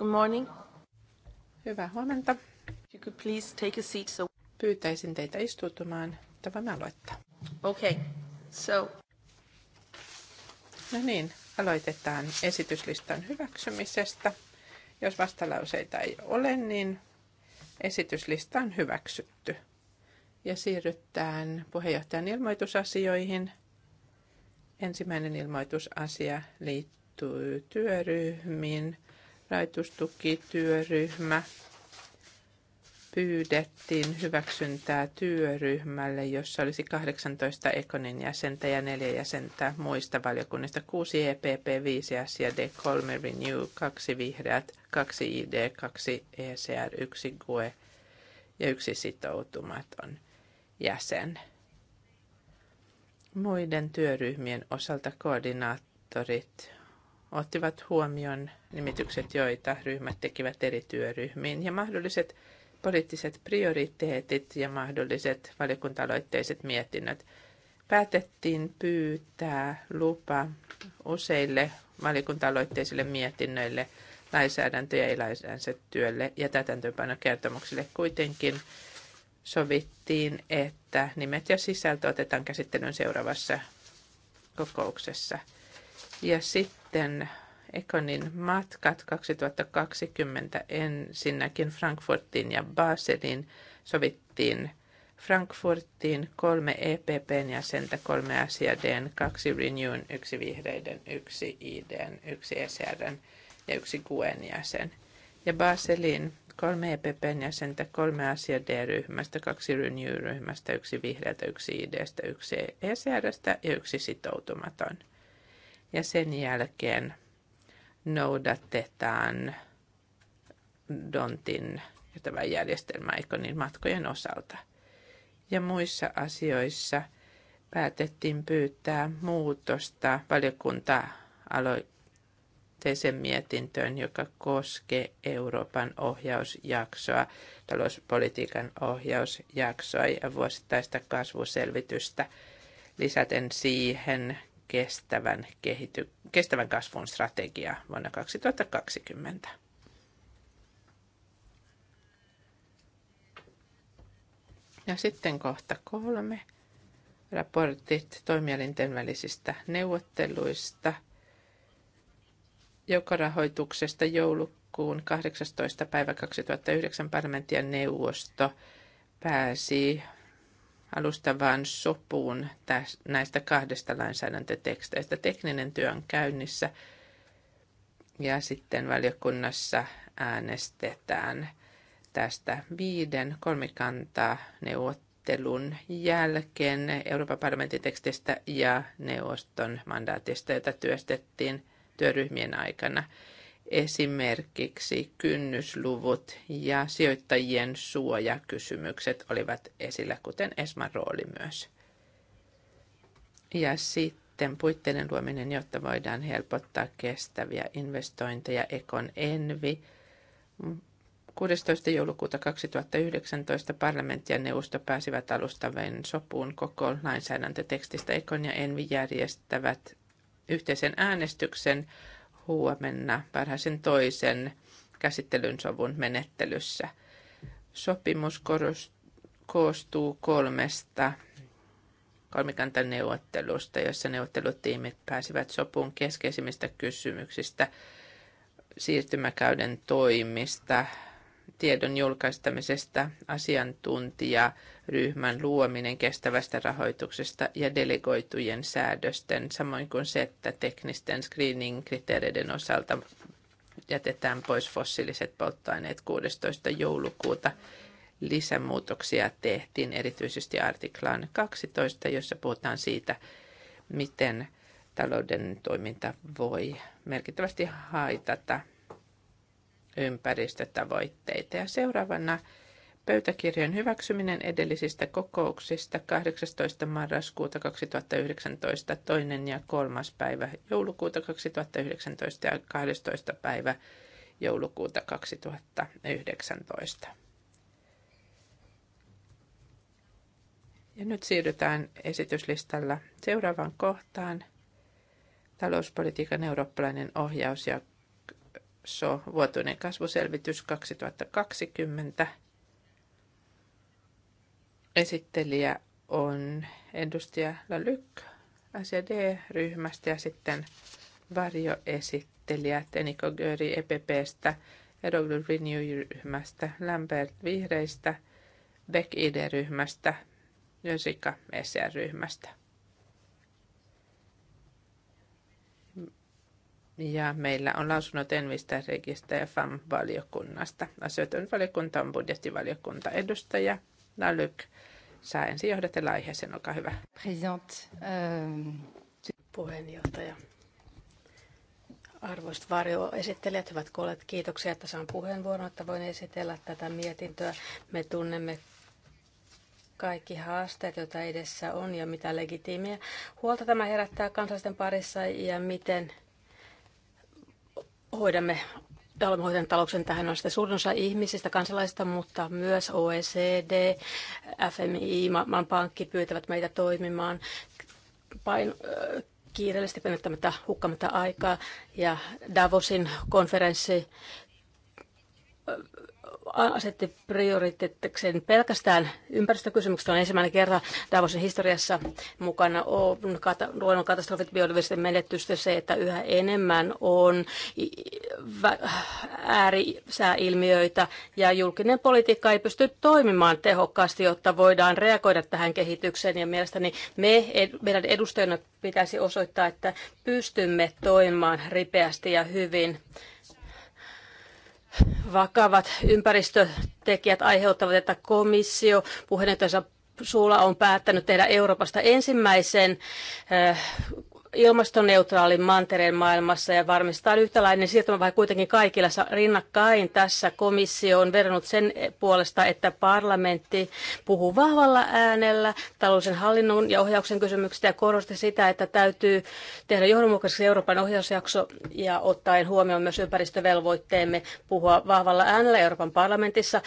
Good morning. Hyvää huomenta. You could please take a seat, so... Pyytäisin teitä istuutumaan, että voimme aloittaa. Okay, so... No niin, aloitetaan esityslistan hyväksymisestä. Jos vastalauseita ei ole, niin esityslista on hyväksytty. Ja siirrytään puheenjohtajan ilmoitusasioihin. Ensimmäinen ilmoitusasia liittyy työryhmiin rajoitustukityöryhmä. Pyydettiin hyväksyntää työryhmälle, jossa olisi 18 Ekonin jäsentä ja neljä jäsentä muista valiokunnista. 6 EPP, 5 S D3 Renew, 2 Vihreät, 2 ID, 2 ECR, 1 GUE ja yksi sitoutumaton jäsen. Muiden työryhmien osalta koordinaattorit ottivat huomioon nimitykset, joita ryhmät tekivät eri työryhmiin ja mahdolliset poliittiset prioriteetit ja mahdolliset valiokuntaloitteiset mietinnöt. Päätettiin pyytää lupa useille valiokuntaloitteisille mietinnöille, lainsäädäntö- ja ei-lainsäädäntötyölle ja täytäntöönpanokertomuksille kuitenkin sovittiin, että nimet ja sisältö otetaan käsittelyyn seuraavassa kokouksessa – ja sitten Ekonin matkat 2020 ensinnäkin Frankfurtiin ja Baselin sovittiin Frankfurtiin kolme EPPn jäsentä, kolme SJDn, kaksi Renewn, yksi Vihreiden, yksi IDn, yksi ECRn ja yksi QN jäsen. Ja Baselin kolme EPPn jäsentä, kolme SJD-ryhmästä, kaksi Renew-ryhmästä, yksi Vihreältä, yksi IDstä, yksi ECRstä ja yksi sitoutumaton ja sen jälkeen noudatetaan Dontin tämän järjestelmä Iconin matkojen osalta. Ja muissa asioissa päätettiin pyytää muutosta valiokunta aloitteeseen mietintöön, joka koskee Euroopan ohjausjaksoa, talouspolitiikan ohjausjaksoa ja vuosittaista kasvuselvitystä, lisäten siihen kestävän, kehity, kestävän kasvun strategia vuonna 2020. Ja sitten kohta kolme. Raportit toimielinten välisistä neuvotteluista, joka rahoituksesta joulukuun 18. päivä 2009 parlamentin neuvosto pääsi alustavaan sopuun näistä kahdesta lainsäädäntöteksteistä. Tekninen työ on käynnissä ja sitten valiokunnassa äänestetään tästä viiden kolmikantaa neuvottelun jälkeen Euroopan parlamentin tekstistä ja neuvoston mandaatista, jota työstettiin työryhmien aikana. Esimerkiksi kynnysluvut ja sijoittajien suojakysymykset olivat esillä, kuten Esman rooli myös. Ja sitten puitteiden luominen, jotta voidaan helpottaa kestäviä investointeja, Ekon Envi. 16. joulukuuta 2019 parlamentti ja neuvosto pääsivät alustavien sopuun koko lainsäädäntötekstistä. Ekon ja Envi järjestävät yhteisen äänestyksen huomenna varhaisen toisen käsittelyn sovun menettelyssä. Sopimus koostuu kolmesta kolmikantaneuvottelusta, jossa neuvottelutiimit pääsivät sopuun keskeisimmistä kysymyksistä, siirtymäkäyden toimista, tiedon julkaistamisesta, asiantuntijaryhmän luominen kestävästä rahoituksesta ja delegoitujen säädösten, samoin kuin se, että teknisten screening-kriteereiden osalta jätetään pois fossiiliset polttoaineet 16. joulukuuta. Lisämuutoksia tehtiin erityisesti artiklaan 12, jossa puhutaan siitä, miten talouden toiminta voi merkittävästi haitata ympäristötavoitteita. Ja seuraavana pöytäkirjan hyväksyminen edellisistä kokouksista 18. marraskuuta 2019, toinen ja kolmas päivä joulukuuta 2019 ja 12. päivä joulukuuta 2019. Ja nyt siirrytään esityslistalla seuraavaan kohtaan. Talouspolitiikan eurooppalainen ja so, vuotuinen kasvuselvitys 2020. Esittelijä on edustaja Lalyk SED-ryhmästä ja sitten varjoesittelijä Teniko Göri EPPstä, Edoglu Renew-ryhmästä, Lambert Vihreistä, Beck ID-ryhmästä, Jösika SR-ryhmästä. Ja meillä on lausunnot Envistä, Registä ja FAM-valiokunnasta. Asioiden valiokunta on budjettivaliokunta. Edustaja Nalyk saa ensin johdatella aiheeseen. Olkaa hyvä. President, ähm, puheenjohtaja. Arvoisat varjoesittelijät, hyvät kollegat, kiitoksia, että saan puheenvuoron, että voin esitellä tätä mietintöä. Me tunnemme kaikki haasteet, joita edessä on ja mitä legitiimiä huolta tämä herättää kansalaisten parissa ja miten hoidamme talouden talouksen tähän on sitten suurin osa ihmisistä, kansalaisista, mutta myös OECD, FMI, Maailmanpankki pyytävät meitä toimimaan pain, kiireellisesti pyytämättä hukkamatta aikaa. Ja Davosin konferenssi asetti prioriteettikseen pelkästään ympäristökysymykset. On ensimmäinen kerta Davosin historiassa mukana on luonnonkatastrofit, biodiversiteetin menetystä, se, että yhä enemmän on äärisääilmiöitä ja julkinen politiikka ei pysty toimimaan tehokkaasti, jotta voidaan reagoida tähän kehitykseen. Ja mielestäni me, meidän edustajana pitäisi osoittaa, että pystymme toimimaan ripeästi ja hyvin vakavat ympäristötekijät aiheuttavat, että komissio puheenjohtajansa suulla on päättänyt tehdä Euroopasta ensimmäisen eh, ilmastoneutraalin mantereen maailmassa ja varmistaa yhtäläinen vai kuitenkin kaikilla rinnakkain. Tässä komissio on verrannut sen puolesta, että parlamentti puhuu vahvalla äänellä talousen hallinnon ja ohjauksen kysymyksistä ja korosti sitä, että täytyy tehdä johdonmukaisesti Euroopan ohjausjakso ja ottaen huomioon myös ympäristövelvoitteemme puhua vahvalla äänellä Euroopan parlamentissa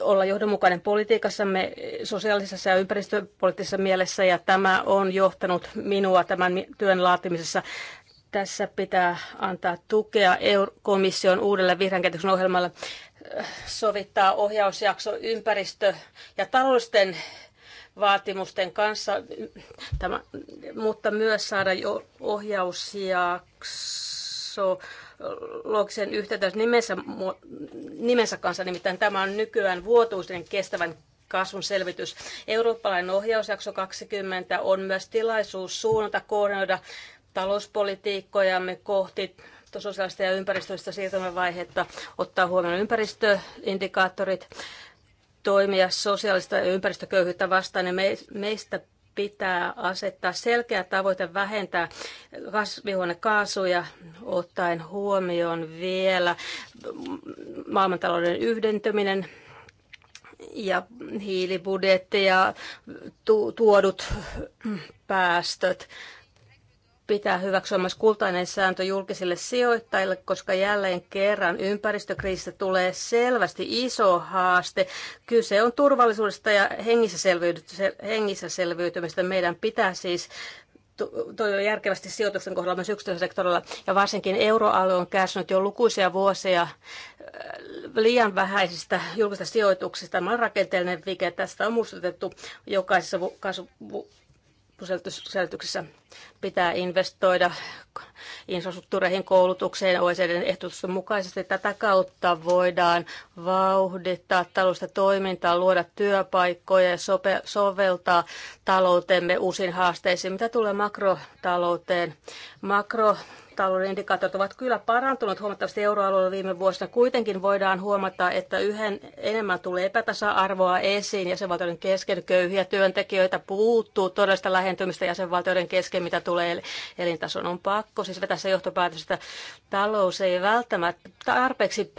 olla johdonmukainen politiikassamme sosiaalisessa ja ympäristöpoliittisessa mielessä ja tämä on johtanut minua tämän työn laatimisessa. Tässä pitää antaa tukea komission uudelle vihreän kehityksen ohjelmalle äh, sovittaa ohjausjakso ympäristö- ja talousten vaatimusten kanssa, tämä, mutta myös saada ohjausjakso yhtä tässä nimensä, nimensä kanssa, nimittäin tämä on nykyään vuotuisen kestävän kasvun selvitys. Eurooppalainen ohjausjakso 20 on myös tilaisuus suunnata, koordinoida talouspolitiikkojamme kohti sosiaalista ja ympäristöistä siirtymävaihetta, ottaa huomioon ympäristöindikaattorit, toimia sosiaalista ja ympäristököyhyyttä vastaan. Ja meistä pitää asettaa selkeä tavoite vähentää kasvihuonekaasuja ottaen huomioon vielä maailmantalouden yhdentyminen ja hiilibudjetti ja tu- tuodut päästöt pitää hyväksyä myös kultainen sääntö julkisille sijoittajille, koska jälleen kerran ympäristökriisistä tulee selvästi iso haaste. Kyse on turvallisuudesta ja hengissä selviytymistä. Meidän pitää siis on järkevästi sijoitusten kohdalla myös yksityisellä Ja varsinkin euroalue on kärsinyt jo lukuisia vuosia äh, liian vähäisistä julkisista sijoituksista. Tämä on rakenteellinen vike. Tästä on muistutettu jokaisessa kasvu- säilytyksessä pitää investoida infrastruktuureihin koulutukseen OECDn ehdotusten mukaisesti. Tätä kautta voidaan vauhdittaa taloudellista toimintaa, luoda työpaikkoja ja sope- soveltaa taloutemme uusiin haasteisiin. Mitä tulee makrotalouteen? Makro talouden indikaattorit ovat kyllä parantuneet huomattavasti euroalueella viime vuosina. Kuitenkin voidaan huomata, että yhden enemmän tulee epätasa-arvoa esiin jäsenvaltioiden kesken. Köyhiä työntekijöitä puuttuu todellista lähentymistä jäsenvaltioiden kesken, mitä tulee elintason on pakko. Siis vetää se johtopäätös, että talous ei välttämättä tarpeeksi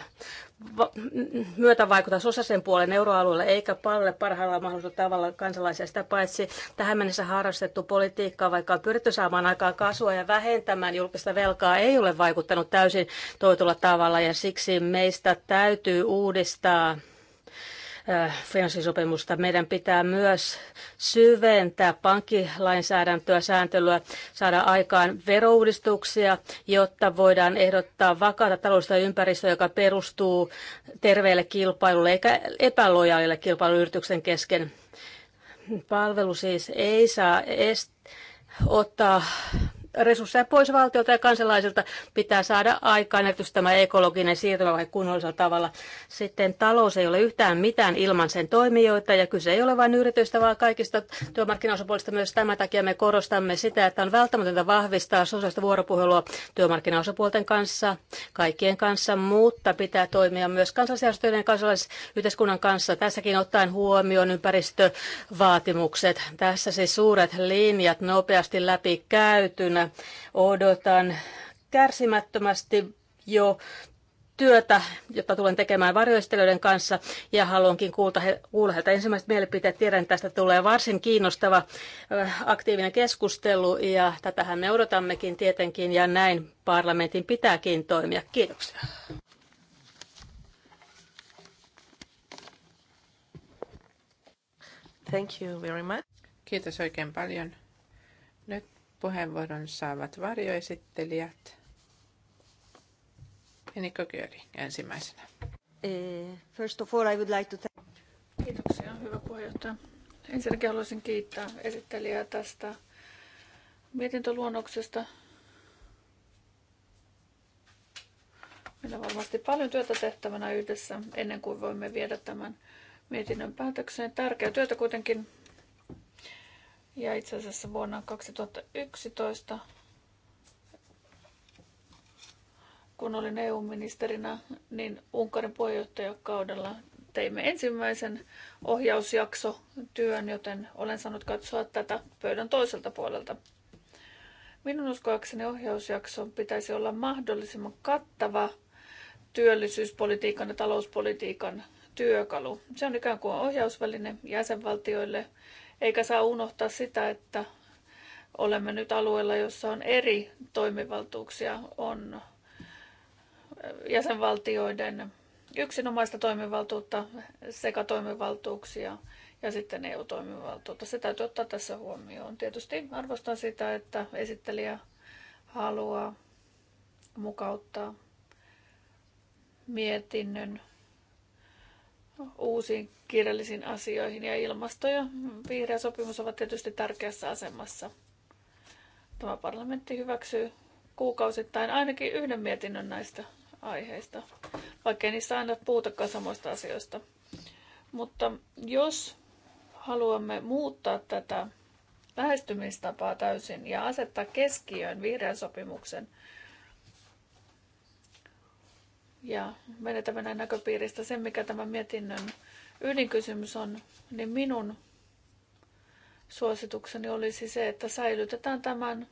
osa sen puolen euroalueella eikä palvele parhaalla mahdollisella tavalla kansalaisia. Sitä paitsi tähän mennessä harrastettu politiikkaa, vaikka on pyritty saamaan aikaa kasvua ja vähentämään julkista velkaa, ei ole vaikuttanut täysin toitulla tavalla ja siksi meistä täytyy uudistaa Äh, finanssisopimusta. Meidän pitää myös syventää pankkilainsäädäntöä, sääntelyä, saada aikaan verouudistuksia, jotta voidaan ehdottaa vakaata taloudellista ympäristöä, joka perustuu terveelle kilpailulle eikä epälojaalille kilpailuyrityksen kesken. Palvelu siis ei saa est- ottaa resursseja pois valtiolta ja kansalaisilta pitää saada aikaan, erityisesti tämä ekologinen vai kunnollisella tavalla. Sitten talous ei ole yhtään mitään ilman sen toimijoita ja kyse ei ole vain yritystä, vaan kaikista työmarkkinaosapuolista myös tämän takia me korostamme sitä, että on välttämätöntä vahvistaa sosiaalista vuoropuhelua työmarkkinaosapuolten kanssa, kaikkien kanssa, mutta pitää toimia myös kansalaisjärjestöjen ja kansalaisyhteiskunnan kanssa. Tässäkin ottaen huomioon ympäristövaatimukset. Tässä siis suuret linjat nopeasti läpi käytynä odotan kärsimättömästi jo työtä, jota tulen tekemään varjoistelijoiden kanssa ja haluankin kuulta he, kuulla heiltä ensimmäiset mielipiteet. Tiedän, että tästä tulee varsin kiinnostava aktiivinen keskustelu ja tätähän me odotammekin tietenkin ja näin parlamentin pitääkin toimia. Kiitoksia. Thank you very much. Kiitos oikein paljon. Puheenvuoron saavat varjoesittelijät. Enikko Kööri ensimmäisenä. Eh, first of all, I would like to thank... Kiitoksia, hyvä puheenjohtaja. Ensinnäkin haluaisin kiittää esittelijää tästä mietintöluonnoksesta. Meillä on varmasti paljon työtä tehtävänä yhdessä ennen kuin voimme viedä tämän mietinnön päätökseen. Tärkeää työtä kuitenkin. Ja itse asiassa vuonna 2011, kun olin EU-ministerinä, niin Unkarin puheenjohtajakaudella teimme ensimmäisen ohjausjaksotyön, joten olen saanut katsoa tätä pöydän toiselta puolelta. Minun uskoakseni ohjausjakson pitäisi olla mahdollisimman kattava työllisyyspolitiikan ja talouspolitiikan työkalu. Se on ikään kuin ohjausväline jäsenvaltioille eikä saa unohtaa sitä, että olemme nyt alueella, jossa on eri toimivaltuuksia, on eh, jäsenvaltioiden yksinomaista toimivaltuutta sekä toimivaltuuksia ja sitten EU-toimivaltuutta. Se täytyy ottaa tässä huomioon. Tietysti arvostan sitä, että esittelijä haluaa mukauttaa mietinnön uusiin kirjallisiin asioihin ja ilmasto ja vihreä sopimus ovat tietysti tärkeässä asemassa. Tämä parlamentti hyväksyy kuukausittain ainakin yhden mietinnön näistä aiheista, vaikkei niissä aina puhutakaan samoista asioista. Mutta jos haluamme muuttaa tätä lähestymistapaa täysin ja asettaa keskiöön vihreän sopimuksen – ja menetämme näin näköpiiristä sen, mikä tämän mietinnön ydinkysymys on, niin minun suositukseni olisi se, että säilytetään tämän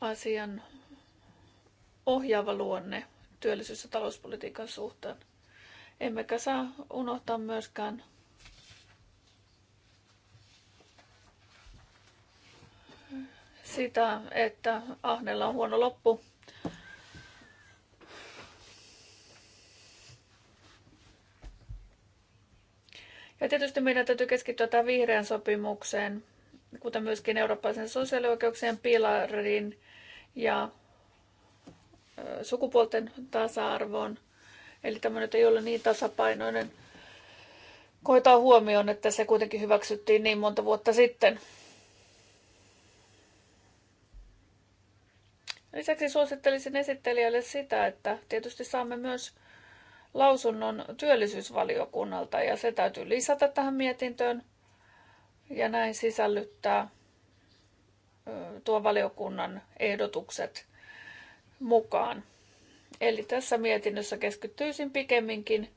asian ohjaava luonne työllisyys- ja talouspolitiikan suhteen. Emmekä saa unohtaa myöskään sitä, että ahnella on huono loppu. Ja tietysti meidän täytyy keskittyä tähän vihreän sopimukseen, kuten myöskin eurooppalaisen sosiaalioikeuksien pilariin ja sukupuolten tasa-arvoon. Eli tämä nyt ei ole niin tasapainoinen. Koetaan huomioon, että se kuitenkin hyväksyttiin niin monta vuotta sitten. Lisäksi suosittelisin esittelijälle sitä, että tietysti saamme myös lausunnon työllisyysvaliokunnalta ja se täytyy lisätä tähän mietintöön ja näin sisällyttää tuon valiokunnan ehdotukset mukaan. Eli tässä mietinnössä keskittyisin pikemminkin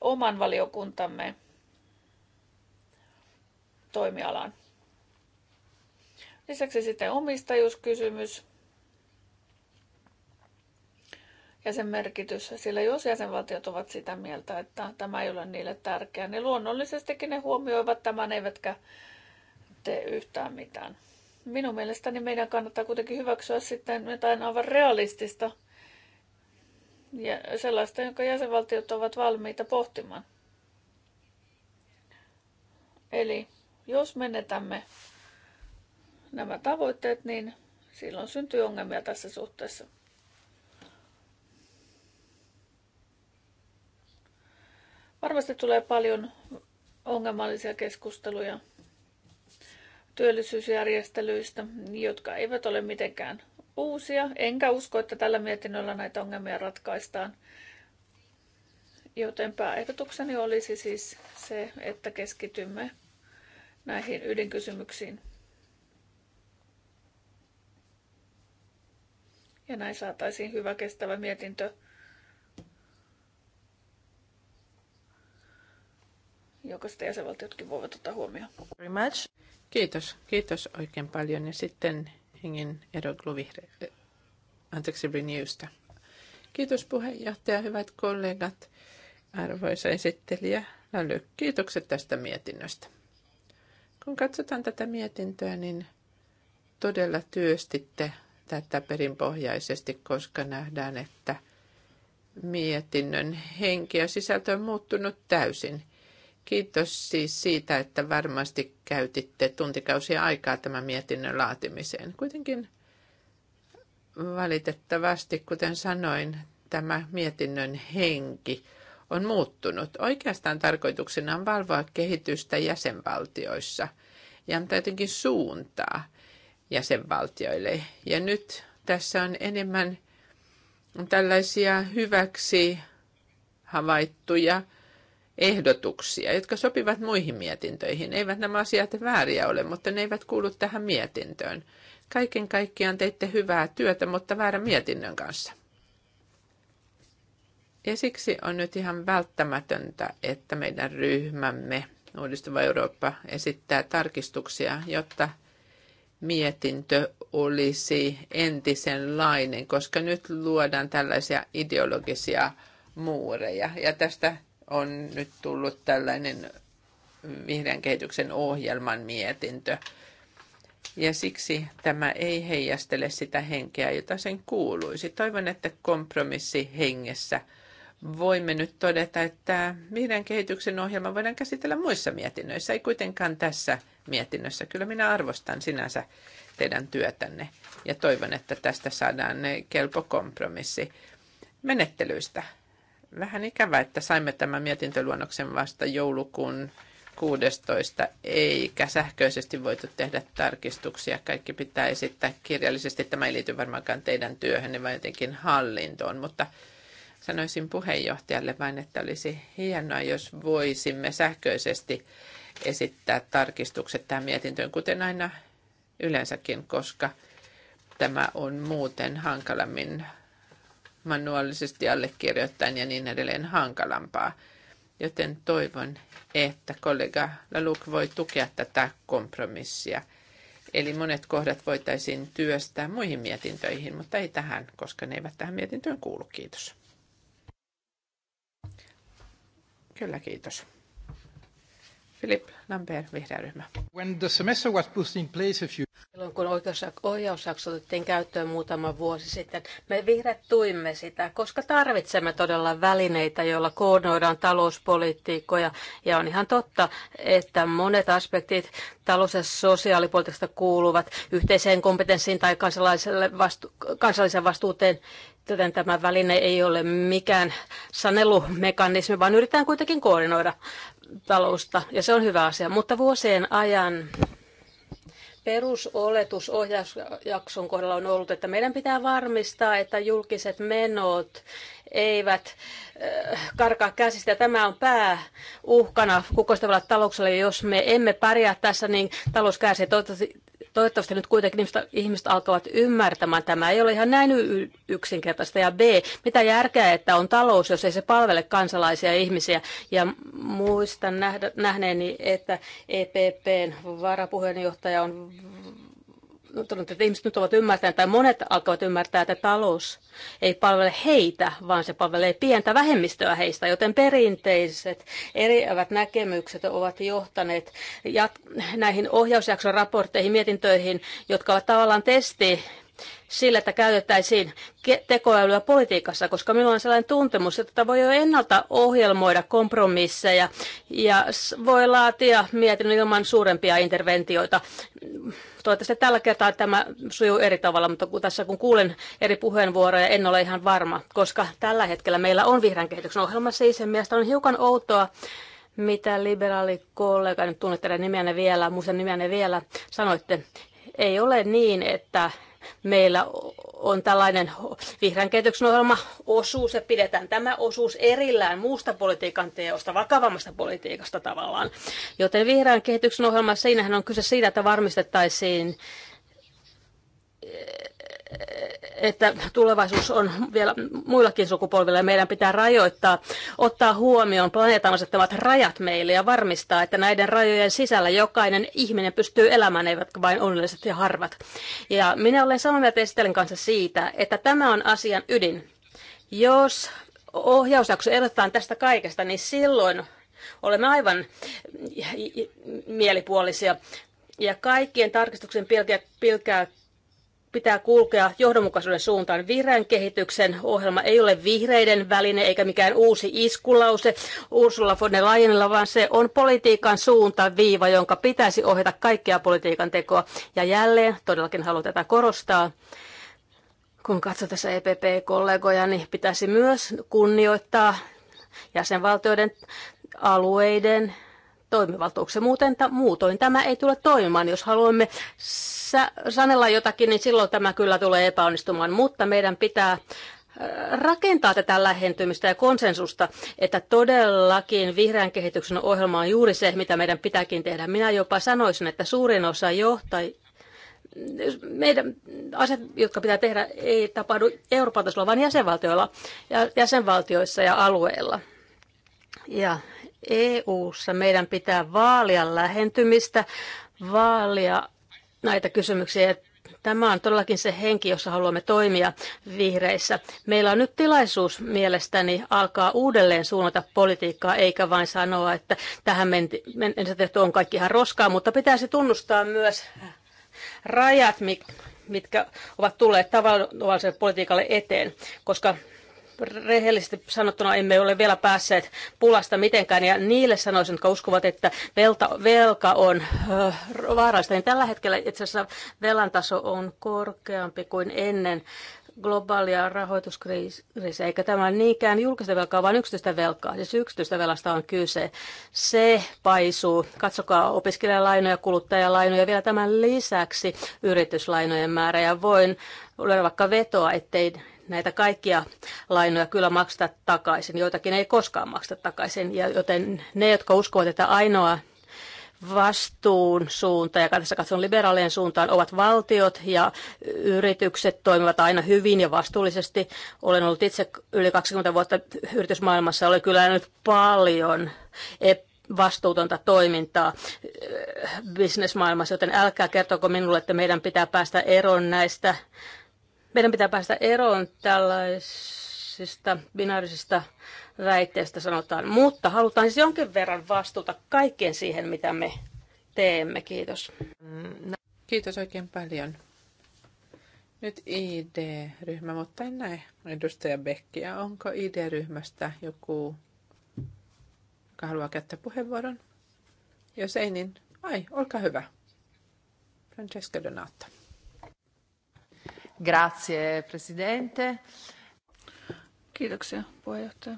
oman valiokuntamme toimialaan. Lisäksi sitten omistajuuskysymys. ja sen merkitys, sillä jos jäsenvaltiot ovat sitä mieltä, että tämä ei ole niille tärkeää, niin luonnollisestikin ne huomioivat tämän eivätkä tee yhtään mitään. Minun mielestäni meidän kannattaa kuitenkin hyväksyä sitten jotain aivan realistista ja sellaista, jonka jäsenvaltiot ovat valmiita pohtimaan. Eli jos menetämme nämä tavoitteet, niin silloin syntyy ongelmia tässä suhteessa. Varmasti tulee paljon ongelmallisia keskusteluja työllisyysjärjestelyistä, jotka eivät ole mitenkään uusia. Enkä usko, että tällä mietinnöllä näitä ongelmia ratkaistaan. Joten pääehdotukseni olisi siis se, että keskitymme näihin ydinkysymyksiin. Ja näin saataisiin hyvä kestävä mietintö joka sitten jäsenvaltiotkin voivat ottaa huomioon. Very much. Kiitos, kiitos oikein paljon. Ja sitten hengen erokluvi, eh, anteeksi Renewstä. Kiitos puheenjohtaja, hyvät kollegat, arvoisa esittelijä Lally. No kiitokset tästä mietinnöstä. Kun katsotaan tätä mietintöä, niin todella työstitte tätä perinpohjaisesti, koska nähdään, että mietinnön henki ja sisältö on muuttunut täysin. Kiitos siis siitä, että varmasti käytitte tuntikausia aikaa tämän mietinnön laatimiseen. Kuitenkin valitettavasti, kuten sanoin, tämä mietinnön henki on muuttunut. Oikeastaan tarkoituksena on valvoa kehitystä jäsenvaltioissa ja antaa jotenkin suuntaa jäsenvaltioille. Ja nyt tässä on enemmän tällaisia hyväksi havaittuja ehdotuksia, jotka sopivat muihin mietintöihin. Eivät nämä asiat vääriä ole, mutta ne eivät kuulu tähän mietintöön. Kaiken kaikkiaan teitte hyvää työtä, mutta väärän mietinnön kanssa. Ja siksi on nyt ihan välttämätöntä, että meidän ryhmämme Uudistuva Eurooppa esittää tarkistuksia, jotta mietintö olisi entisenlainen, koska nyt luodaan tällaisia ideologisia muureja. Ja tästä on nyt tullut tällainen vihreän kehityksen ohjelman mietintö. Ja siksi tämä ei heijastele sitä henkeä, jota sen kuuluisi. Toivon, että kompromissi hengessä voimme nyt todeta, että vihreän kehityksen ohjelma voidaan käsitellä muissa mietinnöissä, ei kuitenkaan tässä mietinnössä. Kyllä minä arvostan sinänsä teidän työtänne ja toivon, että tästä saadaan kelpo kompromissi menettelyistä. Vähän ikävä, että saimme tämän mietintöluonnoksen vasta joulukuun 16, eikä sähköisesti voitu tehdä tarkistuksia. Kaikki pitää esittää kirjallisesti. Tämä ei liity varmaankaan teidän työhönne, vaan jotenkin hallintoon, mutta sanoisin puheenjohtajalle vain, että olisi hienoa, jos voisimme sähköisesti esittää tarkistukset tähän mietintöön, kuten aina yleensäkin, koska tämä on muuten hankalammin manuaalisesti allekirjoittain ja niin edelleen hankalampaa. Joten toivon, että kollega Laluk voi tukea tätä kompromissia. Eli monet kohdat voitaisiin työstää muihin mietintöihin, mutta ei tähän, koska ne eivät tähän mietintöön kuulu. Kiitos. Kyllä, kiitos. Filip Lambert, vihreä ryhmä. When the semester was put in place a few... Silloin kun ohjausjakso otettiin käyttöön muutama vuosi sitten, me vihreät tuimme sitä, koska tarvitsemme todella välineitä, joilla koordinoidaan talouspolitiikkoja. Ja on ihan totta, että monet aspektit talous- ja sosiaalipolitiikasta kuuluvat yhteiseen kompetenssiin tai kansalliselle vastu- kansalliseen vastuuteen joten tämä väline ei ole mikään sanelumekanismi, vaan yritetään kuitenkin koordinoida talousta, ja se on hyvä asia. Mutta vuosien ajan perusoletus ohjausjakson kohdalla on ollut, että meidän pitää varmistaa, että julkiset menot eivät äh, karkaa käsistä. Tämä on pääuhkana kukoistavalla talouksella, Jos me emme pärjää tässä, niin talous kärsii. Toivottavasti Toivottavasti nyt kuitenkin ihmiset, ihmiset alkavat ymmärtämään, tämä ei ole ihan näin yksinkertaista. Ja B, mitä järkeä, että on talous, jos ei se palvele kansalaisia ihmisiä. Ja muistan nähdä, nähneeni, että EPPn varapuheenjohtaja on että ihmiset nyt ovat ymmärtäneet, tai monet alkavat ymmärtää, että talous ei palvele heitä, vaan se palvelee pientä vähemmistöä heistä, joten perinteiset eriävät näkemykset ovat johtaneet jat- näihin ohjausjakson raportteihin, mietintöihin, jotka ovat tavallaan testi sillä, että käytettäisiin tekoälyä politiikassa, koska minulla on sellainen tuntemus, että voi jo ennalta ohjelmoida kompromisseja ja voi laatia mietinnön ilman suurempia interventioita. Toivottavasti tällä kertaa tämä sujuu eri tavalla, mutta kun tässä kun kuulen eri puheenvuoroja, en ole ihan varma, koska tällä hetkellä meillä on vihreän kehityksen ohjelma siis. Mielestäni on hiukan outoa, mitä kollega, nyt tunnette nimeänne vielä, muistan nimeänne vielä, sanoitte, ei ole niin, että meillä on tällainen vihreän kehityksen ohjelma osuus ja pidetään tämä osuus erillään muusta politiikan teosta, vakavammasta politiikasta tavallaan. Joten vihreän kehityksen ohjelma, siinähän on kyse siitä, että varmistettaisiin että tulevaisuus on vielä muillakin sukupolvilla ja meidän pitää rajoittaa, ottaa huomioon planeetan asettamat rajat meille ja varmistaa, että näiden rajojen sisällä jokainen ihminen pystyy elämään, eivätkä vain onnelliset ja harvat. Ja minä olen samaa mieltä Estelin kanssa siitä, että tämä on asian ydin. Jos ohjausjakso erotetaan tästä kaikesta, niin silloin olemme aivan mielipuolisia. Ja kaikkien tarkistuksen pilkää, pilkää pitää kulkea johdonmukaisuuden suuntaan. Vihreän kehityksen ohjelma ei ole vihreiden väline eikä mikään uusi iskulause Ursula von der Leyenilla, vaan se on politiikan suunta viiva, jonka pitäisi ohjata kaikkea politiikan tekoa. Ja jälleen, todellakin haluan tätä korostaa, kun katsoo tässä EPP-kollegoja, niin pitäisi myös kunnioittaa jäsenvaltioiden alueiden toimivaltuuksia. Muuten, ta, muutoin tämä ei tule toimimaan. Jos haluamme sanella jotakin, niin silloin tämä kyllä tulee epäonnistumaan, mutta meidän pitää äh, rakentaa tätä lähentymistä ja konsensusta, että todellakin vihreän kehityksen ohjelma on juuri se, mitä meidän pitääkin tehdä. Minä jopa sanoisin, että suurin osa johtajia, meidän asiat, jotka pitää tehdä, ei tapahdu Euroopan tasolla, vaan jäsenvaltioilla, ja jäsenvaltioissa ja alueilla. Ja EU-ssa meidän pitää vaalia lähentymistä, vaalia näitä kysymyksiä. Tämä on todellakin se henki, jossa haluamme toimia vihreissä. Meillä on nyt tilaisuus mielestäni alkaa uudelleen suunnata politiikkaa, eikä vain sanoa, että tähän mennessä tehty on kaikki ihan roskaa, mutta pitäisi tunnustaa myös rajat, mitkä ovat tulleet tavalliselle politiikalle eteen, koska rehellisesti sanottuna emme ole vielä päässeet pulasta mitenkään. Ja niille sanoisin, jotka uskovat, että velta, velka on ö, äh, vaarallista, niin tällä hetkellä itse asiassa velan taso on korkeampi kuin ennen globaalia rahoituskriisiä, eikä tämä ole niinkään julkista velkaa, vaan yksityistä velkaa. Siis yksityistä velasta on kyse. Se paisuu. Katsokaa opiskelijalainoja, kuluttajalainoja, vielä tämän lisäksi yrityslainojen määrä. Ja voin olla vaikka vetoa, ettei näitä kaikkia lainoja kyllä maksata takaisin, joitakin ei koskaan maksata takaisin, ja joten ne, jotka uskovat, että ainoa vastuun suunta ja tässä katson liberaalien suuntaan, ovat valtiot ja yritykset toimivat aina hyvin ja vastuullisesti. Olen ollut itse yli 20 vuotta yritysmaailmassa, oli kyllä nyt paljon vastuutonta toimintaa eh, bisnesmaailmassa, joten älkää kertoko minulle, että meidän pitää päästä eroon näistä meidän pitää päästä eroon tällaisista binaarisista väitteistä sanotaan, mutta halutaan siis jonkin verran vastuuta kaikkeen siihen, mitä me teemme. Kiitos. Kiitos oikein paljon. Nyt ID-ryhmä, mutta en näe edustaja Beckia. Onko ID-ryhmästä joku, joka haluaa käyttää puheenvuoron? Jos ei, niin ai, olkaa hyvä. Francesca Donato. Grazie, presidente. Kiitoksia, puheenjohtaja.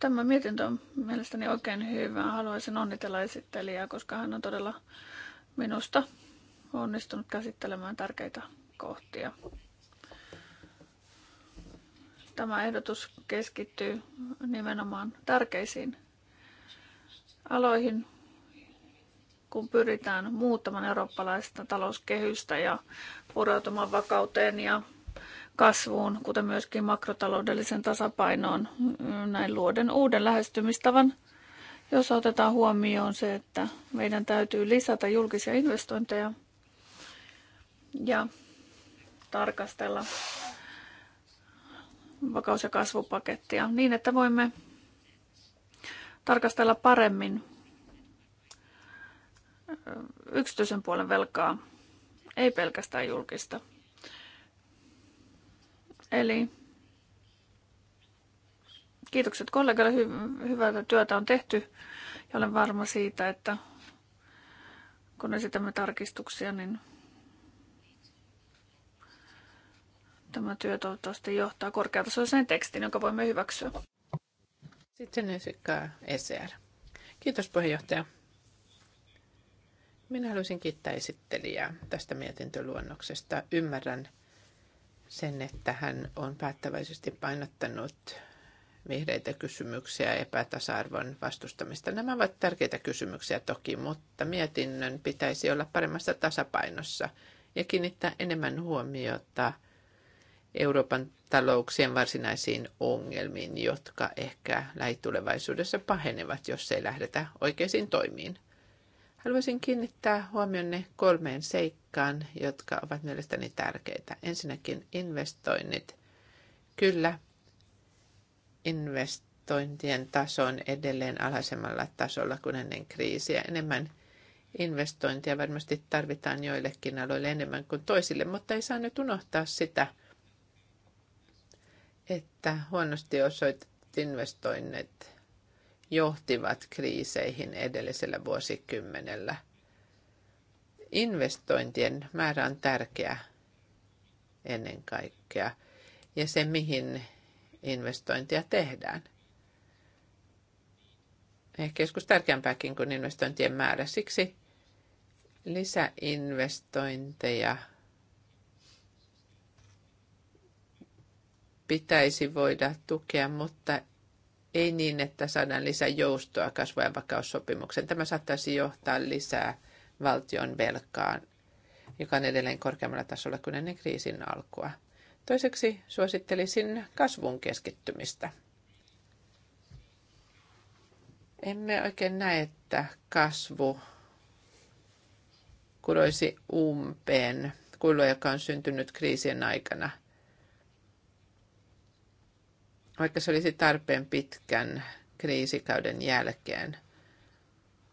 Tämä mietintö on mielestäni oikein hyvä. Haluaisin onnitella esittelijää, koska hän on todella minusta onnistunut käsittelemään tärkeitä kohtia. Tämä ehdotus keskittyy nimenomaan tärkeisiin aloihin, kun pyritään muuttamaan eurooppalaista talouskehystä ja pureutumaan vakauteen ja kasvuun, kuten myöskin makrotaloudellisen tasapainoon, näin luoden uuden lähestymistavan, jos otetaan huomioon se, että meidän täytyy lisätä julkisia investointeja ja tarkastella vakaus- ja kasvupakettia niin, että voimme tarkastella paremmin yksityisen puolen velkaa, ei pelkästään julkista. Eli kiitokset kollegalle, hy- hyvää työtä on tehty ja olen varma siitä, että kun esitämme tarkistuksia, niin tämä työ toivottavasti johtaa korkeatasoiseen tekstiin, jonka voimme hyväksyä. Sitten esittää ECR. Kiitos puheenjohtaja. Minä haluaisin kiittää esittelijää tästä mietintöluonnoksesta. Ymmärrän sen, että hän on päättäväisesti painottanut vihreitä kysymyksiä epätasa-arvon vastustamista. Nämä ovat tärkeitä kysymyksiä toki, mutta mietinnön pitäisi olla paremmassa tasapainossa ja kiinnittää enemmän huomiota Euroopan talouksien varsinaisiin ongelmiin, jotka ehkä lähitulevaisuudessa pahenevat, jos ei lähdetä oikeisiin toimiin. Haluaisin kiinnittää huomionne kolmeen seikkaan, jotka ovat mielestäni tärkeitä. Ensinnäkin investoinnit. Kyllä, investointien taso on edelleen alhaisemmalla tasolla kuin ennen kriisiä. Enemmän investointia varmasti tarvitaan joillekin aloille enemmän kuin toisille, mutta ei saa nyt unohtaa sitä, että huonosti osoitettu investoinnit johtivat kriiseihin edellisellä vuosikymmenellä. Investointien määrä on tärkeä ennen kaikkea ja se, mihin investointia tehdään. Ehkä joskus tärkeämpääkin kuin investointien määrä. Siksi lisäinvestointeja pitäisi voida tukea, mutta ei niin, että saadaan lisää joustoa kasvu- ja Tämä saattaisi johtaa lisää valtion velkaan, joka on edelleen korkeammalla tasolla kuin ennen kriisin alkua. Toiseksi suosittelisin kasvun keskittymistä. Emme oikein näe, että kasvu kuroisi umpeen kuilua, joka on syntynyt kriisien aikana – vaikka se olisi tarpeen pitkän kriisikauden jälkeen.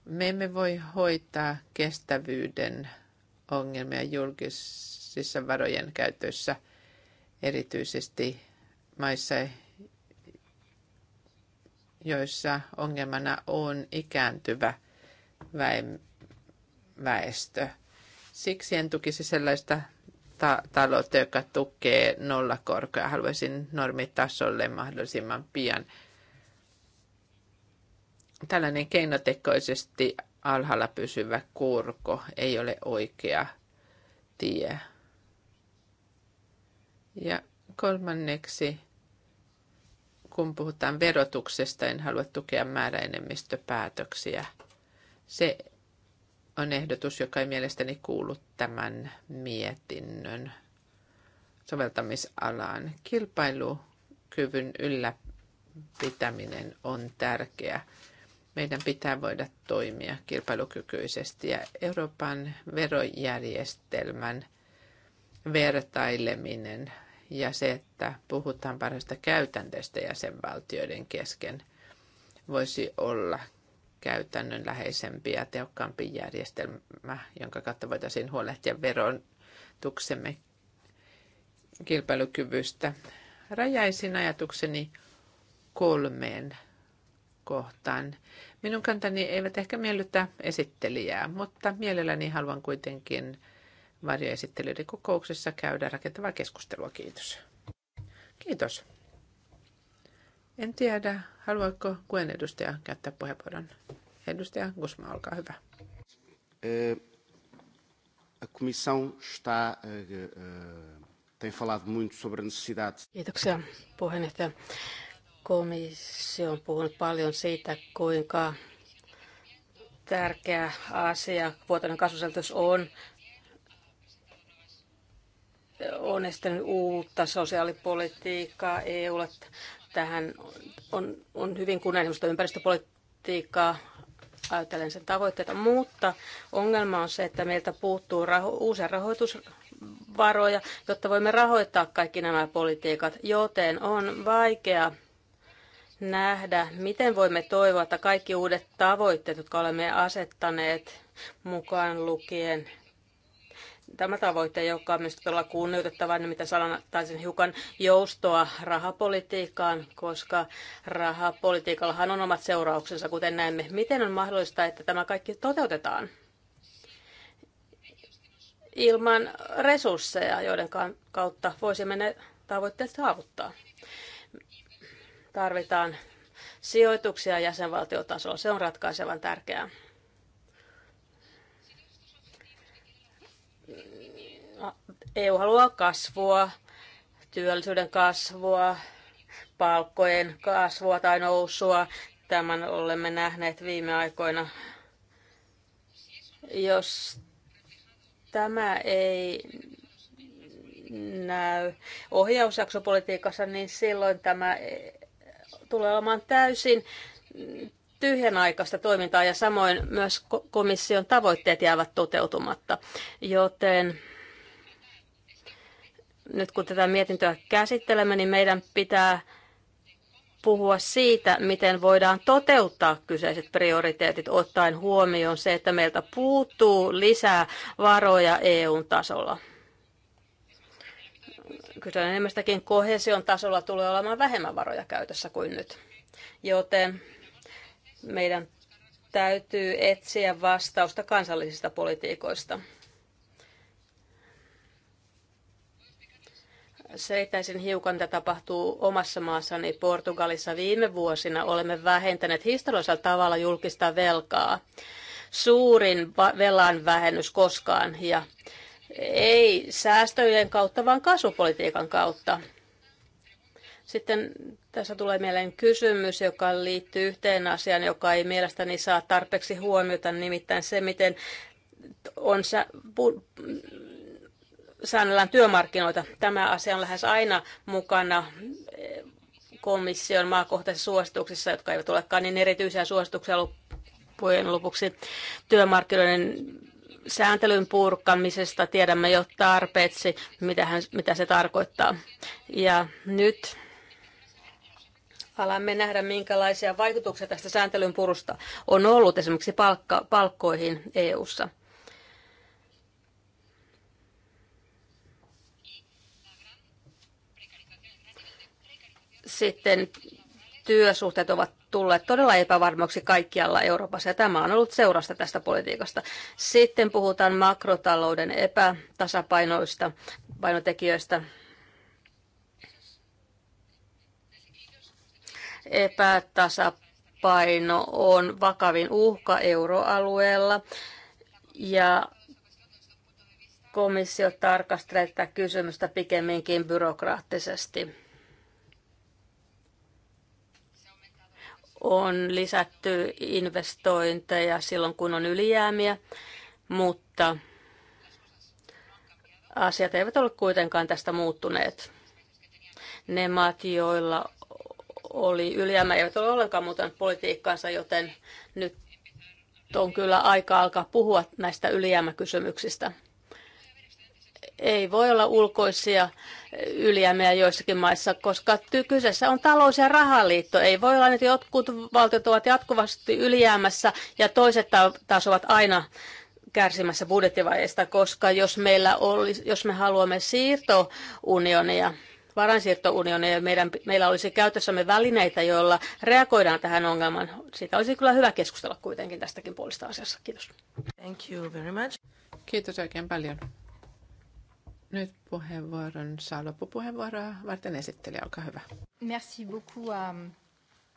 Me emme voi hoitaa kestävyyden ongelmia julkisissa varojen käytössä, erityisesti maissa, joissa ongelmana on ikääntyvä väestö. Siksi en tukisi sellaista ta- taloutta, joka tukee nollakorkoja. Haluaisin normitasolle mahdollisimman pian. Tällainen keinotekoisesti alhaalla pysyvä kurko ei ole oikea tie. Ja kolmanneksi, kun puhutaan verotuksesta, en halua tukea määräenemmistöpäätöksiä. Se on ehdotus, joka ei mielestäni kuulu tämän mietinnön soveltamisalaan. Kilpailukyvyn ylläpitäminen on tärkeä. Meidän pitää voida toimia kilpailukykyisesti ja Euroopan verojärjestelmän vertaileminen ja se, että puhutaan parhaista käytänteistä jäsenvaltioiden kesken, voisi olla käytännönläheisempi ja tehokkaampi järjestelmä, jonka kautta voitaisiin huolehtia verotuksemme kilpailukyvystä. Rajaisin ajatukseni kolmeen kohtaan. Minun kantani eivät ehkä miellytä esittelijää, mutta mielelläni haluan kuitenkin varjoesittelyiden kokouksessa käydä rakentavaa keskustelua. Kiitos. Kiitos. En tiedä, haluaako kuen edustaja käyttää puheenvuoron. Edustaja Gusma, olkaa hyvä. Eh, eh, eh, Kiitoksia puheenjohtaja. Komissio on puhunut paljon siitä, kuinka tärkeä asia vuotoinen kasvuselitys on on estänyt uutta sosiaalipolitiikkaa EUlle Tähän on, on hyvin kunnianhimoista ympäristöpolitiikkaa, ajatellen sen tavoitteita, mutta ongelma on se, että meiltä puuttuu raho- uusia rahoitusvaroja, jotta voimme rahoittaa kaikki nämä politiikat, joten on vaikea nähdä, miten voimme toivoa, että kaikki uudet tavoitteet, jotka olemme asettaneet mukaan lukien tämä tavoite, joka on myös todella kunnioitettava, niin mitä sanotaan, hiukan joustoa rahapolitiikkaan, koska rahapolitiikallahan on omat seurauksensa, kuten näemme. Miten on mahdollista, että tämä kaikki toteutetaan ilman resursseja, joiden kautta voisimme ne tavoitteet saavuttaa? Tarvitaan sijoituksia jäsenvaltiotasolla. Se on ratkaisevan tärkeää. EU haluaa kasvua, työllisyyden kasvua, palkkojen kasvua tai nousua. Tämän olemme nähneet viime aikoina. Jos tämä ei näy ohjausjaksopolitiikassa, niin silloin tämä tulee olemaan täysin tyhjänaikaista toimintaa ja samoin myös komission tavoitteet jäävät toteutumatta. Joten nyt kun tätä mietintöä käsittelemme, niin meidän pitää puhua siitä, miten voidaan toteuttaa kyseiset prioriteetit, ottaen huomioon se, että meiltä puuttuu lisää varoja eu tasolla. Kyllä enemmästäkin kohesion tasolla tulee olemaan vähemmän varoja käytössä kuin nyt. Joten meidän täytyy etsiä vastausta kansallisista politiikoista. selittäisin hiukan, mitä tapahtuu omassa maassani Portugalissa. Viime vuosina olemme vähentäneet historiallisella tavalla julkista velkaa. Suurin velan vähennys koskaan ja ei säästöjen kautta, vaan kasvupolitiikan kautta. Sitten tässä tulee mieleen kysymys, joka liittyy yhteen asiaan, joka ei mielestäni saa tarpeeksi huomiota, nimittäin se, miten on säännellään työmarkkinoita. Tämä asia on lähes aina mukana eh, komission maakohtaisissa suosituksissa, jotka eivät olekaan niin erityisiä suosituksia loppujen lopuksi työmarkkinoiden sääntelyn purkamisesta tiedämme jo tarpeeksi, mitä, hän, mitä se tarkoittaa. Ja nyt alamme nähdä, minkälaisia vaikutuksia tästä sääntelyn purusta on ollut esimerkiksi palkka, palkkoihin EU-ssa. Sitten työsuhteet ovat tulleet todella epävarmoiksi kaikkialla Euroopassa, ja tämä on ollut seurasta tästä politiikasta. Sitten puhutaan makrotalouden epätasapainoista, painotekijöistä. Epätasapaino on vakavin uhka euroalueella, ja komissio tarkastelee tätä kysymystä pikemminkin byrokraattisesti on lisätty investointeja silloin, kun on ylijäämiä, mutta asiat eivät ole kuitenkaan tästä muuttuneet. Ne maat, joilla oli ylijäämä, eivät ole ollenkaan muuten politiikkaansa, joten nyt on kyllä aika alkaa puhua näistä ylijäämäkysymyksistä ei voi olla ulkoisia ylijäämiä joissakin maissa, koska kyseessä on talous- ja rahaliitto. Ei voi olla, että jotkut valtiot ovat jatkuvasti ylijäämässä ja toiset taas ovat aina kärsimässä budjettivajeesta, koska jos, meillä olisi, jos me haluamme siirtounionia, varainsiirtounionia ja meidän, meillä olisi käytössämme välineitä, joilla reagoidaan tähän ongelmaan. Siitä olisi kyllä hyvä keskustella kuitenkin tästäkin puolesta asiassa. Kiitos. Thank you very much. Kiitos oikein paljon. Nyt puheenvuoron saa loppupuheenvuoroa varten esittelijä, olkaa hyvä. Merci beaucoup à, um,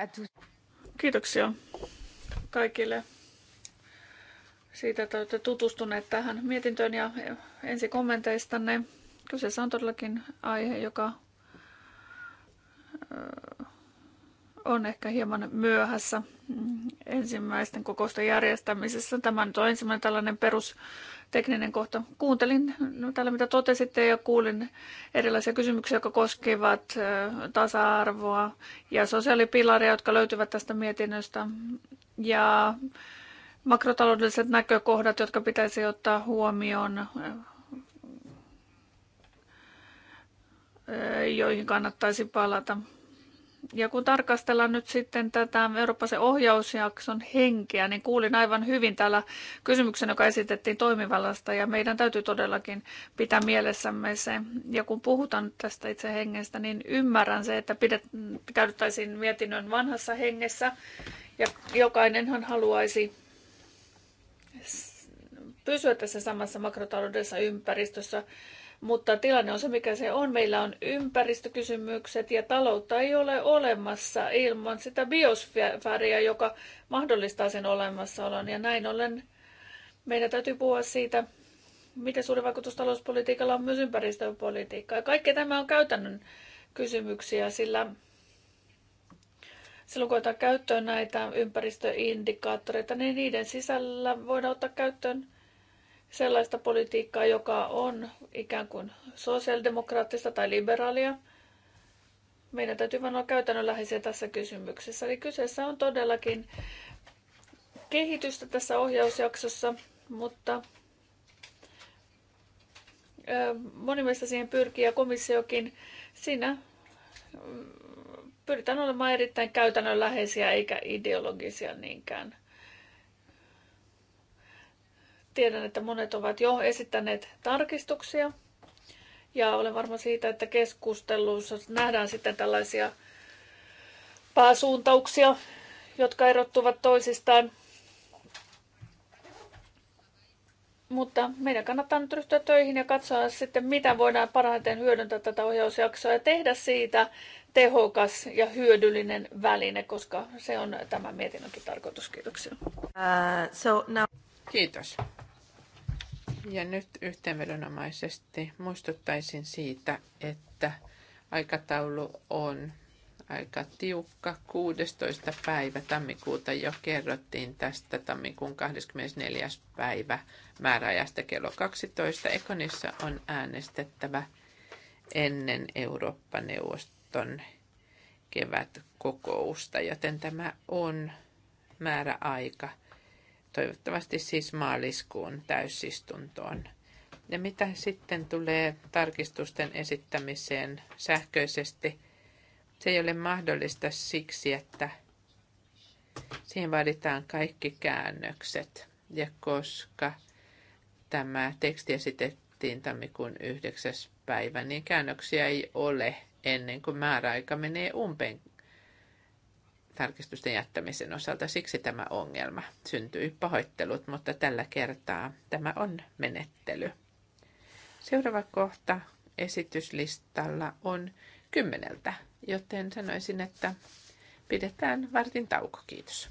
à tous. Kiitoksia kaikille siitä, että olette tutustuneet tähän mietintöön ja ensi kommenteistanne. Kyseessä on todellakin aihe, joka on ehkä hieman myöhässä ensimmäisten kokousten järjestämisessä. Tämä nyt on ensimmäinen tällainen perustekninen kohta. Kuuntelin no, täällä, mitä totesitte ja kuulin erilaisia kysymyksiä, jotka koskivat tasa-arvoa ja sosiaalipilaria, jotka löytyvät tästä mietinnöstä. Ja makrotaloudelliset näkökohdat, jotka pitäisi ottaa huomioon joihin kannattaisi palata. Ja kun tarkastellaan nyt sitten tätä Euroopan ohjausjakson henkeä, niin kuulin aivan hyvin täällä kysymyksen, joka esitettiin toimivallasta, ja meidän täytyy todellakin pitää mielessämme se. Ja kun puhutaan tästä itse hengestä, niin ymmärrän se, että pidet, käytettäisiin mietinnön vanhassa hengessä, ja jokainenhan haluaisi pysyä tässä samassa makrotaloudessa ympäristössä, mutta tilanne on se, mikä se on. Meillä on ympäristökysymykset ja taloutta ei ole olemassa ilman sitä biosfääriä, joka mahdollistaa sen olemassaolon. Ja näin ollen meidän täytyy puhua siitä, miten suuri vaikutus talouspolitiikalla on myös ympäristöpolitiikkaan. Ja kaikki tämä on käytännön kysymyksiä, sillä silloin kun otetaan käyttöön näitä ympäristöindikaattoreita, niin niiden sisällä voidaan ottaa käyttöön – sellaista politiikkaa, joka on ikään kuin sosiaalidemokraattista tai liberaalia. Meidän täytyy vain olla käytännönläheisiä tässä kysymyksessä. Eli kyseessä on todellakin kehitystä tässä ohjausjaksossa, mutta moni meistä siihen pyrkii ja komissiokin siinä mm, pyritään olemaan erittäin käytännönläheisiä eikä ideologisia niinkään. Tiedän, että monet ovat jo esittäneet tarkistuksia ja olen varma siitä, että keskustelussa nähdään sitten tällaisia pääsuuntauksia, jotka erottuvat toisistaan. Mutta meidän kannattaa nyt ryhtyä töihin ja katsoa sitten, mitä voidaan parhaiten hyödyntää tätä ohjausjaksoa ja tehdä siitä tehokas ja hyödyllinen väline, koska se on tämä mietinnönkin tarkoitus. Kiitoksia. Uh, so now... Kiitos. Ja nyt yhteenvedonomaisesti muistuttaisin siitä, että aikataulu on aika tiukka. 16. päivä tammikuuta jo kerrottiin tästä tammikuun 24. päivä määräajasta kello 12. Ekonissa on äänestettävä ennen Eurooppa-neuvoston kevätkokousta, joten tämä on määräaika toivottavasti siis maaliskuun täysistuntoon. Ja mitä sitten tulee tarkistusten esittämiseen sähköisesti? Se ei ole mahdollista siksi, että siihen vaaditaan kaikki käännökset. Ja koska tämä teksti esitettiin tammikuun 9. päivä, niin käännöksiä ei ole ennen kuin määräaika menee umpeen tarkistusten jättämisen osalta. Siksi tämä ongelma syntyi pahoittelut, mutta tällä kertaa tämä on menettely. Seuraava kohta esityslistalla on kymmeneltä, joten sanoisin, että pidetään vartin tauko. Kiitos.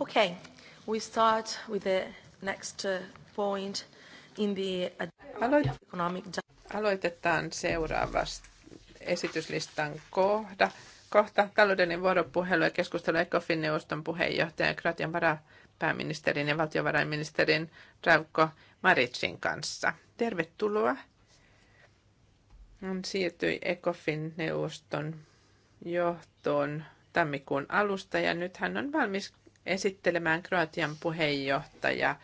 Okay, we start with the next uh, point in the economic... Aloitetaan seuraavasta esityslistan kohta Kohta taloudellinen vuoropuhelu ja keskustelu ECOFIN neuvoston puheenjohtajan Kroatian varapääministerin ja valtiovarainministerin Ravko Maricin kanssa. Tervetuloa. Hän siirtyi ECOFIN neuvoston johtoon tammikuun alusta ja nyt hän on valmis esittelemään Kroatian puheenjohtaja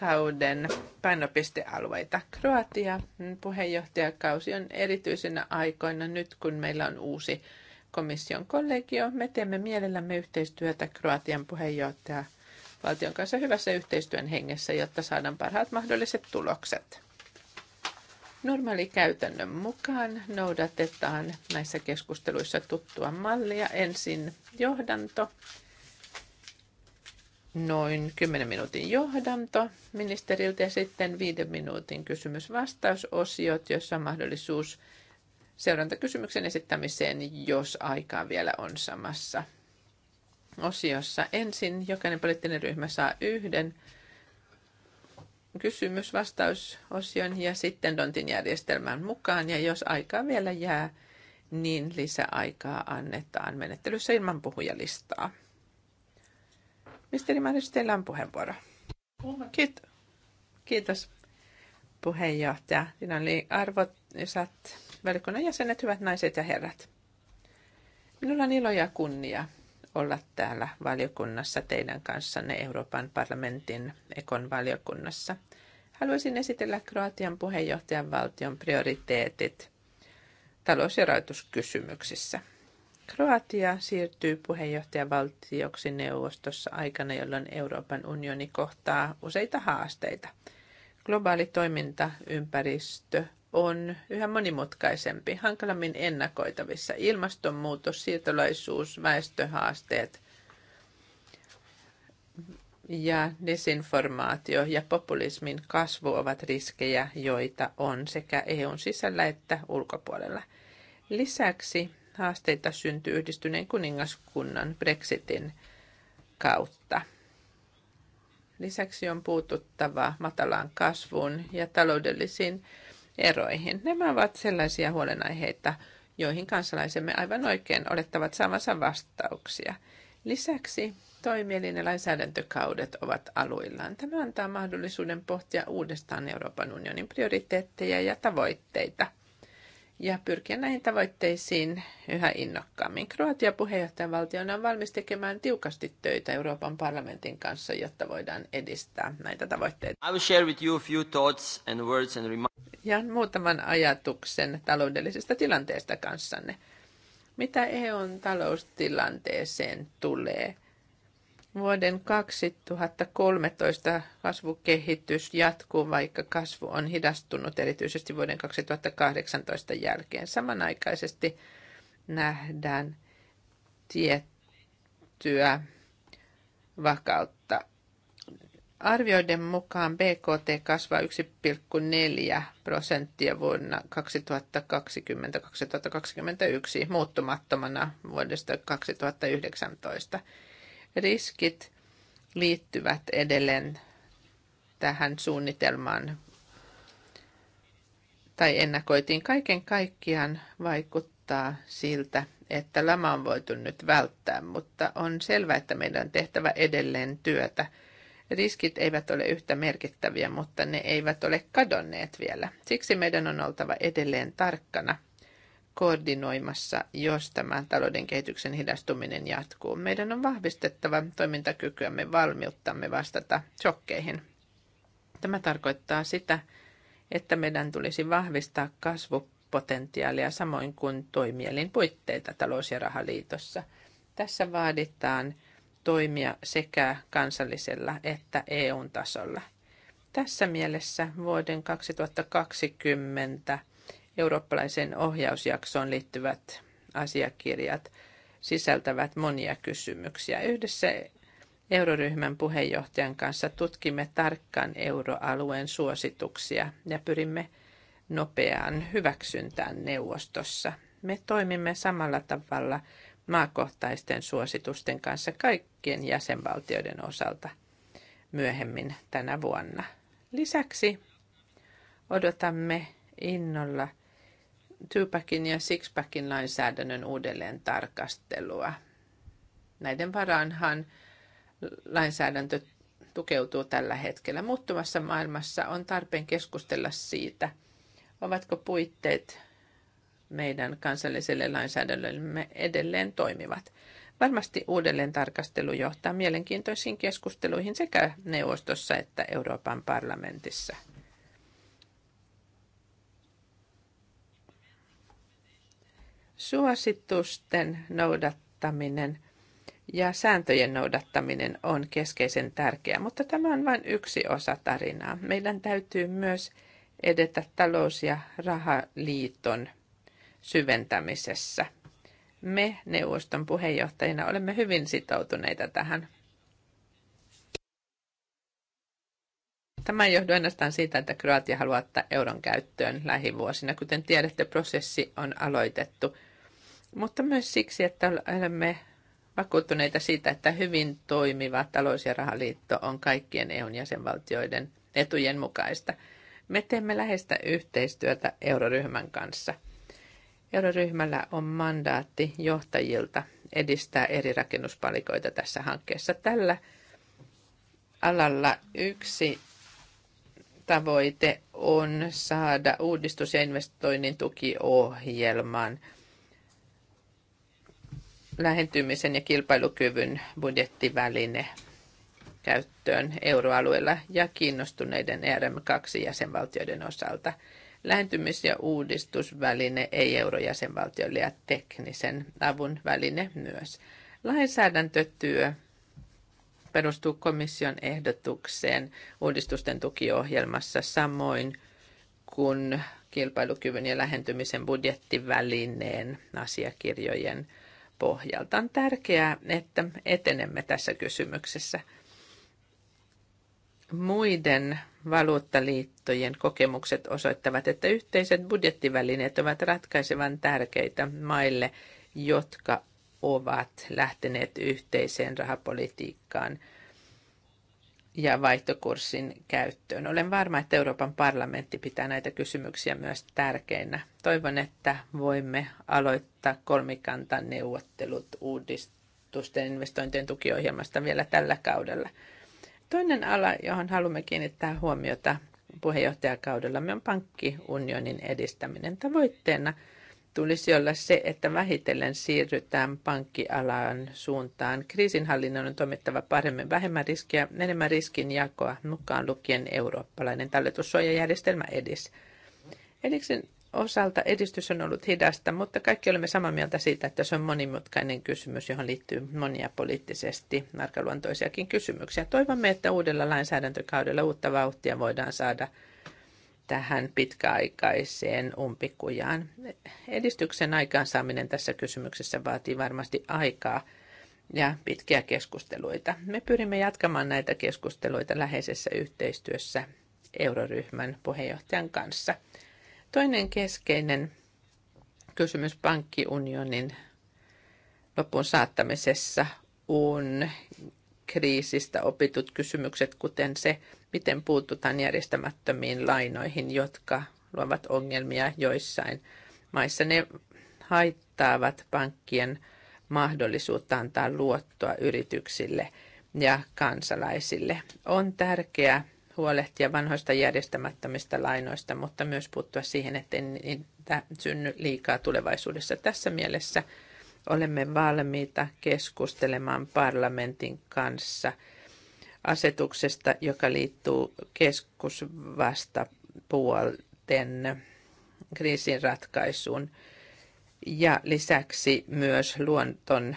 kauden painopistealueita. Kroatia puheenjohtajakausi on erityisenä aikoina nyt, kun meillä on uusi komission kollegio. Me teemme mielellämme yhteistyötä Kroatian puheenjohtaja valtion kanssa hyvässä yhteistyön hengessä, jotta saadaan parhaat mahdolliset tulokset. Normaali käytännön mukaan noudatetaan näissä keskusteluissa tuttua mallia. Ensin johdanto, noin 10 minuutin johdanto ministeriltä ja sitten 5 minuutin kysymys-vastausosiot, jossa on mahdollisuus seurantakysymyksen esittämiseen, jos aikaa vielä on samassa osiossa. Ensin jokainen poliittinen ryhmä saa yhden kysymys-vastausosion ja sitten Dontin järjestelmän mukaan. Ja jos aikaa vielä jää, niin lisäaikaa annetaan menettelyssä ilman puhujalistaa. Ministeri Maris, teillä on puheenvuoro. Kiitos. Kiitos puheenjohtaja. Siinä oli arvoisat valikunnan jäsenet, hyvät naiset ja herrat. Minulla on ilo ja kunnia olla täällä valiokunnassa teidän kanssanne Euroopan parlamentin ekon valiokunnassa. Haluaisin esitellä Kroatian puheenjohtajan valtion prioriteetit talous- ja rahoituskysymyksissä – Kroatia siirtyy puheenjohtajavaltioksi neuvostossa aikana, jolloin Euroopan unioni kohtaa useita haasteita. Globaali toimintaympäristö on yhä monimutkaisempi, hankalammin ennakoitavissa. Ilmastonmuutos, siirtolaisuus, väestöhaasteet ja desinformaatio ja populismin kasvu ovat riskejä, joita on sekä EUn sisällä että ulkopuolella. Lisäksi haasteita syntyy yhdistyneen kuningaskunnan Brexitin kautta. Lisäksi on puututtava matalaan kasvuun ja taloudellisiin eroihin. Nämä ovat sellaisia huolenaiheita, joihin kansalaisemme aivan oikein olettavat saamansa vastauksia. Lisäksi toimielin- ja lainsäädäntökaudet ovat aluillaan. Tämä antaa mahdollisuuden pohtia uudestaan Euroopan unionin prioriteetteja ja tavoitteita – ja pyrkiä näihin tavoitteisiin yhä innokkaammin. Kroatia puheenjohtajavaltiona on valmis tekemään tiukasti töitä Euroopan parlamentin kanssa, jotta voidaan edistää näitä tavoitteita. I will share with you a few thoughts and words and Ja muutaman ajatuksen taloudellisesta tilanteesta kanssanne. Mitä EUn taloustilanteeseen tulee? Vuoden 2013 kasvukehitys jatkuu, vaikka kasvu on hidastunut erityisesti vuoden 2018 jälkeen. Samanaikaisesti nähdään tiettyä vakautta. Arvioiden mukaan BKT kasvaa 1,4 prosenttia vuonna 2020-2021 muuttumattomana vuodesta 2019 riskit liittyvät edelleen tähän suunnitelmaan tai ennakoitiin kaiken kaikkiaan vaikuttaa siltä, että lama on voitu nyt välttää, mutta on selvää, että meidän on tehtävä edelleen työtä. Riskit eivät ole yhtä merkittäviä, mutta ne eivät ole kadonneet vielä. Siksi meidän on oltava edelleen tarkkana – koordinoimassa, jos tämä talouden kehityksen hidastuminen jatkuu. Meidän on vahvistettava toimintakykyämme, valmiuttamme vastata shokkeihin. Tämä tarkoittaa sitä, että meidän tulisi vahvistaa kasvupotentiaalia samoin kuin toimielin puitteita talous- ja rahaliitossa. Tässä vaaditaan toimia sekä kansallisella että eu tasolla. Tässä mielessä vuoden 2020 eurooppalaisen ohjausjaksoon liittyvät asiakirjat sisältävät monia kysymyksiä. Yhdessä euroryhmän puheenjohtajan kanssa tutkimme tarkkaan euroalueen suosituksia ja pyrimme nopeaan hyväksyntään neuvostossa. Me toimimme samalla tavalla maakohtaisten suositusten kanssa kaikkien jäsenvaltioiden osalta myöhemmin tänä vuonna. Lisäksi odotamme innolla – Tupakin ja Sixpackin lainsäädännön uudelleen tarkastelua. Näiden varaanhan lainsäädäntö tukeutuu tällä hetkellä. Muuttuvassa maailmassa on tarpeen keskustella siitä, ovatko puitteet meidän kansalliselle lainsäädännölle edelleen toimivat. Varmasti uudelleen tarkastelu johtaa mielenkiintoisiin keskusteluihin sekä neuvostossa että Euroopan parlamentissa. Suositusten noudattaminen ja sääntöjen noudattaminen on keskeisen tärkeää, mutta tämä on vain yksi osa tarinaa. Meidän täytyy myös edetä talous- ja rahaliiton syventämisessä. Me neuvoston puheenjohtajina olemme hyvin sitoutuneita tähän. Tämä johtuu ainoastaan siitä, että Kroatia haluaa ottaa euron käyttöön lähivuosina. Kuten tiedätte, prosessi on aloitettu mutta myös siksi, että olemme vakuuttuneita siitä, että hyvin toimiva talous- ja rahaliitto on kaikkien EUn jäsenvaltioiden etujen mukaista. Me teemme läheistä yhteistyötä euroryhmän kanssa. Euroryhmällä on mandaatti johtajilta edistää eri rakennuspalikoita tässä hankkeessa. Tällä alalla yksi tavoite on saada uudistus- ja investoinnin tukiohjelman – lähentymisen ja kilpailukyvyn budjettiväline käyttöön euroalueella ja kiinnostuneiden ERM2-jäsenvaltioiden osalta. Lähentymis- ja uudistusväline ei-eurojäsenvaltioille ja teknisen avun väline myös. Lainsäädäntötyö perustuu komission ehdotukseen uudistusten tukiohjelmassa samoin kuin kilpailukyvyn ja lähentymisen budjettivälineen asiakirjojen – pohjalta. On tärkeää, että etenemme tässä kysymyksessä. Muiden valuuttaliittojen kokemukset osoittavat, että yhteiset budjettivälineet ovat ratkaisevan tärkeitä maille, jotka ovat lähteneet yhteiseen rahapolitiikkaan – ja vaihtokurssin käyttöön. Olen varma, että Euroopan parlamentti pitää näitä kysymyksiä myös tärkeinä. Toivon, että voimme aloittaa kolmikantan neuvottelut uudistusten investointien tukiohjelmasta vielä tällä kaudella. Toinen ala, johon haluamme kiinnittää huomiota puheenjohtajakaudellamme, on pankkiunionin edistäminen. Tavoitteena tulisi olla se, että vähitellen siirrytään pankkialan suuntaan. Kriisinhallinnan on toimittava paremmin vähemmän riskiä, enemmän jakoa, mukaan lukien eurooppalainen talletussuojajärjestelmä EDIS. Ediksen osalta edistys on ollut hidasta, mutta kaikki olemme samaa mieltä siitä, että se on monimutkainen kysymys, johon liittyy monia poliittisesti arkaluontoisiakin kysymyksiä. Toivomme, että uudella lainsäädäntökaudella uutta vauhtia voidaan saada – tähän pitkäaikaiseen umpikujaan. Edistyksen aikaansaaminen tässä kysymyksessä vaatii varmasti aikaa ja pitkiä keskusteluita. Me pyrimme jatkamaan näitä keskusteluita läheisessä yhteistyössä euroryhmän puheenjohtajan kanssa. Toinen keskeinen kysymys pankkiunionin lopun saattamisessa on kriisistä opitut kysymykset, kuten se, miten puututaan järjestämättömiin lainoihin, jotka luovat ongelmia joissain maissa. Ne haittaavat pankkien mahdollisuutta antaa luottoa yrityksille ja kansalaisille. On tärkeää huolehtia vanhoista järjestämättömistä lainoista, mutta myös puuttua siihen, ettei niitä synny liikaa tulevaisuudessa. Tässä mielessä olemme valmiita keskustelemaan parlamentin kanssa – asetuksesta, joka liittyy keskusvastapuolten kriisin ratkaisuun ja lisäksi myös luonton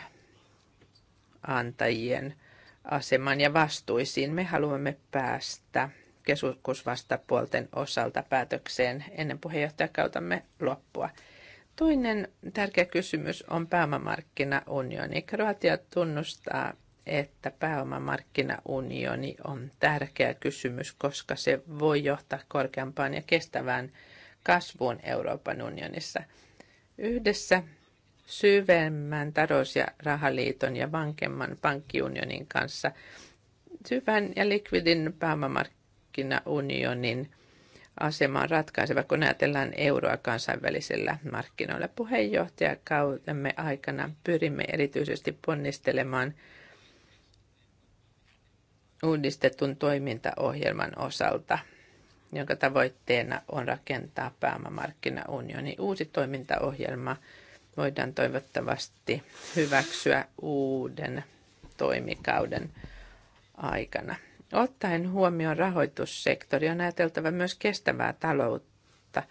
antajien aseman ja vastuisiin. Me haluamme päästä keskusvastapuolten osalta päätökseen ennen puheenjohtajakautamme loppua. Toinen tärkeä kysymys on pääomamarkkinaunioni. Kroatia tunnustaa että pääomamarkkinaunioni on tärkeä kysymys, koska se voi johtaa korkeampaan ja kestävään kasvuun Euroopan unionissa. Yhdessä syvemmän talous- ja rahaliiton ja vankemman pankkiunionin kanssa syvän ja likvidin pääomamarkkinaunionin asema on ratkaiseva, kun ajatellaan euroa kansainvälisillä markkinoilla. Puheenjohtajakautemme aikana pyrimme erityisesti ponnistelemaan – uudistetun toimintaohjelman osalta, jonka tavoitteena on rakentaa pääomamarkkinaunioni. Uusi toimintaohjelma voidaan toivottavasti hyväksyä uuden toimikauden aikana. Ottaen huomioon rahoitussektori on ajateltava myös kestävää taloutta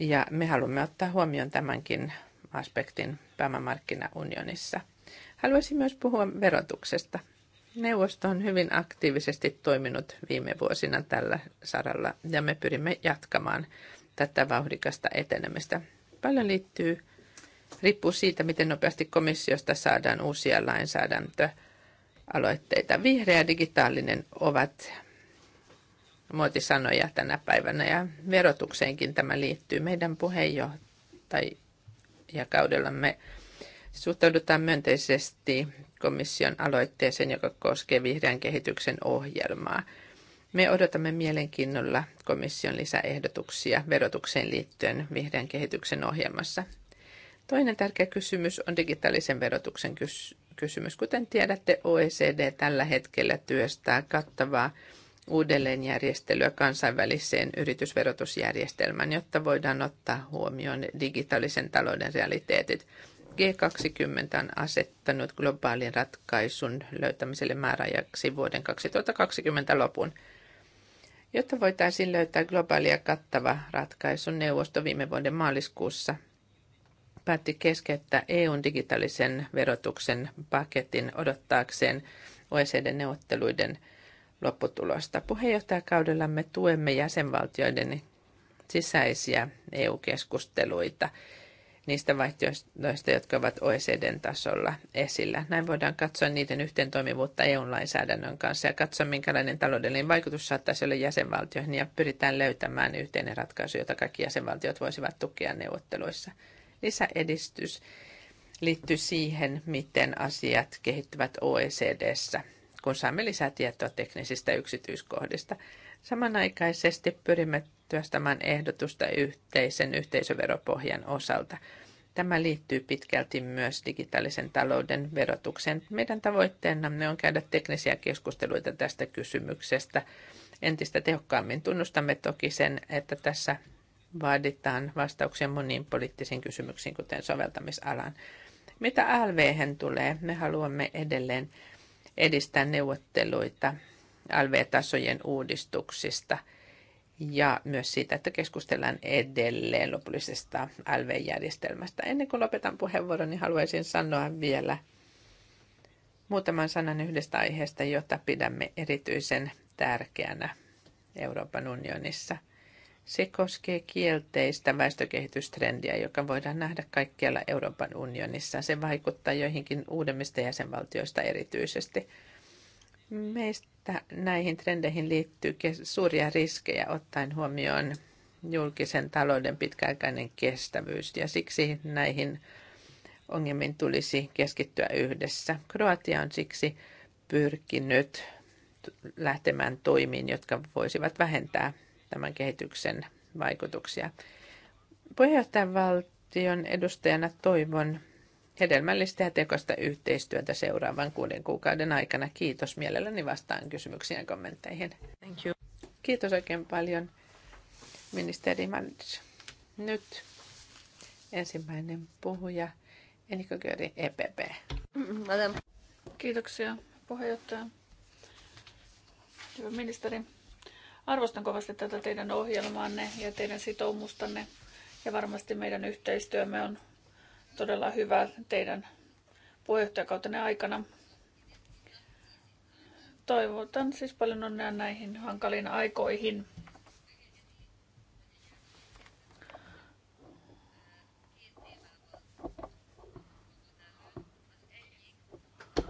ja me haluamme ottaa huomioon tämänkin aspektin pääomamarkkinaunionissa. Haluaisin myös puhua verotuksesta. Neuvosto on hyvin aktiivisesti toiminut viime vuosina tällä saralla ja me pyrimme jatkamaan tätä vauhdikasta etenemistä. Paljon liittyy, riippuu siitä, miten nopeasti komissiosta saadaan uusia lainsäädäntöaloitteita. Vihreä ja digitaalinen ovat muotisanoja tänä päivänä ja verotukseenkin tämä liittyy. Meidän puheenjohtajakaudellamme me suhtaudutaan myönteisesti komission aloitteeseen, joka koskee vihreän kehityksen ohjelmaa. Me odotamme mielenkiinnolla komission lisäehdotuksia verotukseen liittyen vihreän kehityksen ohjelmassa. Toinen tärkeä kysymys on digitaalisen verotuksen kys- kysymys. Kuten tiedätte, OECD tällä hetkellä työstää kattavaa uudelleenjärjestelyä kansainväliseen yritysverotusjärjestelmään, jotta voidaan ottaa huomioon digitaalisen talouden realiteetit. G20 on asettanut globaalin ratkaisun löytämiselle määräajaksi vuoden 2020 lopun. Jotta voitaisiin löytää globaalia kattava ratkaisu, neuvosto viime vuoden maaliskuussa päätti keskeyttää EUn digitaalisen verotuksen paketin odottaakseen OECD-neuvotteluiden lopputulosta. Puheenjohtajakaudellamme tuemme jäsenvaltioiden sisäisiä EU-keskusteluita niistä vaihtoehdoista, jotka ovat OECDn tasolla esillä. Näin voidaan katsoa niiden toimivuutta EU-lainsäädännön kanssa ja katsoa, minkälainen taloudellinen vaikutus saattaisi olla jäsenvaltioihin ja pyritään löytämään yhteinen ratkaisu, jota kaikki jäsenvaltiot voisivat tukea neuvotteluissa. Lisäedistys liittyy siihen, miten asiat kehittyvät OECDssä, kun saamme lisää tietoa teknisistä yksityiskohdista. Samanaikaisesti pyrimme työstämään ehdotusta yhteisen yhteisöveropohjan osalta. Tämä liittyy pitkälti myös digitaalisen talouden verotukseen. Meidän tavoitteenamme on käydä teknisiä keskusteluita tästä kysymyksestä entistä tehokkaammin. Tunnustamme toki sen, että tässä vaaditaan vastauksia moniin poliittisiin kysymyksiin, kuten soveltamisalaan. Mitä LVhen tulee, me haluamme edelleen edistää neuvotteluita alv tasojen uudistuksista – ja myös siitä, että keskustellaan edelleen lopullisesta LV-järjestelmästä. Ennen kuin lopetan puheenvuoron, niin haluaisin sanoa vielä muutaman sanan yhdestä aiheesta, jota pidämme erityisen tärkeänä Euroopan unionissa. Se koskee kielteistä väestökehitystrendiä, joka voidaan nähdä kaikkialla Euroopan unionissa. Se vaikuttaa joihinkin uudemmista jäsenvaltioista erityisesti. Meistä näihin trendeihin liittyy suuria riskejä ottaen huomioon julkisen talouden pitkäaikainen kestävyys ja siksi näihin ongelmiin tulisi keskittyä yhdessä. Kroatia on siksi pyrkinyt lähtemään toimiin, jotka voisivat vähentää tämän kehityksen vaikutuksia. valtion edustajana toivon, hedelmällistä ja tekoista yhteistyötä seuraavan kuuden kuukauden aikana. Kiitos mielelläni vastaan kysymyksiin ja kommentteihin. Thank you. Kiitos oikein paljon, ministeri Mandis. Nyt ensimmäinen puhuja, Enikö Köri, EPP. Madam. Kiitoksia, puheenjohtaja. Hyvä ministeri. Arvostan kovasti tätä teidän ohjelmaanne ja teidän sitoumustanne. Ja varmasti meidän yhteistyömme on todella hyvä teidän puheenjohtajakautenne aikana. Toivotan siis paljon onnea näihin hankaliin aikoihin.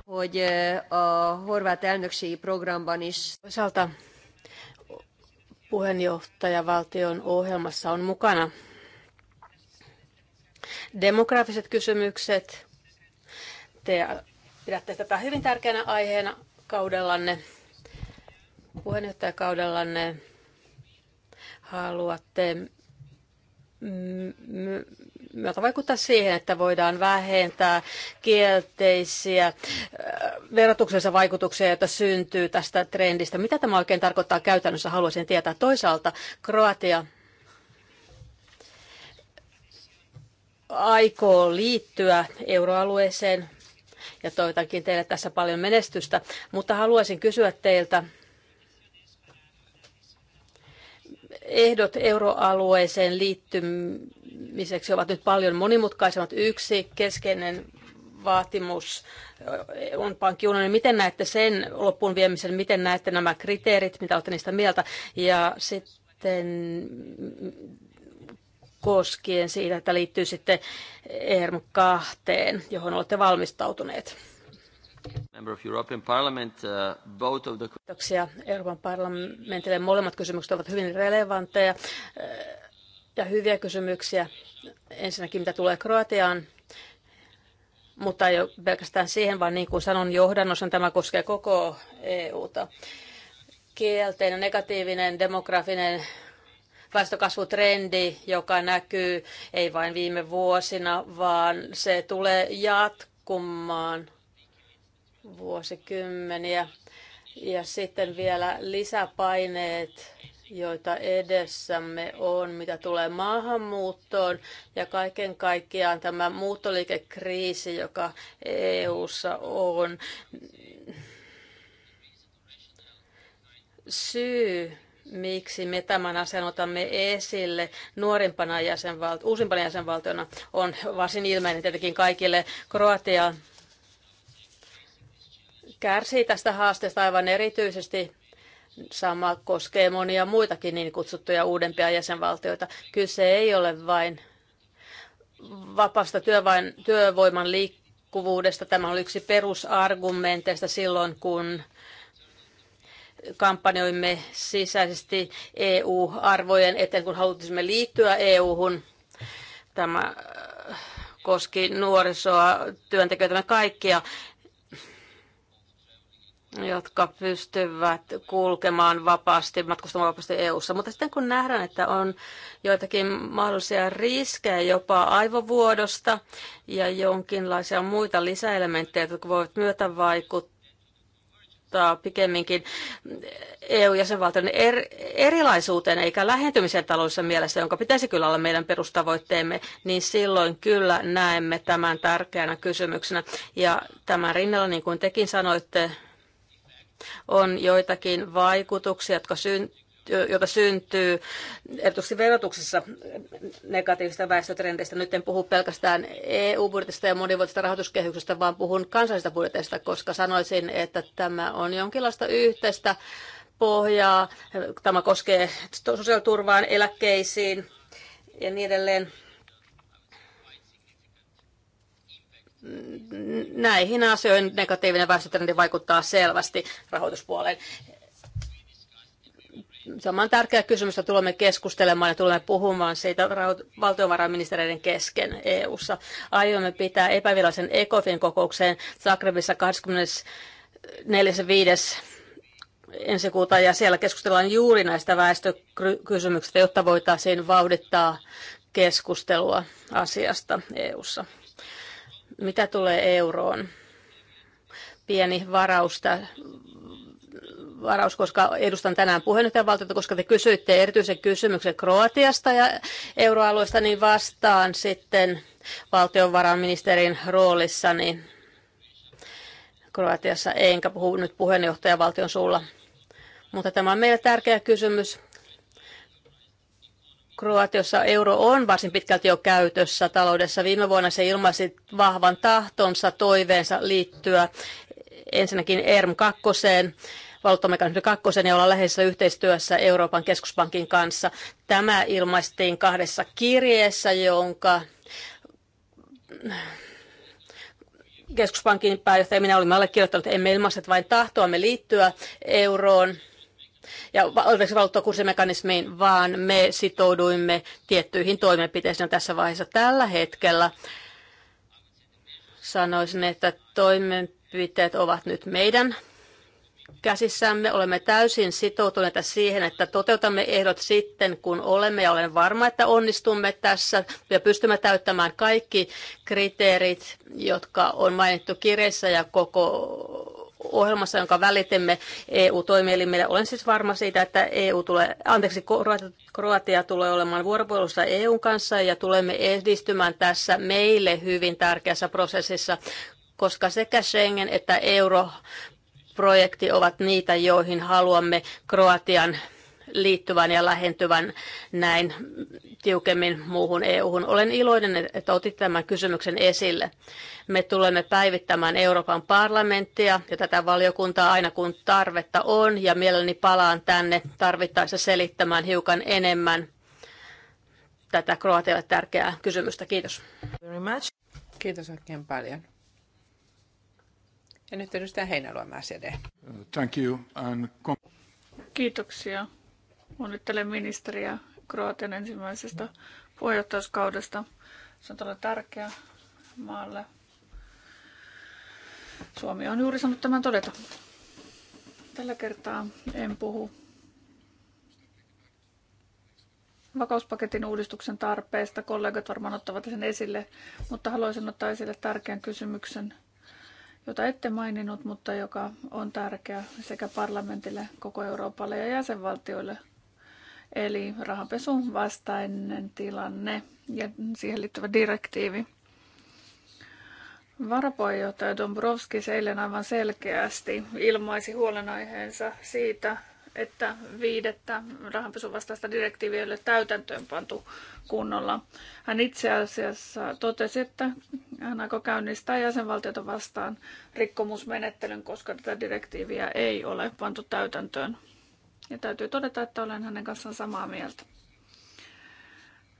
hogy eh, a horvát elnökségi programban is. Toisaalta puheenjohtajavaltion ohjelmassa on mukana Demografiset kysymykset. Te pidätte tätä hyvin tärkeänä aiheena kaudellanne, puheenjohtajakaudellanne. Haluatte myötä vaikuttaa siihen, että voidaan vähentää kielteisiä verotuksensa vaikutuksia, joita syntyy tästä trendistä. Mitä tämä oikein tarkoittaa käytännössä, haluaisin tietää. Toisaalta Kroatia aikoo liittyä euroalueeseen ja toivotankin teille tässä paljon menestystä, mutta haluaisin kysyä teiltä ehdot euroalueeseen liittymiseksi ovat nyt paljon monimutkaisemmat. Yksi keskeinen vaatimus eh, on pankkiunioni. Miten näette sen loppuun viemisen? Miten näette nämä kriteerit? Mitä olette niistä mieltä? Ja sitten koskien siitä, että liittyy sitten ERM kahteen, johon olette valmistautuneet. Member of European Parliament, uh, both of the... Kiitoksia Euroopan parlamentille. Molemmat kysymykset ovat hyvin relevantteja uh, ja hyviä kysymyksiä. Ensinnäkin mitä tulee Kroatiaan, mutta ei ole pelkästään siihen, vaan niin kuin sanon johdannossa, tämä koskee koko EUta. Kielteinen, negatiivinen, demografinen väestökasvutrendi, joka näkyy ei vain viime vuosina, vaan se tulee jatkumaan vuosikymmeniä. Ja sitten vielä lisäpaineet, joita edessämme on, mitä tulee maahanmuuttoon ja kaiken kaikkiaan tämä muuttoliikekriisi, joka EU:ssa on. Syy miksi me tämän asian otamme esille nuorimpana jäsenvalti- uusimpana jäsenvaltiona, on varsin ilmeinen tietenkin kaikille. Kroatia kärsii tästä haasteesta aivan erityisesti. Sama koskee monia muitakin niin kutsuttuja uudempia jäsenvaltioita. Kyse ei ole vain vapaasta työvoiman liikkuvuudesta. Tämä on yksi perusargumenteista silloin, kun kampanjoimme sisäisesti EU-arvojen eteen, kun halutisimme liittyä EU-hun. Tämä äh, koski nuorisoa, työntekijöitä, me kaikkia, jotka pystyvät kulkemaan vapaasti, matkustamaan vapaasti EU-ssa. Mutta sitten kun nähdään, että on joitakin mahdollisia riskejä jopa aivovuodosta ja jonkinlaisia muita lisäelementtejä, jotka voivat myötä vaikuttaa, johtaa pikemminkin eu jäsenvaltioiden er, erilaisuuteen eikä lähentymiseen taloudellisessa mielessä, jonka pitäisi kyllä olla meidän perustavoitteemme, niin silloin kyllä näemme tämän tärkeänä kysymyksenä. Ja tämän rinnalla, niin kuin tekin sanoitte, on joitakin vaikutuksia, jotka syntyvät joita syntyy erityisesti verotuksessa negatiivista väestötrendeistä. Nyt en puhu pelkästään EU-budjetista ja monivuotisesta rahoituskehyksestä, vaan puhun kansallisista budjeteista, koska sanoisin, että tämä on jonkinlaista yhteistä pohjaa. Tämä koskee sosiaaliturvaan, eläkkeisiin ja niin edelleen. näihin asioihin negatiivinen väestötrendi vaikuttaa selvästi rahoituspuoleen. Tämä on tärkeä kysymys, että tulemme keskustelemaan ja tulemme puhumaan siitä valtiovarainministereiden kesken EU-ssa. Aiomme pitää epävirallisen ECOFIN kokoukseen Zagrebissa 24.5 ensi kuuta ja siellä keskustellaan juuri näistä väestökysymyksistä, jotta voitaisiin vauhdittaa keskustelua asiasta EU:ssa. Mitä tulee euroon? Pieni varaus varaus, koska edustan tänään puheenjohtajavaltiota, koska te kysyitte erityisen kysymyksen Kroatiasta ja euroalueesta, niin vastaan sitten valtiovarainministerin niin Kroatiassa, enkä puhu nyt puheenjohtajavaltion suulla. Mutta tämä on meille tärkeä kysymys. Kroatiossa euro on varsin pitkälti jo käytössä taloudessa. Viime vuonna se ilmaisi vahvan tahtonsa, toiveensa liittyä ensinnäkin ERM 2 valuuttamekanismi kakkosen ja olla läheisessä yhteistyössä Euroopan keskuspankin kanssa. Tämä ilmaistiin kahdessa kirjeessä, jonka keskuspankin pääjohtaja minä olimme allekirjoittaneet, että emme ilmaiset vain tahtoamme liittyä euroon ja valuuttakurssimekanismiin, vaan me sitouduimme tiettyihin toimenpiteisiin tässä vaiheessa. Tällä hetkellä sanoisin, että toimenpiteet ovat nyt meidän käsissämme. Olemme täysin sitoutuneita siihen, että toteutamme ehdot sitten, kun olemme ja olen varma, että onnistumme tässä ja pystymme täyttämään kaikki kriteerit, jotka on mainittu kirjeissä ja koko ohjelmassa, jonka välitemme EU-toimielimille. Olen siis varma siitä, että EU tulee, anteeksi, Kroatia tulee olemaan vuoropuolussa EUn kanssa ja tulemme edistymään tässä meille hyvin tärkeässä prosessissa koska sekä Schengen että euro projekti ovat niitä, joihin haluamme Kroatian liittyvän ja lähentyvän näin tiukemmin muuhun EU-hun. Olen iloinen, että otit tämän kysymyksen esille. Me tulemme päivittämään Euroopan parlamenttia ja tätä valiokuntaa aina kun tarvetta on ja mielelläni palaan tänne tarvittaessa selittämään hiukan enemmän tätä Kroatialle tärkeää kysymystä. Kiitos. Kiitos oikein paljon. Ja nyt edustaja Heinäluoma SED. Thank you. And... Kiitoksia. Onnittelen ministeriä Kroatian ensimmäisestä puheenjohtajuuskaudesta. Se on todella tärkeä maalle. Suomi on juuri saanut tämän todeta. Tällä kertaa en puhu vakauspaketin uudistuksen tarpeesta. Kollegat varmaan ottavat sen esille, mutta haluaisin ottaa esille tärkeän kysymyksen – jota ette maininnut, mutta joka on tärkeä sekä parlamentille, koko Euroopalle ja jäsenvaltioille. Eli rahanpesun vastainen tilanne ja siihen liittyvä direktiivi. Varapuheenjohtaja Dombrovskis eilen aivan selkeästi ilmaisi huolenaiheensa siitä, että viidettä vastaista direktiiviä ei ole täytäntöön pantu kunnolla. Hän itse asiassa totesi, että hän aikoo käynnistää jäsenvaltiota vastaan rikkomusmenettelyn, koska tätä direktiiviä ei ole pantu täytäntöön. Ja täytyy todeta, että olen hänen kanssaan samaa mieltä.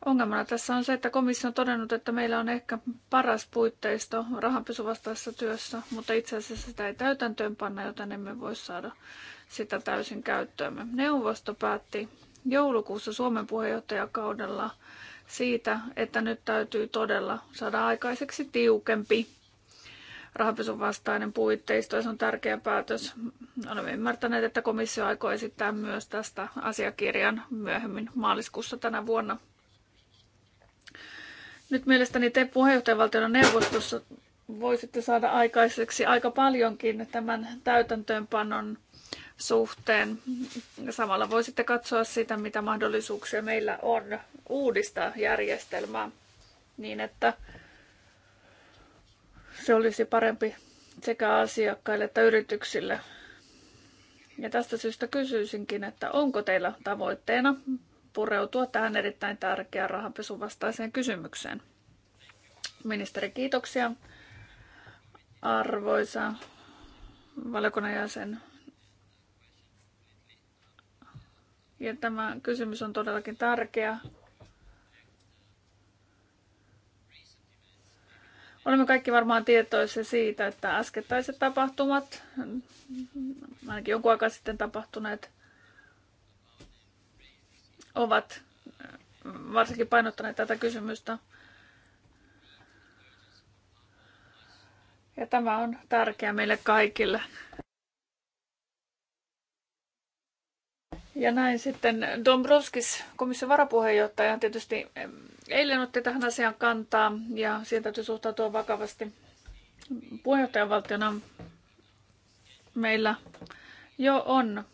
Ongelmana tässä on se, että komissio on todennut, että meillä on ehkä paras puitteisto rahanpesuvastaisessa työssä, mutta itse asiassa sitä ei panna, joten emme voi saada sitä täysin käyttöömme. Neuvosto päätti joulukuussa Suomen puheenjohtajakaudella siitä, että nyt täytyy todella saada aikaiseksi tiukempi rahanpesun vastainen puitteisto se on tärkeä päätös. Olemme ymmärtäneet, että komissio aikoo esittää myös tästä asiakirjan myöhemmin maaliskuussa tänä vuonna. Nyt mielestäni te puheenjohtajavaltion neuvostossa voisitte saada aikaiseksi aika paljonkin tämän täytäntöönpanon suhteen. Samalla voisitte katsoa sitä, mitä mahdollisuuksia meillä on uudistaa järjestelmää niin, että se olisi parempi sekä asiakkaille että yrityksille. Ja tästä syystä kysyisinkin, että onko teillä tavoitteena pureutua tähän erittäin tärkeään rahanpesun vastaiseen kysymykseen? Ministeri, kiitoksia. Arvoisa valiokunnan jäsen Ja tämä kysymys on todellakin tärkeä. Olemme kaikki varmaan tietoisia siitä, että äskettäiset tapahtumat, ainakin jonkun aikaa sitten tapahtuneet, ovat varsinkin painottaneet tätä kysymystä. Ja tämä on tärkeä meille kaikille. Ja näin sitten Dombrovskis, komission varapuheenjohtaja, tietysti eilen otti tähän asiaan kantaa ja siihen täytyy suhtautua vakavasti. Puheenjohtajavaltiona meillä jo on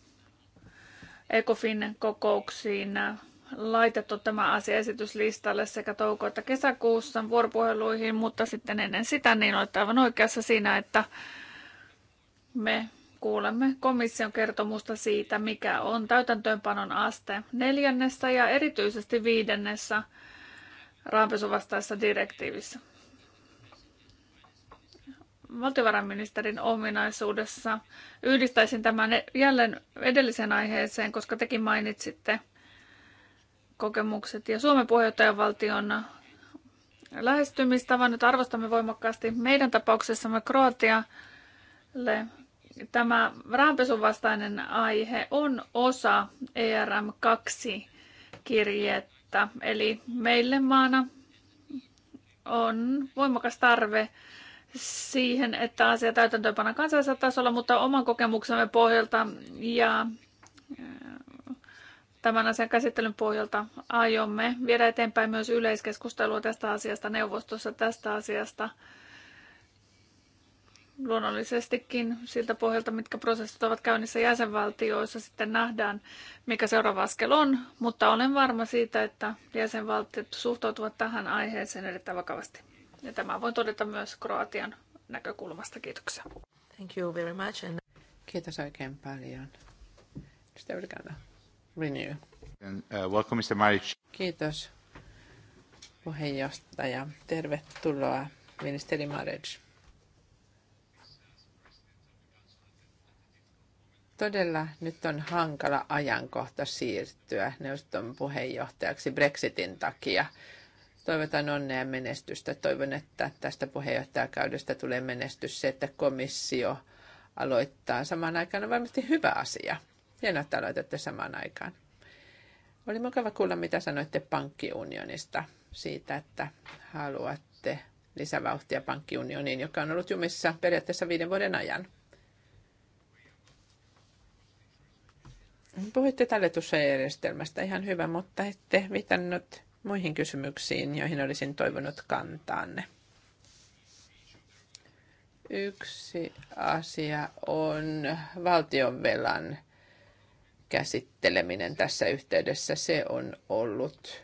ECOFIN kokouksiin laitettu tämä asia esityslistalle sekä touko- että kesäkuussa vuoropuheluihin, mutta sitten ennen sitä niin olette aivan oikeassa siinä, että me kuulemme komission kertomusta siitä, mikä on täytäntöönpanon aste neljännessä ja erityisesti viidennessä rahanpesuvastaisessa direktiivissä. Valtiovarainministerin ominaisuudessa yhdistäisin tämän jälleen edelliseen aiheeseen, koska tekin mainitsitte kokemukset ja Suomen puheenjohtajavaltion lähestymistavan. Nyt arvostamme voimakkaasti meidän tapauksessamme Kroatialle tämä rahanpesun vastainen aihe on osa ERM2-kirjettä. Eli meille maana on voimakas tarve siihen, että asia täytäntöönpana kansallisella tasolla, mutta oman kokemuksemme pohjalta ja äh, tämän asian käsittelyn pohjalta aiomme viedä eteenpäin myös yleiskeskustelua tästä asiasta neuvostossa tästä asiasta luonnollisestikin siltä pohjalta, mitkä prosessit ovat käynnissä jäsenvaltioissa, sitten nähdään, mikä seuraava askel on, mutta olen varma siitä, että jäsenvaltiot suhtautuvat tähän aiheeseen erittäin vakavasti. Ja tämä voin todeta myös Kroatian näkökulmasta. Kiitoksia. Thank you very much. And... Kiitos oikein paljon. Renew. And, uh, welcome, Mr. Maric. Kiitos puheenjohtaja. Tervetuloa ministeri Maric todella nyt on hankala ajankohta siirtyä neuvoston puheenjohtajaksi Brexitin takia. Toivotan onnea ja menestystä. Toivon, että tästä puheenjohtajakaudesta tulee menestys se, että komissio aloittaa samaan aikaan. On varmasti hyvä asia. Hienoa, että aloitatte samaan aikaan. Oli mukava kuulla, mitä sanoitte pankkiunionista siitä, että haluatte lisävauhtia pankkiunioniin, joka on ollut jumissa periaatteessa viiden vuoden ajan. Puhuitte talletussuojajärjestelmästä ihan hyvä, mutta ette viitannut muihin kysymyksiin, joihin olisin toivonut kantaanne. Yksi asia on valtionvelan käsitteleminen tässä yhteydessä. Se on ollut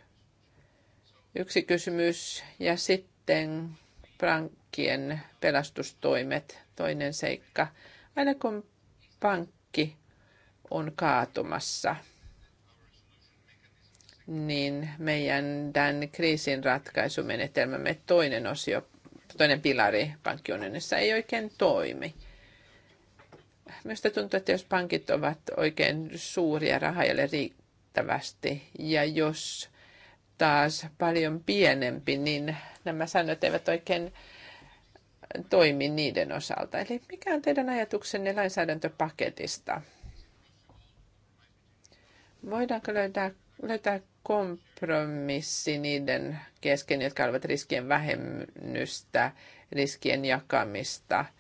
yksi kysymys. Ja sitten pankkien pelastustoimet, toinen seikka. Aina kun pankki on kaatumassa, niin meidän tämän kriisin ratkaisumenetelmämme toinen osio, toinen pilari pankkiunionissa ei oikein toimi. Minusta tuntuu, että jos pankit ovat oikein suuria rahajalle riittävästi ja jos taas paljon pienempi, niin nämä säännöt eivät oikein toimi niiden osalta. Eli mikä on teidän ajatuksenne lainsäädäntöpaketista? Voidaanko löytää, löytää kompromissi niiden kesken, jotka ovat riskien vähennystä, riskien jakamista –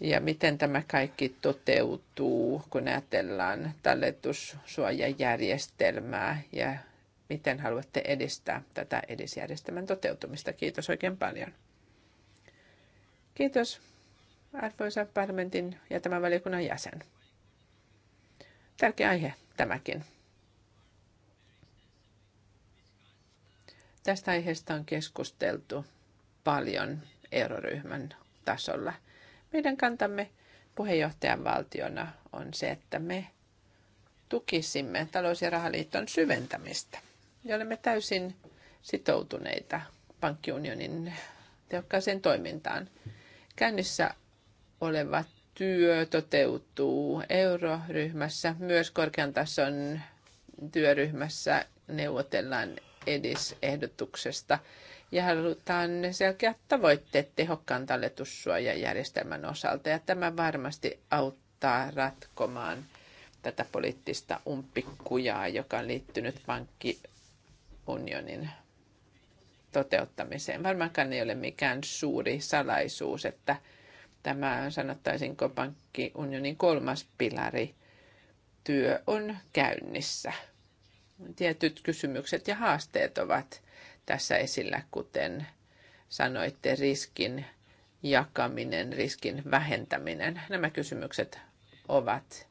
ja miten tämä kaikki toteutuu, kun ajatellaan talletussuojajärjestelmää ja miten haluatte edistää tätä edisjärjestelmän toteutumista. Kiitos oikein paljon. Kiitos arvoisa parlamentin ja tämän valiokunnan jäsen. Tärkeä aihe tämäkin. Tästä aiheesta on keskusteltu paljon euroryhmän tasolla. Meidän kantamme puheenjohtajan valtiona on se, että me tukisimme talous- ja rahaliiton syventämistä. Ja olemme täysin sitoutuneita pankkiunionin tehokkaaseen toimintaan. Käynnissä olevat työ toteutuu euroryhmässä, myös korkean tason työryhmässä neuvotellaan edisehdotuksesta ja halutaan selkeät tavoitteet tehokkaan talletussuojajärjestelmän osalta ja tämä varmasti auttaa ratkomaan tätä poliittista umppikujaa, joka on liittynyt pankkiunionin toteuttamiseen. Varmaankaan ei ole mikään suuri salaisuus, että tämä on sanottaisinko pankkiunionin kolmas pilari, työ on käynnissä. Tietyt kysymykset ja haasteet ovat tässä esillä, kuten sanoitte, riskin jakaminen, riskin vähentäminen. Nämä kysymykset ovat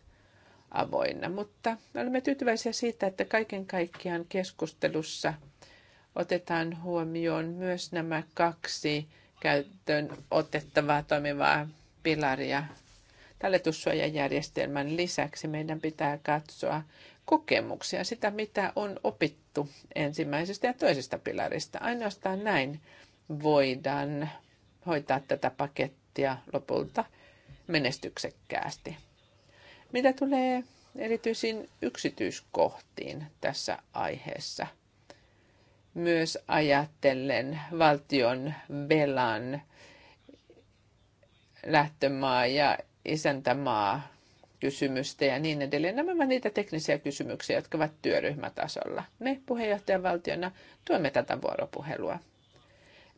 avoinna, mutta olemme tyytyväisiä siitä, että kaiken kaikkiaan keskustelussa otetaan huomioon myös nämä kaksi käyttöön otettavaa toimivaa pilaria. Talletussuojajärjestelmän lisäksi meidän pitää katsoa kokemuksia, sitä mitä on opittu ensimmäisestä ja toisesta pilarista. Ainoastaan näin voidaan hoitaa tätä pakettia lopulta menestyksekkäästi. Mitä tulee erityisiin yksityiskohtiin tässä aiheessa – myös ajatellen valtion velan lähtömaa ja isäntämaa kysymystä ja niin edelleen. Nämä ovat niitä teknisiä kysymyksiä, jotka ovat työryhmätasolla. Me puheenjohtajavaltiona tuemme tätä vuoropuhelua.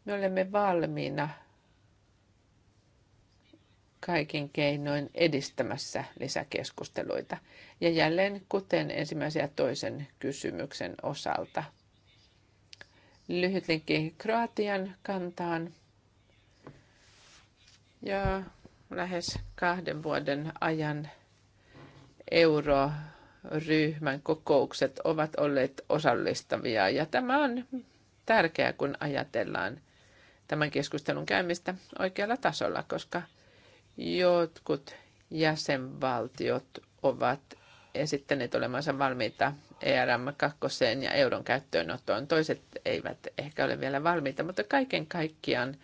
Me olemme valmiina kaikin keinoin edistämässä lisäkeskusteluita. Ja jälleen, kuten ensimmäisen ja toisen kysymyksen osalta – lyhyt linkki Kroatian kantaan. Ja lähes kahden vuoden ajan euroryhmän kokoukset ovat olleet osallistavia ja tämä on tärkeää, kun ajatellaan tämän keskustelun käymistä oikealla tasolla, koska jotkut jäsenvaltiot ovat esittäneet olemansa valmiita ERM2 ja euron käyttöönottoon. Toiset eivät ehkä ole vielä valmiita, mutta kaiken kaikkiaan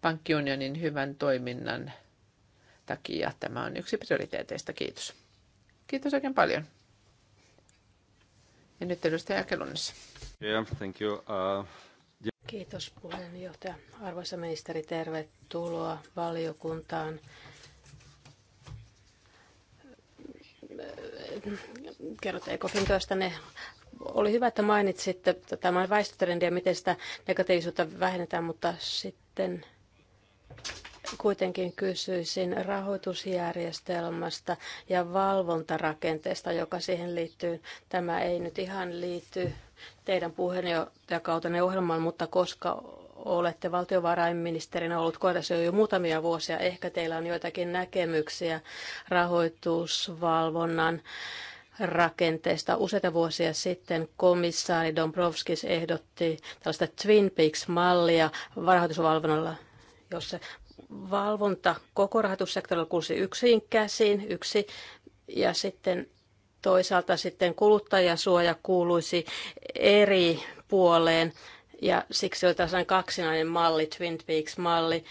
pankkiunionin hyvän toiminnan takia tämä on yksi prioriteeteista. Kiitos. Kiitos oikein paljon. Ja nyt edustaja Akelunnissa. Yeah, thank you. Uh, yeah. Kiitos puheenjohtaja. Arvoisa ministeri, tervetuloa valiokuntaan. kerrot Ekofin Ne niin Oli hyvä, että mainitsit tämän ja miten sitä negatiivisuutta vähennetään, mutta sitten kuitenkin kysyisin rahoitusjärjestelmästä ja valvontarakenteesta, joka siihen liittyy. Tämä ei nyt ihan liity teidän puheenjohtajakautenne ohjelmaan, mutta koska olette valtiovarainministerinä ollut kohdassa jo muutamia vuosia. Ehkä teillä on joitakin näkemyksiä rahoitusvalvonnan rakenteesta. Useita vuosia sitten komissaari Dombrovskis ehdotti tällaista Twin Peaks-mallia rahoitusvalvonnalla, jossa valvonta koko rahoitussektorilla kulsi yksiin käsiin, yksi, ja sitten toisaalta sitten kuluttajasuoja kuuluisi eri puoleen ja siksi oli tällainen kaksinainen malli, Twin Peaks-malli.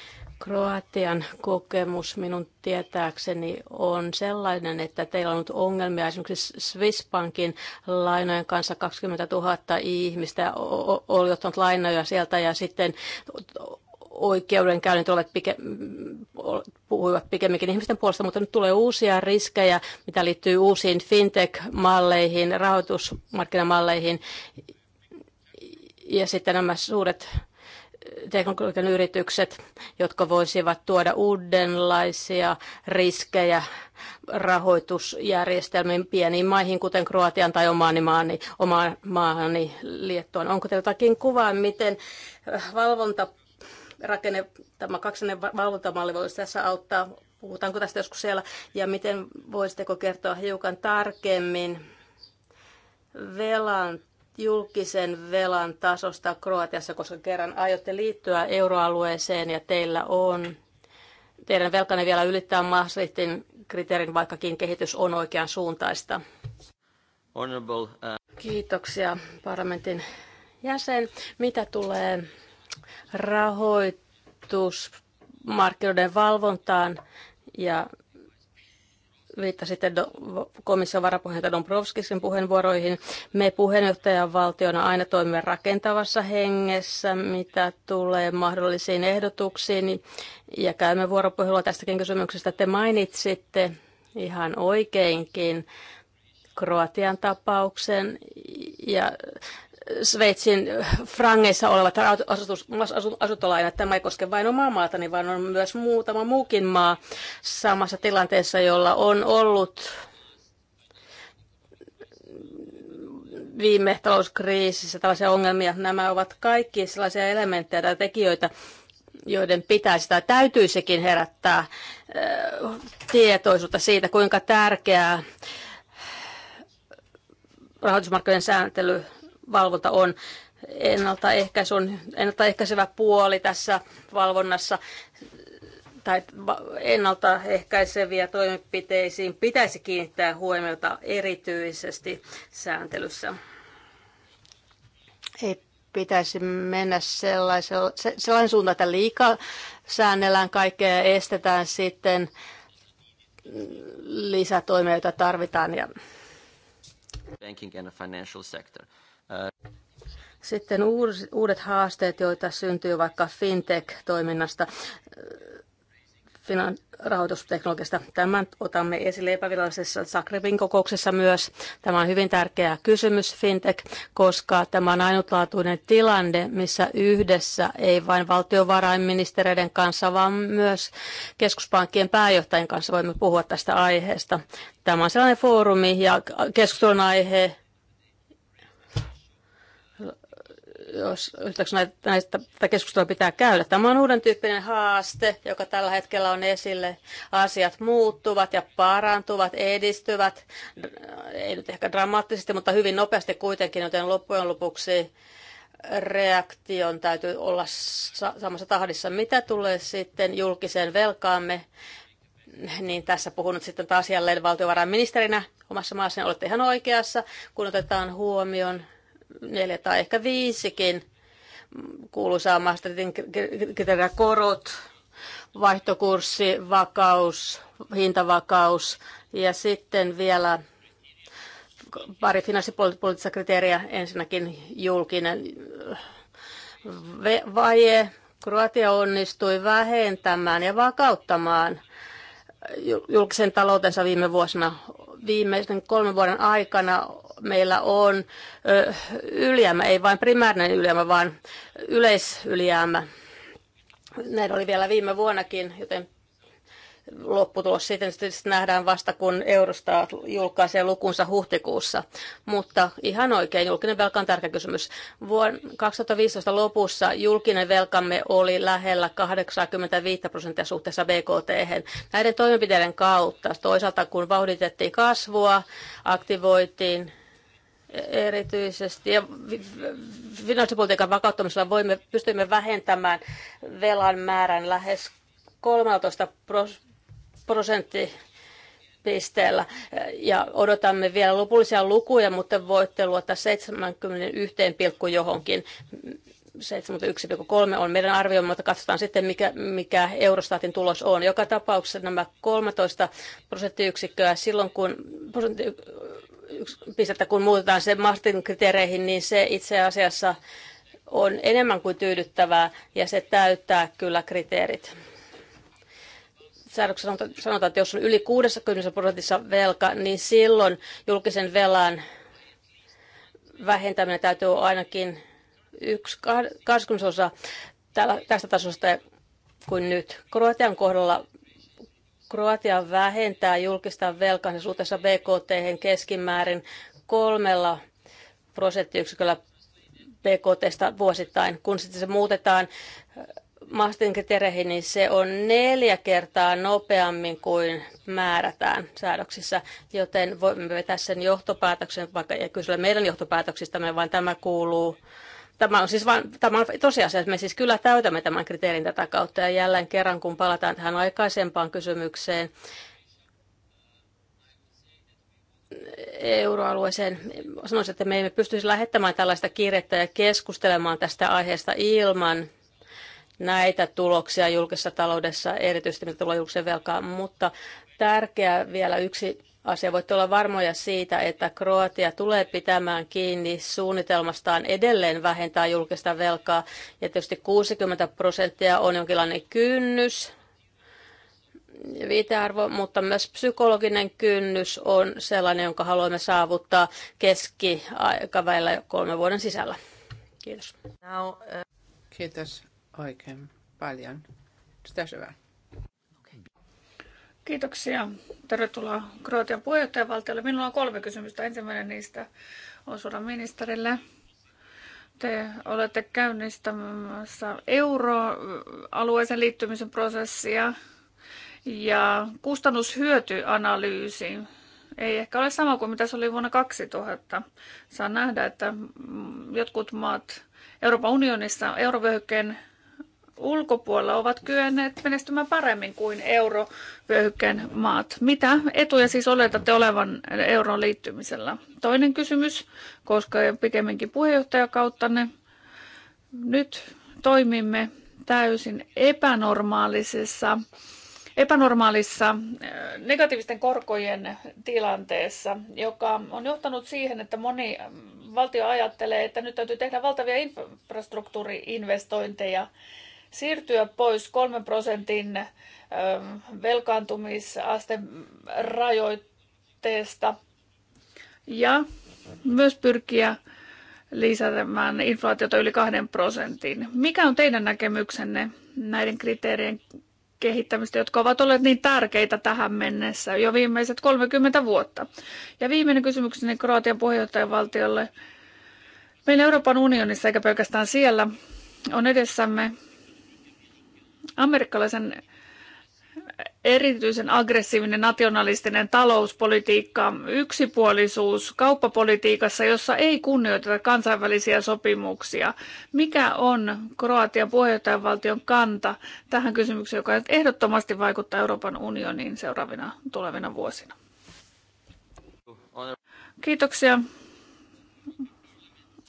Kroatian kokemus minun tietääkseni on sellainen, että teillä on ollut ongelmia esimerkiksi Swissbankin lainojen kanssa 20 000 ihmistä oli ottanut lainoja sieltä ja sitten oikeudenkäynnit olet pike, puhuivat pikemminkin ihmisten puolesta, mutta nyt tulee uusia riskejä, mitä liittyy uusiin fintech-malleihin, rahoitusmarkkinamalleihin, ja sitten nämä suuret eh, teknologian yritykset, jotka voisivat tuoda uudenlaisia riskejä rahoitusjärjestelmiin pieniin maihin, kuten Kroatian tai omaani maani, omaan maani Liettuan. Onko teillä jotakin kuvaa, miten eh, valvonta rakenne, tämä kaksinen valvontamalli voisi tässä auttaa? Puhutaanko tästä joskus siellä? Ja miten voisitteko kertoa hiukan tarkemmin velan julkisen velan tasosta Kroatiassa, koska kerran aiotte liittyä euroalueeseen ja teillä on teidän velkanne vielä ylittää Maastrichtin kriteerin, vaikkakin kehitys on oikean suuntaista. Honorable, uh, Kiitoksia parlamentin jäsen. Mitä tulee rahoitusmarkkinoiden valvontaan ja viittasitte do, komission varapuheenjohtaja Dombrovskisin puheenvuoroihin. Me puheenjohtajan valtiona aina toimimme rakentavassa hengessä, mitä tulee mahdollisiin ehdotuksiin, ja käymme vuoropuhelua tästäkin kysymyksestä. Te mainitsitte ihan oikeinkin Kroatian tapauksen ja Sveitsin äh, frangeissa olevat asuntolainat, tämä ei koske vain omaa maatani, vaan on myös muutama muukin maa samassa tilanteessa, jolla on ollut viime talouskriisissä tällaisia ongelmia. Nämä ovat kaikki sellaisia elementtejä tai tekijöitä, joiden pitäisi tai täytyisikin herättää äh, tietoisuutta siitä, kuinka tärkeää rahoitusmarkkinoiden sääntely valvonta on. Ennaltaehkäisy on ennaltaehkäisevä puoli tässä valvonnassa tai ennaltaehkäiseviä toimenpiteisiin pitäisi kiinnittää huomiota erityisesti sääntelyssä. Ei pitäisi mennä sellaisella, sellainen suuntaan, että liikaa säännellään kaikkea ja estetään sitten lisätoimia, joita tarvitaan. Ja... Banking and financial sector. Sitten uudet haasteet, joita syntyy vaikka fintech-toiminnasta, rahoitusteknologiasta. Tämän otamme esille epävirallisessa Zagrebin kokouksessa myös. Tämä on hyvin tärkeä kysymys fintech, koska tämä on ainutlaatuinen tilanne, missä yhdessä ei vain valtiovarainministereiden kanssa, vaan myös keskuspankkien pääjohtajien kanssa voimme puhua tästä aiheesta. Tämä on sellainen foorumi ja keskustelun aihe, jos näistä, näitä, tätä keskustelua pitää käydä. Tämä on uuden tyyppinen haaste, joka tällä hetkellä on esille. Asiat muuttuvat ja parantuvat, edistyvät, ei nyt ehkä dramaattisesti, mutta hyvin nopeasti kuitenkin, joten loppujen lopuksi reaktion täytyy olla samassa tahdissa. Mitä tulee sitten julkiseen velkaamme, niin tässä puhun nyt sitten taas jälleen valtiovarainministerinä omassa maassa, Olette ihan oikeassa, kun otetaan huomioon neljä tai ehkä viisikin kuuluisaa Maastritin kriteeriä korot, vaihtokurssi, vakaus, hintavakaus ja sitten vielä pari finanssipoliittista kriteeriä, ensinnäkin julkinen vaje. Kroatia onnistui vähentämään ja vakauttamaan julkisen taloutensa viime vuosina viimeisen kolmen vuoden aikana meillä on ylijäämä, ei vain primäärinen ylijäämä, vaan yleisylijäämä. Näin oli vielä viime vuonnakin, joten lopputulos sitten nähdään vasta, kun Eurosta julkaisee lukunsa huhtikuussa. Mutta ihan oikein, julkinen velka on tärkeä kysymys. Vuonna 2015 lopussa julkinen velkamme oli lähellä 85 prosenttia suhteessa BKT. Näiden toimenpiteiden kautta, toisaalta kun vauhditettiin kasvua, aktivoitiin erityisesti. Ja finanssipolitiikan vakauttamisella voimme, pystymme vähentämään velan määrän lähes 13 prosentti pisteellä. Ja odotamme vielä lopullisia lukuja, mutta voitte luottaa 71 pilkku johonkin. 71,3 on meidän arviomme, mutta katsotaan sitten, mikä, mikä Eurostatin tulos on. Joka tapauksessa nämä 13 prosenttiyksikköä silloin, kun prosentti, pistettä, kun muutetaan se Martin kriteereihin, niin se itse asiassa on enemmän kuin tyydyttävää ja se täyttää kyllä kriteerit säädöksessä sanotaan, että jos on yli 60 prosentissa velka, niin silloin julkisen velan vähentäminen täytyy olla ainakin yksi 20 osa tästä tasosta kuin nyt. Kroatian kohdalla Kroatia vähentää julkista velkansa suhteessa BKT keskimäärin kolmella prosenttiyksiköllä BKTstä vuosittain, kun sitten se muutetaan Maastin kriteereihin, niin se on neljä kertaa nopeammin kuin määrätään säädöksissä, joten voimme vetää sen johtopäätöksen, vaikka ei kysyä meidän johtopäätöksistämme, vaan tämä kuuluu Tämä on siis vain, tämä on tosiasia, että me siis kyllä täytämme tämän kriteerin tätä kautta ja jälleen kerran, kun palataan tähän aikaisempaan kysymykseen, euroalueeseen. Sanoisin, että me emme pystyisi lähettämään tällaista kirjettä ja keskustelemaan tästä aiheesta ilman näitä tuloksia julkisessa taloudessa, erityisesti mitä tulee julkisen velkaan, mutta tärkeä vielä yksi asia. Voitte olla varmoja siitä, että Kroatia tulee pitämään kiinni suunnitelmastaan edelleen vähentää julkista velkaa. Ja tietysti 60 prosenttia on jonkinlainen kynnys, viitearvo, mutta myös psykologinen kynnys on sellainen, jonka haluamme saavuttaa keskiaikaväillä kolmen vuoden sisällä. Kiitos. Now, uh... Kiitos oikein paljon. Sitä vähän. Kiitoksia. Tervetuloa Kroatian puheenjohtajavaltiolle. Minulla on kolme kysymystä. Ensimmäinen niistä on suoraan ministerille. Te olette käynnistämässä euroalueeseen liittymisen prosessia ja kustannushyötyanalyysi ei ehkä ole sama kuin mitä se oli vuonna 2000. Saa nähdä, että jotkut maat Euroopan unionissa eurovyöhykkeen ulkopuolella ovat kyenneet menestymään paremmin kuin eurovyöhykkeen maat. Mitä etuja siis oletatte olevan euroon liittymisellä? Toinen kysymys, koska pikemminkin puheenjohtajakauttanne. Nyt toimimme täysin epänormaalisessa epänormaalissa äh, negatiivisten korkojen tilanteessa, joka on johtanut siihen, että moni valtio ajattelee, että nyt täytyy tehdä valtavia infrastruktuuriinvestointeja siirtyä pois 3 prosentin ähm, velkaantumisaste rajoitteesta ja myös pyrkiä lisäämään inflaatiota yli 2 prosentin. Mikä on teidän näkemyksenne näiden kriteerien kehittämistä, jotka ovat olleet niin tärkeitä tähän mennessä jo viimeiset 30 vuotta? Ja viimeinen kysymykseni Kroatian puheenjohtajavaltiolle. Meillä Euroopan unionissa, eikä pelkästään siellä, on edessämme amerikkalaisen erityisen aggressiivinen nationalistinen talouspolitiikka, yksipuolisuus kauppapolitiikassa, jossa ei kunnioiteta kansainvälisiä sopimuksia. Mikä on Kroatian puheenjohtajavaltion kanta tähän kysymykseen, joka ehdottomasti vaikuttaa Euroopan unioniin seuraavina tulevina vuosina? Kiitoksia,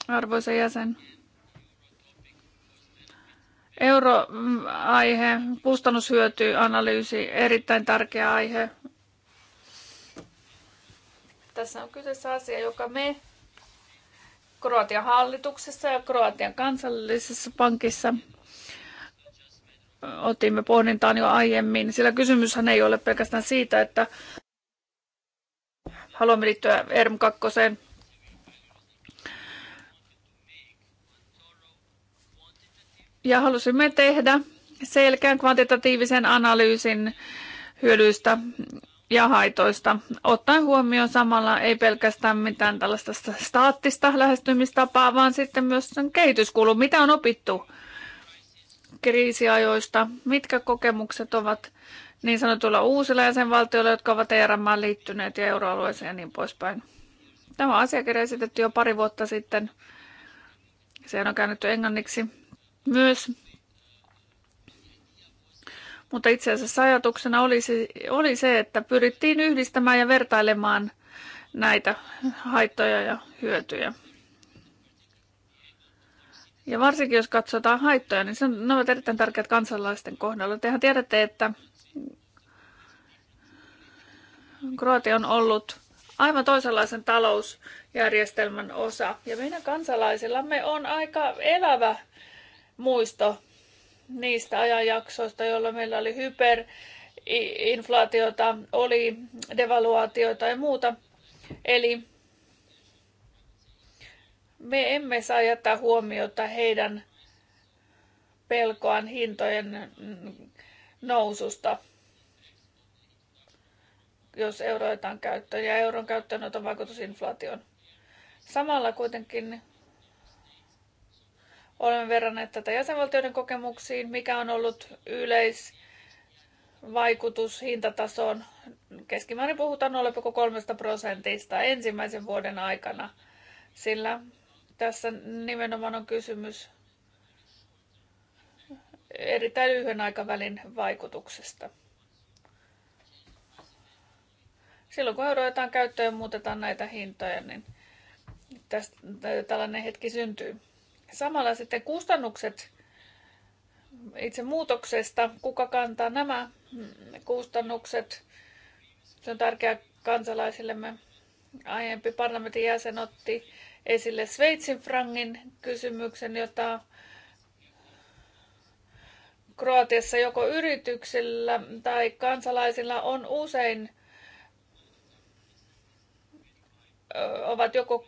arvoisa jäsen. Euroaihe, kustannushyötyanalyysi, erittäin tärkeä aihe. Tässä on kyseessä asia, joka me Kroatian hallituksessa ja Kroatian kansallisessa pankissa otimme pohdintaan jo aiemmin, sillä kysymyshän ei ole pelkästään siitä, että haluamme liittyä ERM 2 Ja halusimme tehdä selkeän kvantitatiivisen analyysin hyödyistä ja haitoista, ottaen huomioon samalla ei pelkästään mitään tällaista staattista lähestymistapaa, vaan sitten myös sen kehityskulun, mitä on opittu kriisiajoista, mitkä kokemukset ovat niin sanotuilla uusilla jäsenvaltioilla, jotka ovat ERM liittyneet ja euroalueeseen ja niin poispäin. Tämä asiakirja esitetty jo pari vuotta sitten. Se on käännetty englanniksi myös. Mutta itse asiassa ajatuksena oli se, oli se, että pyrittiin yhdistämään ja vertailemaan näitä haittoja ja hyötyjä. Ja varsinkin jos katsotaan haittoja, niin se on, ne ovat erittäin tärkeät kansalaisten kohdalla. Tehän tiedätte, että Kroatia on ollut aivan toisenlaisen talousjärjestelmän osa. Ja meidän kansalaisillamme on aika elävä muisto niistä ajanjaksoista, jolloin meillä oli hyperinflaatiota, oli devaluaatioita ja muuta. Eli me emme saa jättää huomiota heidän pelkoaan hintojen noususta, jos euroitaan käyttöön ja euron käyttöönoton vaikutus inflaatioon. Samalla kuitenkin Olemme verranneet tätä jäsenvaltioiden kokemuksiin, mikä on ollut yleisvaikutus hintatasoon. Keskimäärin puhutaan 0,3 prosentista ensimmäisen vuoden aikana, sillä tässä nimenomaan on kysymys erittäin lyhyen aikavälin vaikutuksesta. Silloin kun euro käyttöön ja muutetaan näitä hintoja, niin tästä, tällainen hetki syntyy. Samalla sitten kustannukset itse muutoksesta, kuka kantaa nämä kustannukset. Se on tärkeää kansalaisillemme. Aiempi parlamentin jäsen otti esille Sveitsin frangin kysymyksen, jota Kroatiassa joko yrityksillä tai kansalaisilla on usein, ovat joko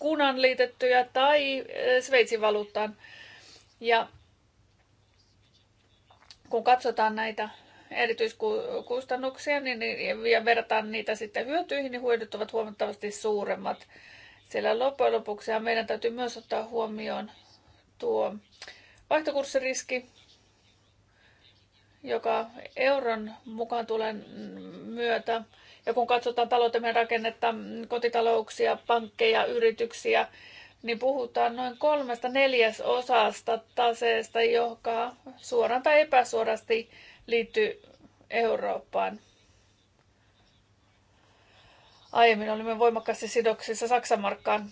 kunan liitettyjä tai eh, Sveitsin valuuttaan. Ja kun katsotaan näitä erityiskustannuksia niin, niin ja verrataan niitä sitten hyötyihin, niin hyödyt ovat huomattavasti suuremmat. Siellä loppujen lopuksi meidän täytyy myös ottaa huomioon tuo vaihtokurssiriski, joka euron mukaan tulen myötä ja kun katsotaan taloutemme rakennetta, mm, kotitalouksia, pankkeja, yrityksiä, niin puhutaan noin kolmesta neljäsosasta taseesta, joka suoraan tai epäsuorasti liittyy Eurooppaan. Aiemmin olimme voimakkaasti sidoksissa Saksan markkaan.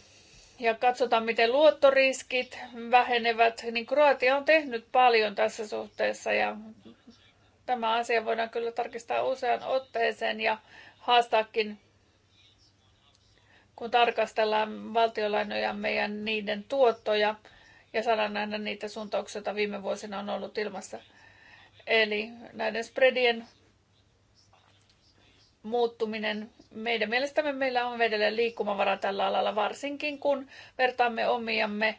Ja katsotaan, miten luottoriskit vähenevät, niin Kroatia on tehnyt paljon tässä suhteessa ja tämä asia voidaan kyllä tarkistaa usean otteeseen ja haastaakin, kun tarkastellaan valtiolainoja meidän niiden tuottoja ja saadaan nähdä niitä suuntauksia, joita viime vuosina on ollut ilmassa. Eli näiden spreadien muuttuminen. Meidän mielestämme meillä on vedelle liikkumavara tällä alalla, varsinkin kun vertaamme omiamme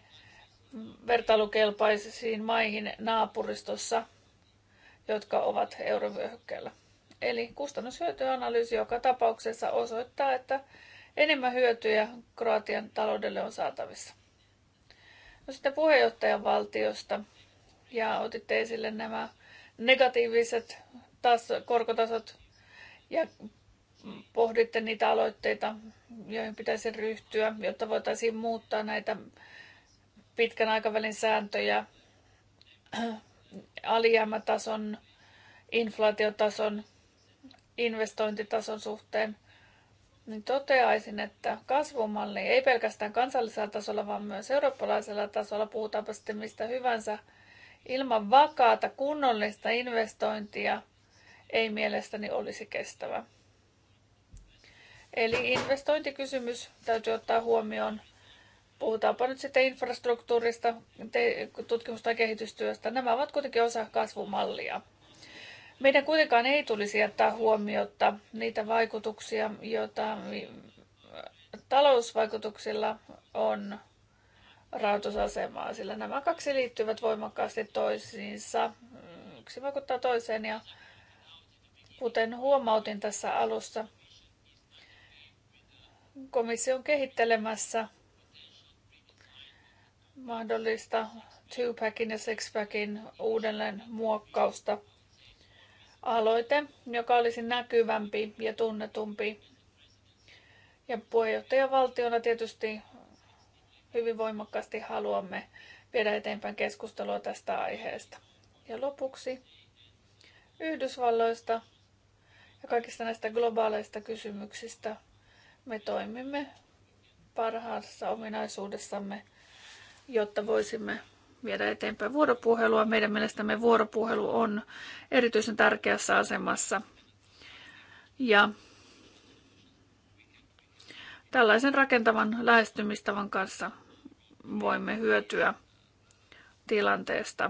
vertailukelpaisiin maihin naapuristossa, jotka ovat eurovyöhykkeellä. Eli kustannushyötyanalyysi joka tapauksessa osoittaa, että enemmän hyötyjä Kroatian taloudelle on saatavissa. No sitten puheenjohtajan valtiosta ja otitte esille nämä negatiiviset taas korkotasot ja pohditte niitä aloitteita, joihin pitäisi ryhtyä, jotta voitaisiin muuttaa näitä pitkän aikavälin sääntöjä, alijäämätason, inflaatiotason investointitason suhteen, niin toteaisin, että kasvumalli ei pelkästään kansallisella tasolla, vaan myös eurooppalaisella tasolla, puhutaanpa sitten mistä hyvänsä, ilman vakaata kunnollista investointia ei mielestäni olisi kestävä. Eli investointikysymys täytyy ottaa huomioon. Puhutaanpa nyt sitten infrastruktuurista, tutkimusta ja kehitystyöstä. Nämä ovat kuitenkin osa kasvumallia. Meidän kuitenkaan ei tulisi jättää huomiota niitä vaikutuksia, joita talousvaikutuksilla on rahoitusasemaa, sillä nämä kaksi liittyvät voimakkaasti toisiinsa. Yksi vaikuttaa toiseen ja kuten huomautin tässä alussa, komissio on kehittelemässä mahdollista two-packin ja six-packin uudelleen muokkausta – aloite, joka olisi näkyvämpi ja tunnetumpi. Ja puheenjohtajavaltiona tietysti hyvin voimakkaasti haluamme viedä eteenpäin keskustelua tästä aiheesta. Ja lopuksi Yhdysvalloista ja kaikista näistä globaaleista kysymyksistä me toimimme parhaassa ominaisuudessamme, jotta voisimme viedä eteenpäin vuoropuhelua. Meidän mielestämme vuoropuhelu on erityisen tärkeässä asemassa. Ja tällaisen rakentavan lähestymistavan kanssa voimme hyötyä tilanteesta,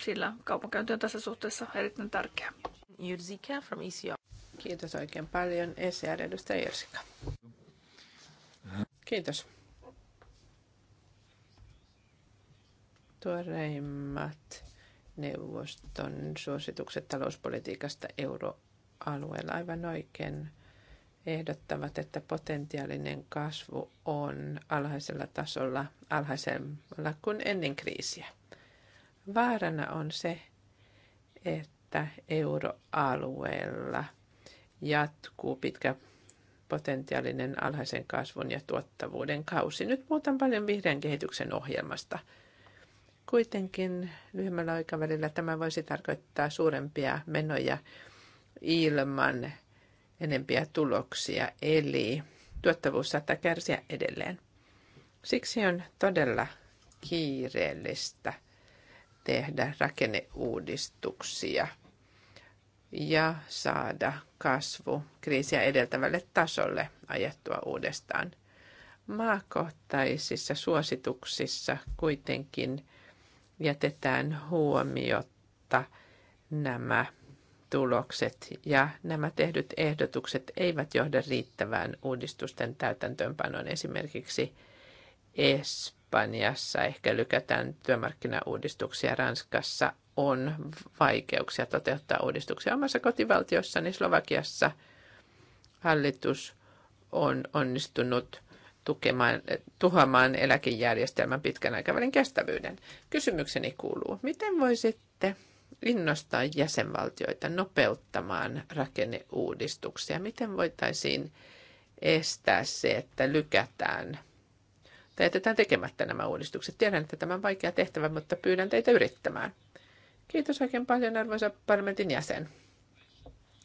sillä kaupankäynti on tässä suhteessa erittäin tärkeä. Jyrsika from ECR. Kiitos oikein paljon, ECR-edustaja Kiitos. tuoreimmat neuvoston suositukset talouspolitiikasta euroalueella aivan oikein ehdottavat, että potentiaalinen kasvu on alhaisella tasolla, alhaisemmalla kuin ennen kriisiä. Vaarana on se, että euroalueella jatkuu pitkä potentiaalinen alhaisen kasvun ja tuottavuuden kausi. Nyt puhutaan paljon vihreän kehityksen ohjelmasta – Kuitenkin lyhyemmällä aikavälillä tämä voisi tarkoittaa suurempia menoja ilman enempiä tuloksia, eli tuottavuus saattaa kärsiä edelleen. Siksi on todella kiireellistä tehdä rakenneuudistuksia ja saada kasvu kriisiä edeltävälle tasolle ajettua uudestaan. Maakohtaisissa suosituksissa kuitenkin jätetään huomiota nämä tulokset ja nämä tehdyt ehdotukset eivät johda riittävään uudistusten täytäntöönpanoon. Esimerkiksi Espanjassa ehkä lykätään työmarkkinauudistuksia, Ranskassa on vaikeuksia toteuttaa uudistuksia. Omassa kotivaltiossani Slovakiassa hallitus on onnistunut tukemaan, tuhoamaan eläkejärjestelmän pitkän aikavälin kestävyyden. Kysymykseni kuuluu, miten voisitte innostaa jäsenvaltioita nopeuttamaan rakenneuudistuksia? Miten voitaisiin estää se, että lykätään tai jätetään tekemättä nämä uudistukset? Tiedän, että tämä on vaikea tehtävä, mutta pyydän teitä yrittämään. Kiitos oikein paljon, arvoisa parlamentin jäsen.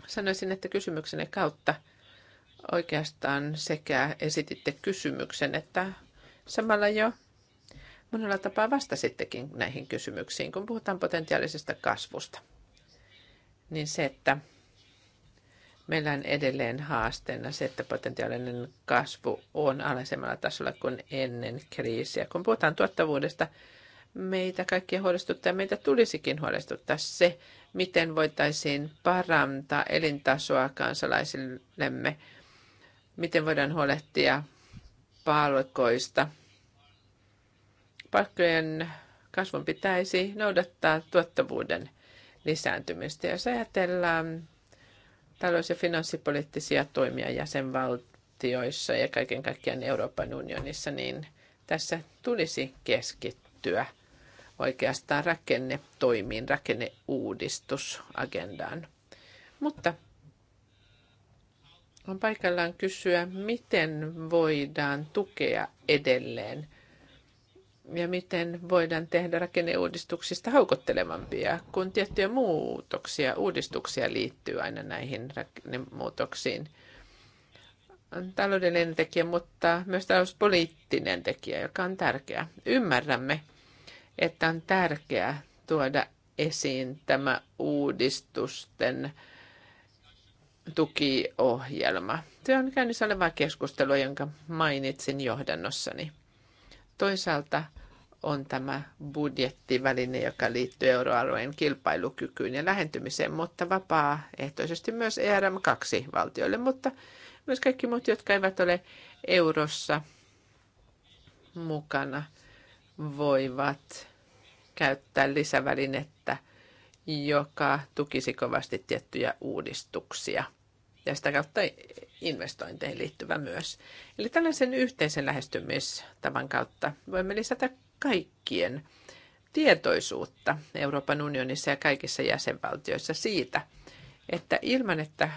Sanoisin, että kysymyksenne kautta – Oikeastaan sekä esititte kysymyksen että samalla jo monella tapaa vastasittekin näihin kysymyksiin, kun puhutaan potentiaalisesta kasvusta. Niin se, että meillä on edelleen haasteena se, että potentiaalinen kasvu on alaisemmalla tasolla kuin ennen kriisiä. Kun puhutaan tuottavuudesta, meitä kaikkia huolestuttaa, meitä tulisikin huolestuttaa se, miten voitaisiin parantaa elintasoa kansalaisillemme – miten voidaan huolehtia palkoista. Palkkojen kasvun pitäisi noudattaa tuottavuuden lisääntymistä. Jos ajatellaan talous- ja finanssipoliittisia toimia jäsenvaltioissa ja kaiken kaikkiaan Euroopan unionissa, niin tässä tulisi keskittyä oikeastaan rakennetoimiin, rakenneuudistusagendaan. Mutta on paikallaan kysyä, miten voidaan tukea edelleen ja miten voidaan tehdä rakenneuudistuksista haukottelevampia, kun tiettyjä muutoksia, uudistuksia liittyy aina näihin rakennemuutoksiin. On taloudellinen tekijä, mutta myös talouspoliittinen tekijä, joka on tärkeä. Ymmärrämme, että on tärkeää tuoda esiin tämä uudistusten tukiohjelma. Se on käynnissä olevaa keskustelua, jonka mainitsin johdannossani. Toisaalta on tämä budjettiväline, joka liittyy euroalueen kilpailukykyyn ja lähentymiseen, mutta vapaaehtoisesti myös ERM2-valtioille, mutta myös kaikki muut, jotka eivät ole eurossa mukana, voivat käyttää lisävälinettä – joka tukisi kovasti tiettyjä uudistuksia ja sitä kautta investointeihin liittyvä myös. Eli tällaisen yhteisen lähestymistavan kautta voimme lisätä kaikkien tietoisuutta Euroopan unionissa ja kaikissa jäsenvaltioissa siitä, että ilman että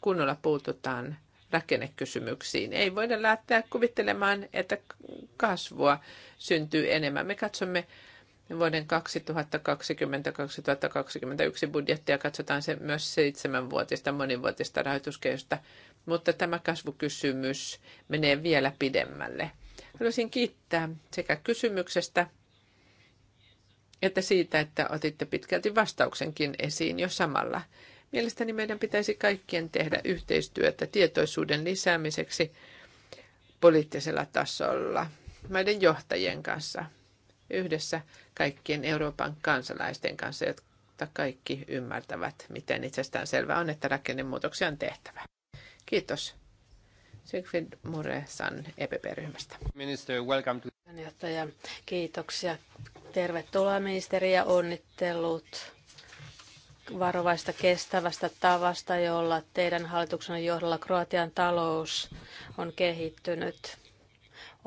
kunnolla puututaan rakennekysymyksiin. Ei voida lähteä kuvittelemaan, että kasvua syntyy enemmän. Me katsomme vuoden 2020-2021 budjettia katsotaan se myös seitsemänvuotista monivuotista rahoituskehystä, mutta tämä kasvukysymys menee vielä pidemmälle. Haluaisin kiittää sekä kysymyksestä että siitä, että otitte pitkälti vastauksenkin esiin jo samalla. Mielestäni meidän pitäisi kaikkien tehdä yhteistyötä tietoisuuden lisäämiseksi poliittisella tasolla maiden johtajien kanssa yhdessä kaikkien Euroopan kansalaisten kanssa, jotta kaikki ymmärtävät, miten itsestään selvää on, että rakennemuutoksia on tehtävä. Kiitos. Sigfrid Muresan EPP-ryhmästä. Minister, welcome to... kiitoksia. Tervetuloa ministeri ja onnittelut varovaista kestävästä tavasta, jolla teidän hallituksen johdolla Kroatian talous on kehittynyt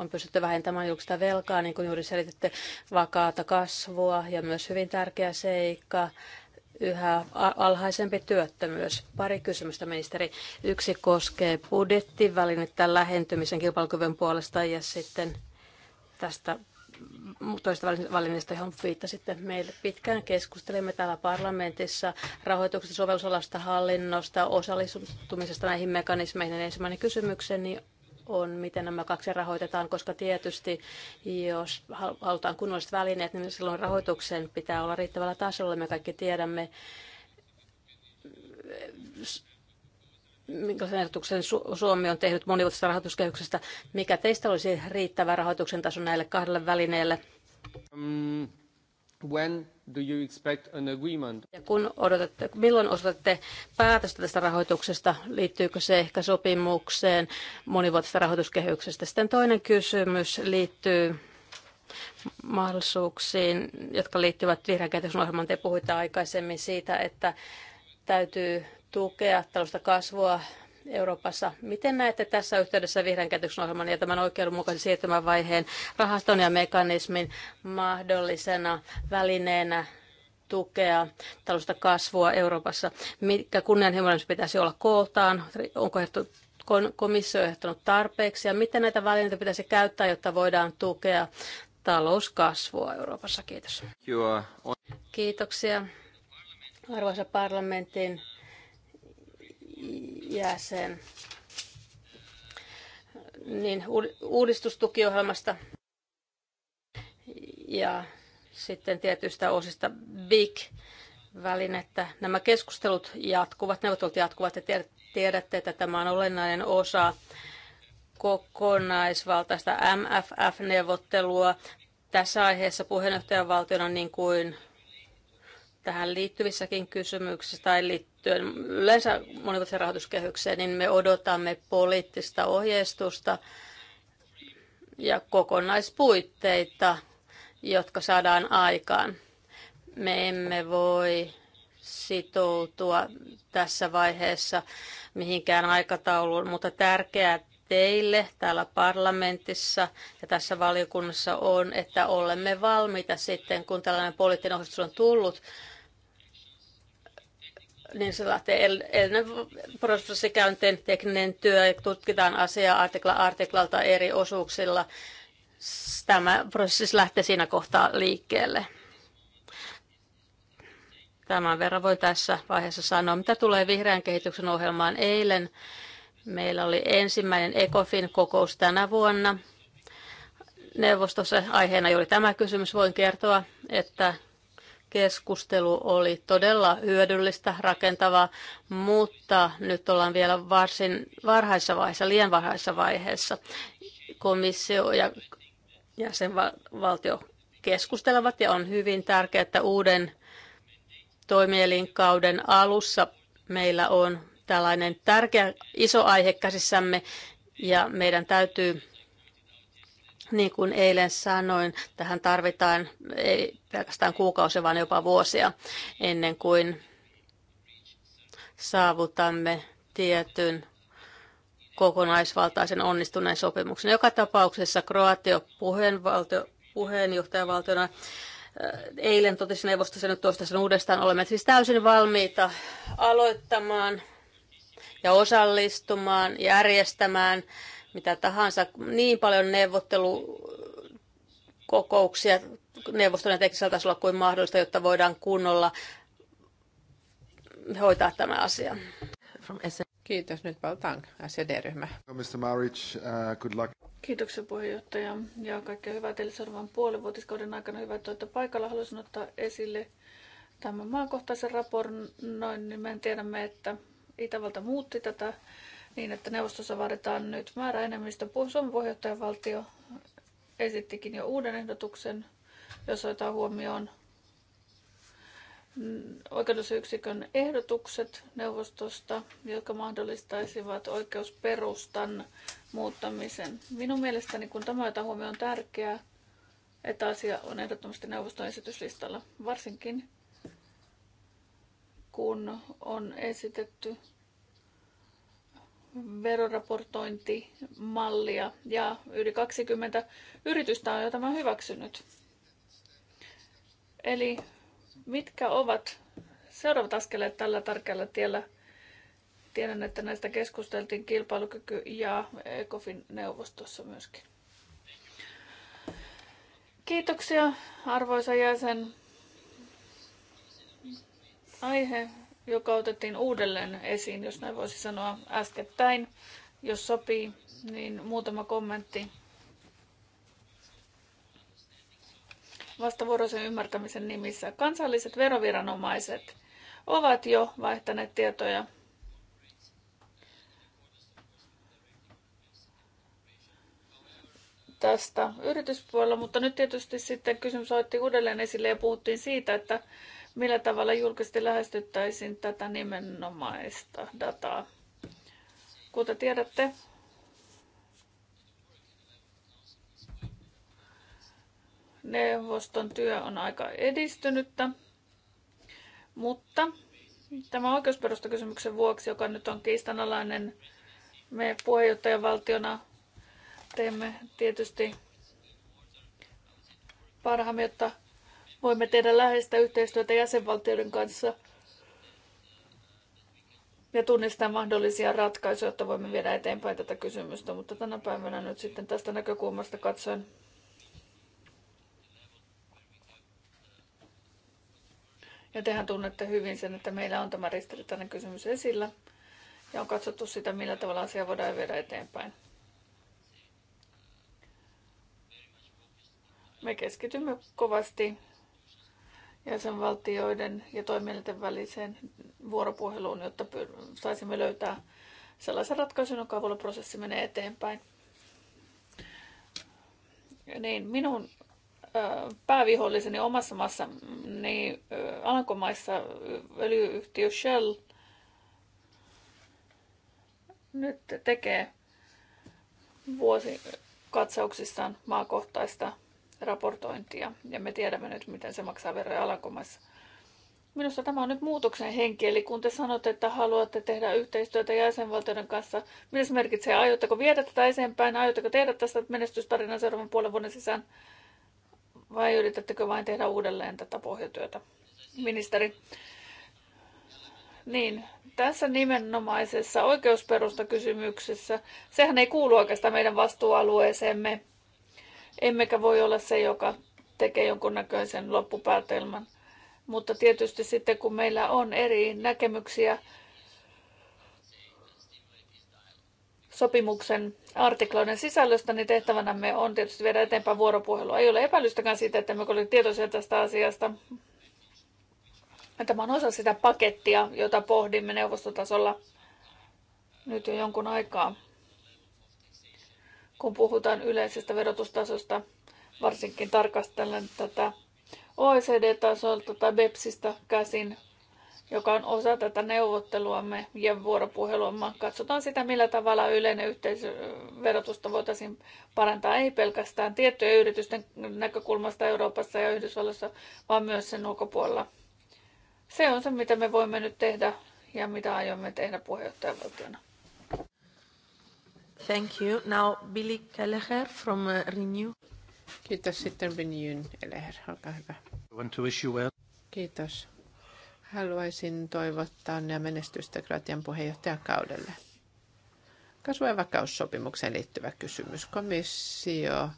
on pystytty vähentämään julkista velkaa, niin kuin juuri selititte, vakaata kasvua ja myös hyvin tärkeä seikka, yhä alhaisempi työttömyys. Pari kysymystä, ministeri. Yksi koskee budjettivälinettä lähentymisen kilpailukyvyn puolesta ja sitten tästä toista välineistä, johon viittasitte. Me pitkään keskustelimme täällä parlamentissa rahoituksesta, sovellusalasta, hallinnosta, osallistumisesta näihin mekanismeihin. Ensimmäinen kysymykseni on, miten nämä kaksi rahoitetaan, koska tietysti jos halutaan kunnolliset välineet, niin silloin rahoituksen pitää olla riittävällä tasolla. Me kaikki tiedämme, minkälaisen ehdotuksen Suomi on tehnyt monivuotisesta rahoituskehyksestä. Mikä teistä olisi riittävä rahoituksen taso näille kahdelle välineelle? Mm. When do you expect an agreement? Ja kun odotatte, milloin odotatte päätöstä tästä rahoituksesta? Liittyykö se ehkä sopimukseen monivuotisesta rahoituskehyksestä? Sitten toinen kysymys liittyy mahdollisuuksiin, jotka liittyvät vihreän kehitysohjelmaan. Te puhuitte aikaisemmin siitä, että täytyy tukea tällaista kasvua Euroopassa. Miten näette tässä yhteydessä vihreän käytöksen ohjelman ja tämän oikeudenmukaisen vaiheen rahaston ja mekanismin mahdollisena välineenä tukea tällaista kasvua Euroopassa? Mikä kunnianhimoinen pitäisi olla kooltaan? Onko komissio ehdottanut tarpeeksi ja miten näitä välineitä pitäisi käyttää, jotta voidaan tukea talouskasvua Euroopassa? Kiitos. Kiitoksia arvoisa parlamentin jäsen. Niin, uudistustukiohjelmasta ja sitten tietystä osista Big välinettä. Nämä keskustelut jatkuvat, neuvottelut jatkuvat ja tiedätte, että tämä on olennainen osa kokonaisvaltaista MFF-neuvottelua. Tässä aiheessa puheenjohtajavaltiona niin kuin tähän liittyvissäkin kysymyksissä tai liittyen yleensä monivuotiseen rahoituskehykseen, niin me odotamme poliittista ohjeistusta ja kokonaispuitteita, jotka saadaan aikaan. Me emme voi sitoutua tässä vaiheessa mihinkään aikatauluun, mutta tärkeää teille täällä parlamentissa ja tässä valiokunnassa on, että olemme valmiita sitten, kun tällainen poliittinen ohjeistus on tullut, niin se lähtee ennen prosessikäynteen tekninen työ ja tutkitaan asiaa artikla artiklalta eri osuuksilla. Tämä prosessi lähtee siinä kohtaa liikkeelle. Tämän verran voi tässä vaiheessa sanoa, mitä tulee vihreän kehityksen ohjelmaan eilen. Meillä oli ensimmäinen ECOFIN kokous tänä vuonna. Neuvostossa aiheena oli tämä kysymys. Voin kertoa, että keskustelu oli todella hyödyllistä, rakentavaa, mutta nyt ollaan vielä varsin varhaisessa vaiheessa, liian varhaisessa vaiheessa. Komissio ja jäsenvaltio keskustelevat ja on hyvin tärkeää, että uuden toimielinkauden alussa meillä on tällainen tärkeä iso aihe käsissämme ja meidän täytyy niin kuin eilen sanoin, tähän tarvitaan ei pelkästään kuukausia, vaan jopa vuosia ennen kuin saavutamme tietyn kokonaisvaltaisen onnistuneen sopimuksen. Joka tapauksessa Kroatio puheenvaltio, puheenjohtajavaltiona äh, eilen totesin neuvostossa nyt tuosta sen uudestaan, olemme siis täysin valmiita aloittamaan ja osallistumaan, järjestämään mitä tahansa, niin paljon neuvottelukokouksia neuvoston ja teknisellä tasolla kuin mahdollista, jotta voidaan kunnolla hoitaa tämä asia. Kiitos. Nyt valtaan SED-ryhmä. Mr. Maric, uh, good luck. Kiitoksia puheenjohtaja ja kaikkea hyvää teille seuraavan puolivuotiskauden aikana. Hyvä, että olette paikalla. Haluaisin ottaa esille tämän maakohtaisen niin Me tiedämme, että Itävalta muutti tätä niin, että neuvostossa vaaditaan nyt määräenemmistö. Suomen puheenjohtajavaltio esittikin jo uuden ehdotuksen, jossa otetaan huomioon oikeudusyksikön ehdotukset neuvostosta, jotka mahdollistaisivat oikeusperustan muuttamisen. Minun mielestäni, kun tämä otetaan huomioon, on tärkeää, että asia on ehdottomasti neuvoston esityslistalla, varsinkin kun on esitetty veroraportointimallia ja yli 20 yritystä on jo tämän hyväksynyt. Eli mitkä ovat seuraavat askeleet tällä tärkeällä tiellä? Tiedän, että näistä keskusteltiin kilpailukyky- ja ECOFIN neuvostossa myöskin. Kiitoksia arvoisa jäsen. Aihe joka otettiin uudelleen esiin, jos näin voisi sanoa äskettäin. Jos sopii, niin muutama kommentti vastavuoroisen ymmärtämisen nimissä. Kansalliset veroviranomaiset ovat jo vaihtaneet tietoja tästä yrityspuolella, mutta nyt tietysti sitten kysymys otettiin uudelleen esille ja puhuttiin siitä, että millä tavalla julkisesti lähestyttäisiin tätä nimenomaista dataa. Kuten tiedätte, neuvoston työ on aika edistynyttä, mutta tämä oikeusperustakysymyksen vuoksi, joka nyt on kiistanalainen, me puheenjohtajavaltiona teemme tietysti parhaamme, jotta Voimme tehdä läheistä yhteistyötä jäsenvaltioiden kanssa ja tunnistaa mahdollisia ratkaisuja, jotta voimme viedä eteenpäin tätä kysymystä. Mutta tänä päivänä nyt sitten tästä näkökulmasta katsoen Ja tehän tunnette hyvin sen, että meillä on tämä ristiriitainen kysymys esillä ja on katsottu sitä, millä tavalla asia voidaan viedä eteenpäin. Me keskitymme kovasti jäsenvaltioiden ja toimielinten väliseen vuoropuheluun, jotta saisimme löytää sellaisen ratkaisun, jonka avulla prosessi menee eteenpäin. Niin, minun pääviholliseni omassa maassa, niin Alankomaissa öljyyhtiö Shell nyt tekee vuosikatsauksissaan maakohtaista raportointia ja me tiedämme nyt, miten se maksaa veroja Alankomaissa. Minusta tämä on nyt muutoksen henki, eli kun te sanotte, että haluatte tehdä yhteistyötä jäsenvaltioiden kanssa, mitä se merkitsee? Aiotteko viedä tätä eteenpäin? Aiotteko tehdä tästä menestystarinan seuraavan puolen vuoden sisään? Vai yritättekö vain tehdä uudelleen tätä pohjatyötä? Ministeri. Niin, tässä nimenomaisessa oikeusperustakysymyksessä, sehän ei kuulu oikeastaan meidän vastuualueeseemme emmekä voi olla se, joka tekee jonkunnäköisen loppupäätelmän. Mutta tietysti sitten kun meillä on eri näkemyksiä sopimuksen artikloiden sisällöstä, niin tehtävänämme on tietysti viedä eteenpäin vuoropuhelua. Ei ole epäilystäkään siitä, että me olemme tietoisia tästä asiasta. Tämä on osa sitä pakettia, jota pohdimme neuvostotasolla nyt jo jonkun aikaa kun puhutaan yleisestä verotustasosta, varsinkin tarkastellen tätä OECD-tasolta tai BEPSistä käsin, joka on osa tätä neuvotteluamme ja vuoropuhelua. Katsotaan sitä, millä tavalla yleinen yhteisverotusta voitaisiin parantaa, ei pelkästään tiettyjen yritysten näkökulmasta Euroopassa ja Yhdysvalloissa, vaan myös sen ulkopuolella. Se on se, mitä me voimme nyt tehdä ja mitä aiomme tehdä puheenjohtajavaltiona. Thank you. Now Billy Kelleher from uh, Renew. Kiitos sitten Renewn Kelleher, olkaa hyvä. Want to wish you well. Kiitos. Haluaisin toivottaa onnea menestystä Kroatian puheenjohtajakaudelle. Kasvu- ja vakaussopimukseen liittyvä kysymys. Komissio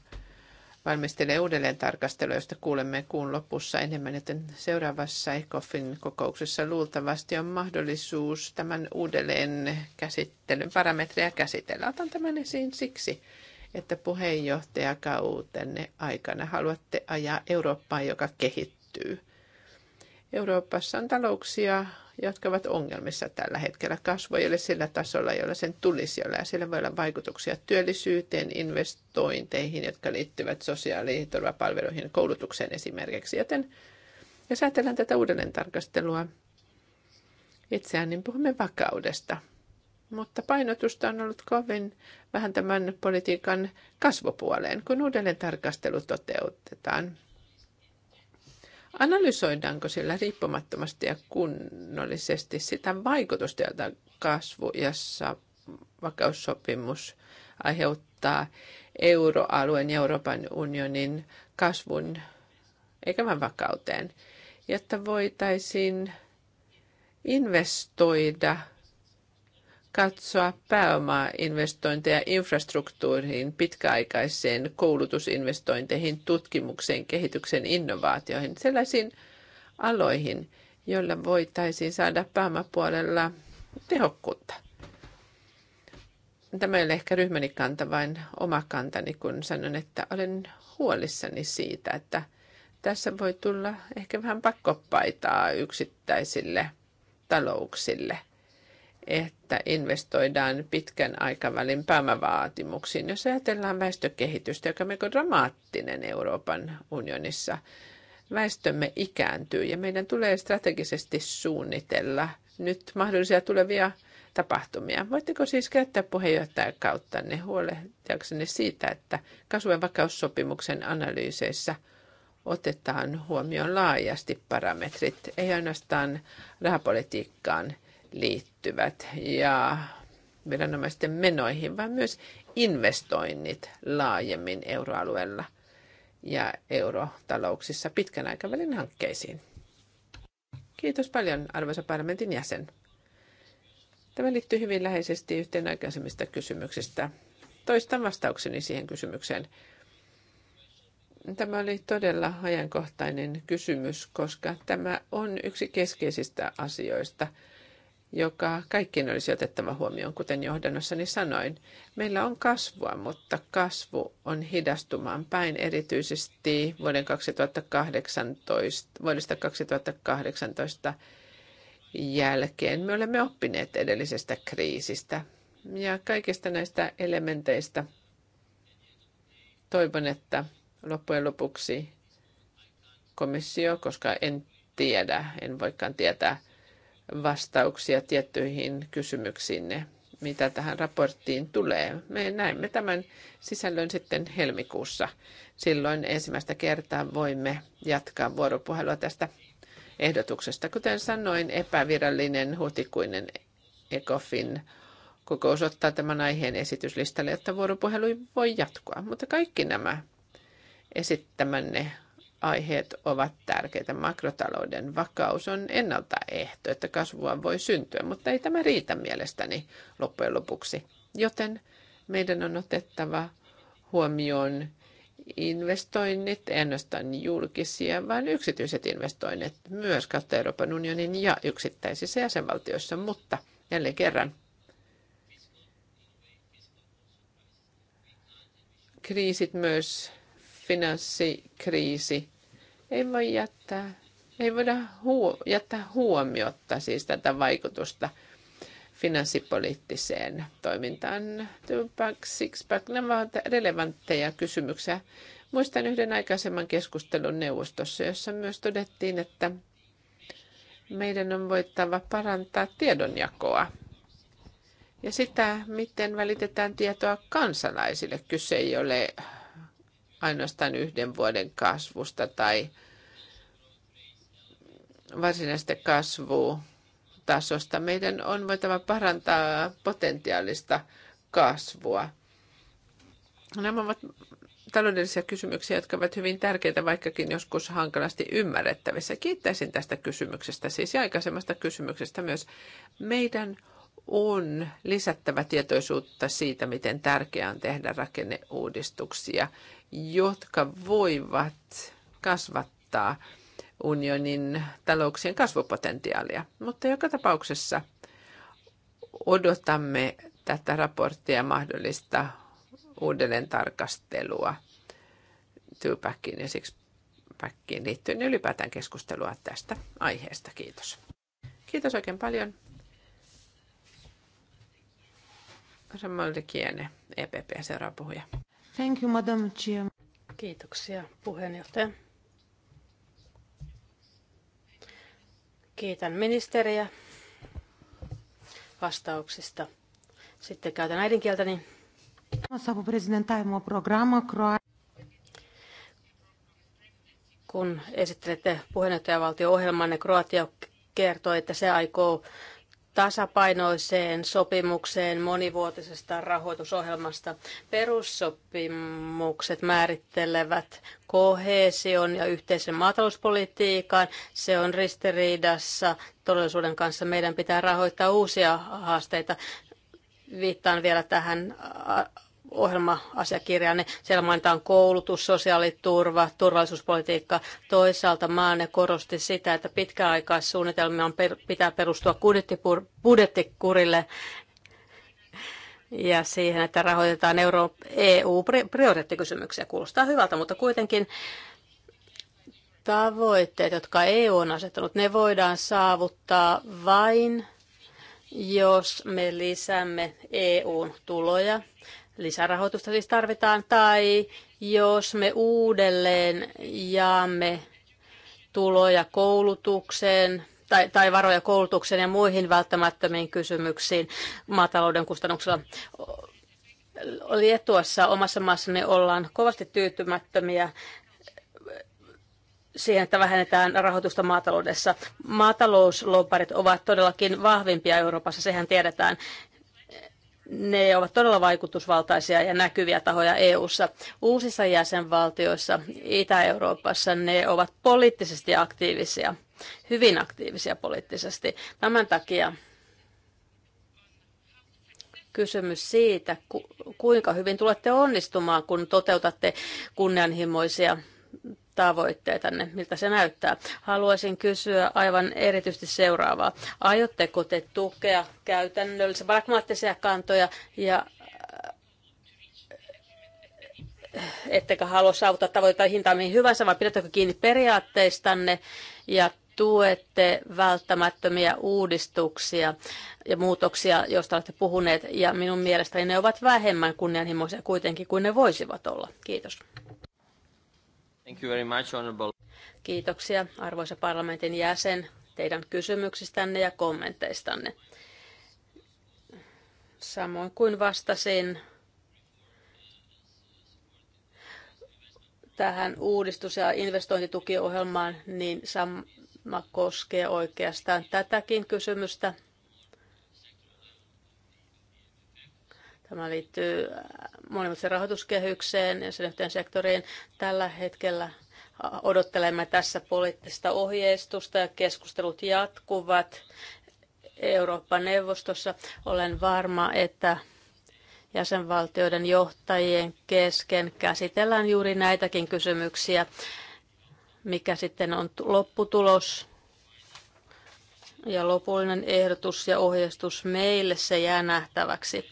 valmistelee uudelleen tarkastelua, josta kuulemme kuun lopussa enemmän, joten seuraavassa ECOFIN kokouksessa luultavasti on mahdollisuus tämän uudelleen käsittelyn parametreja käsitellä. Otan tämän esiin siksi, että puheenjohtajakautenne aikana haluatte ajaa Eurooppaa, joka kehittyy. Euroopassa on talouksia, jotka ovat ongelmissa tällä hetkellä. Kasvu ei ole sillä tasolla, jolla sen tulisi olla, ja sillä voi olla vaikutuksia työllisyyteen, investointeihin, jotka liittyvät sosiaaliturvapalveluihin, koulutukseen esimerkiksi. Joten jos ajatellaan tätä uudelleen tarkastelua itseään, niin puhumme vakaudesta. Mutta painotusta on ollut kovin vähän tämän politiikan kasvupuoleen, kun uudelleen tarkastelu toteutetaan – Analysoidaanko sillä riippumattomasti ja kunnollisesti sitä vaikutusta, jota kasvu- ja vakaussopimus aiheuttaa euroalueen ja Euroopan unionin kasvun eikä vain vakauteen, jotta voitaisiin investoida – katsoa pääomainvestointeja infrastruktuuriin, pitkäaikaiseen koulutusinvestointeihin, tutkimukseen, kehityksen innovaatioihin, sellaisiin aloihin, joilla voitaisiin saada pääomapuolella tehokkuutta. Tämä ei ole ehkä ryhmäni kanta, vaan oma kantani, kun sanon, että olen huolissani siitä, että tässä voi tulla ehkä vähän pakkopaitaa yksittäisille talouksille – että investoidaan pitkän aikavälin pääomavaatimuksiin. Jos ajatellaan väestökehitystä, joka on melko dramaattinen Euroopan unionissa, väestömme ikääntyy ja meidän tulee strategisesti suunnitella nyt mahdollisia tulevia tapahtumia. Voitteko siis käyttää ne huolehtiakseni siitä, että kasvuen vakaussopimuksen analyyseissä otetaan huomioon laajasti parametrit, ei ainoastaan rahapolitiikkaan liittyen? liittyvät ja viranomaisten menoihin, vaan myös investoinnit laajemmin euroalueella ja eurotalouksissa pitkän aikavälin hankkeisiin. Kiitos paljon, arvoisa parlamentin jäsen. Tämä liittyy hyvin läheisesti yhteen aikaisemmista kysymyksistä. Toistan vastaukseni siihen kysymykseen. Tämä oli todella ajankohtainen kysymys, koska tämä on yksi keskeisistä asioista – joka kaikkien olisi otettava huomioon, kuten johdannossani sanoin. Meillä on kasvua, mutta kasvu on hidastumaan päin erityisesti vuoden 2018, vuodesta 2018 jälkeen. Me olemme oppineet edellisestä kriisistä ja kaikista näistä elementeistä toivon, että loppujen lopuksi komissio, koska en tiedä, en voikaan tietää, vastauksia tiettyihin kysymyksiinne, mitä tähän raporttiin tulee. Me näemme tämän sisällön sitten helmikuussa. Silloin ensimmäistä kertaa voimme jatkaa vuoropuhelua tästä ehdotuksesta. Kuten sanoin, epävirallinen huhtikuinen ECOFIN kokous ottaa tämän aiheen esityslistalle, jotta vuoropuhelu voi jatkua. Mutta kaikki nämä esittämänne aiheet ovat tärkeitä. Makrotalouden vakaus on ennaltaehto, että kasvua voi syntyä, mutta ei tämä riitä mielestäni loppujen lopuksi. Joten meidän on otettava huomioon investoinnit, ennustan julkisia, vaan yksityiset investoinnit myös kautta Euroopan unionin ja yksittäisissä jäsenvaltioissa, mutta jälleen kerran kriisit myös finanssikriisi ei voi jättää, ei voida huo, jättää huomiota siis tätä vaikutusta finanssipoliittiseen toimintaan. Tupac, Sixpack, nämä ovat relevantteja kysymyksiä. Muistan yhden aikaisemman keskustelun neuvostossa, jossa myös todettiin, että meidän on voittava parantaa tiedonjakoa ja sitä, miten välitetään tietoa kansalaisille. Kyse ei ole ainoastaan yhden vuoden kasvusta tai varsinaista kasvutasosta. Meidän on voitava parantaa potentiaalista kasvua. Nämä ovat taloudellisia kysymyksiä, jotka ovat hyvin tärkeitä, vaikkakin joskus hankalasti ymmärrettävissä. Kiittäisin tästä kysymyksestä, siis aikaisemmasta kysymyksestä myös. Meidän on lisättävä tietoisuutta siitä, miten tärkeää on tehdä rakenneuudistuksia jotka voivat kasvattaa unionin talouksien kasvupotentiaalia. Mutta joka tapauksessa odotamme tätä raporttia mahdollista uudelleen tarkastelua Tupaciin ja siksi Packiin liittyen ja ylipäätään keskustelua tästä aiheesta. Kiitos. Kiitos oikein paljon. Samoin Kiene, EPP, seuraava puhuja. Thank you, Madam Chair. Kiitoksia, puheenjohtaja. Kiitän ministeriä vastauksista. Sitten käytän äidinkieltäni. Kun esittelette puheenjohtajavaltio-ohjelmanne, Kroatia kertoo, että se aikoo tasapainoiseen sopimukseen monivuotisesta rahoitusohjelmasta. Perussopimukset määrittelevät kohesion ja yhteisen maatalouspolitiikan. Se on ristiriidassa todellisuuden kanssa. Meidän pitää rahoittaa uusia haasteita. Viittaan vielä tähän ohjelma-asiakirjanne. Niin siellä mainitaan koulutus, sosiaaliturva, turvallisuuspolitiikka. Toisaalta maanne korosti sitä, että pitkäaikaissuunnitelmia on per, pitää perustua budjettikurille ja siihen, että rahoitetaan Euro, EU-prioriteettikysymyksiä. Kuulostaa hyvältä, mutta kuitenkin tavoitteet, jotka EU on asettanut, ne voidaan saavuttaa vain, jos me lisäämme EUn tuloja lisärahoitusta siis tarvitaan, tai jos me uudelleen jaamme tuloja koulutukseen tai, tai varoja koulutukseen ja muihin välttämättömiin kysymyksiin maatalouden kustannuksella. Lietuassa omassa maassani ollaan kovasti tyytymättömiä siihen, että vähennetään rahoitusta maataloudessa. Maatalouslobbarit ovat todellakin vahvimpia Euroopassa, sehän tiedetään ne ovat todella vaikutusvaltaisia ja näkyviä tahoja EU:ssa. Uusissa jäsenvaltioissa Itä-Euroopassa ne ovat poliittisesti aktiivisia, hyvin aktiivisia poliittisesti. Tämän takia kysymys siitä, kuinka hyvin tulette onnistumaan, kun toteutatte kunnianhimoisia tavoitteita, miltä se näyttää. Haluaisin kysyä aivan erityisesti seuraavaa. Aiotteko te tukea käytännöllisiä pragmaattisia kantoja ja äh, ettekä halua saavuttaa tavoitteita hintaa mihin hyvänsä, vaan pidättekö kiinni periaatteistanne ja tuette välttämättömiä uudistuksia ja muutoksia, joista olette puhuneet, ja minun mielestäni ne ovat vähemmän kunnianhimoisia kuitenkin kuin ne voisivat olla. Kiitos. Thank you very much, honorable. Kiitoksia arvoisa parlamentin jäsen teidän kysymyksistänne ja kommenteistanne. Samoin kuin vastasin tähän uudistus- ja investointitukiohjelmaan, niin sama koskee oikeastaan tätäkin kysymystä. Tämä liittyy äh, monimuotoiseen rahoituskehykseen ja sen yhteen sektoriin. Tällä hetkellä äh, odottelemme tässä poliittista ohjeistusta ja keskustelut jatkuvat Euroopan neuvostossa. Olen varma, että jäsenvaltioiden johtajien kesken käsitellään juuri näitäkin kysymyksiä. Mikä sitten on lopputulos ja lopullinen ehdotus ja ohjeistus meille, se jää nähtäväksi.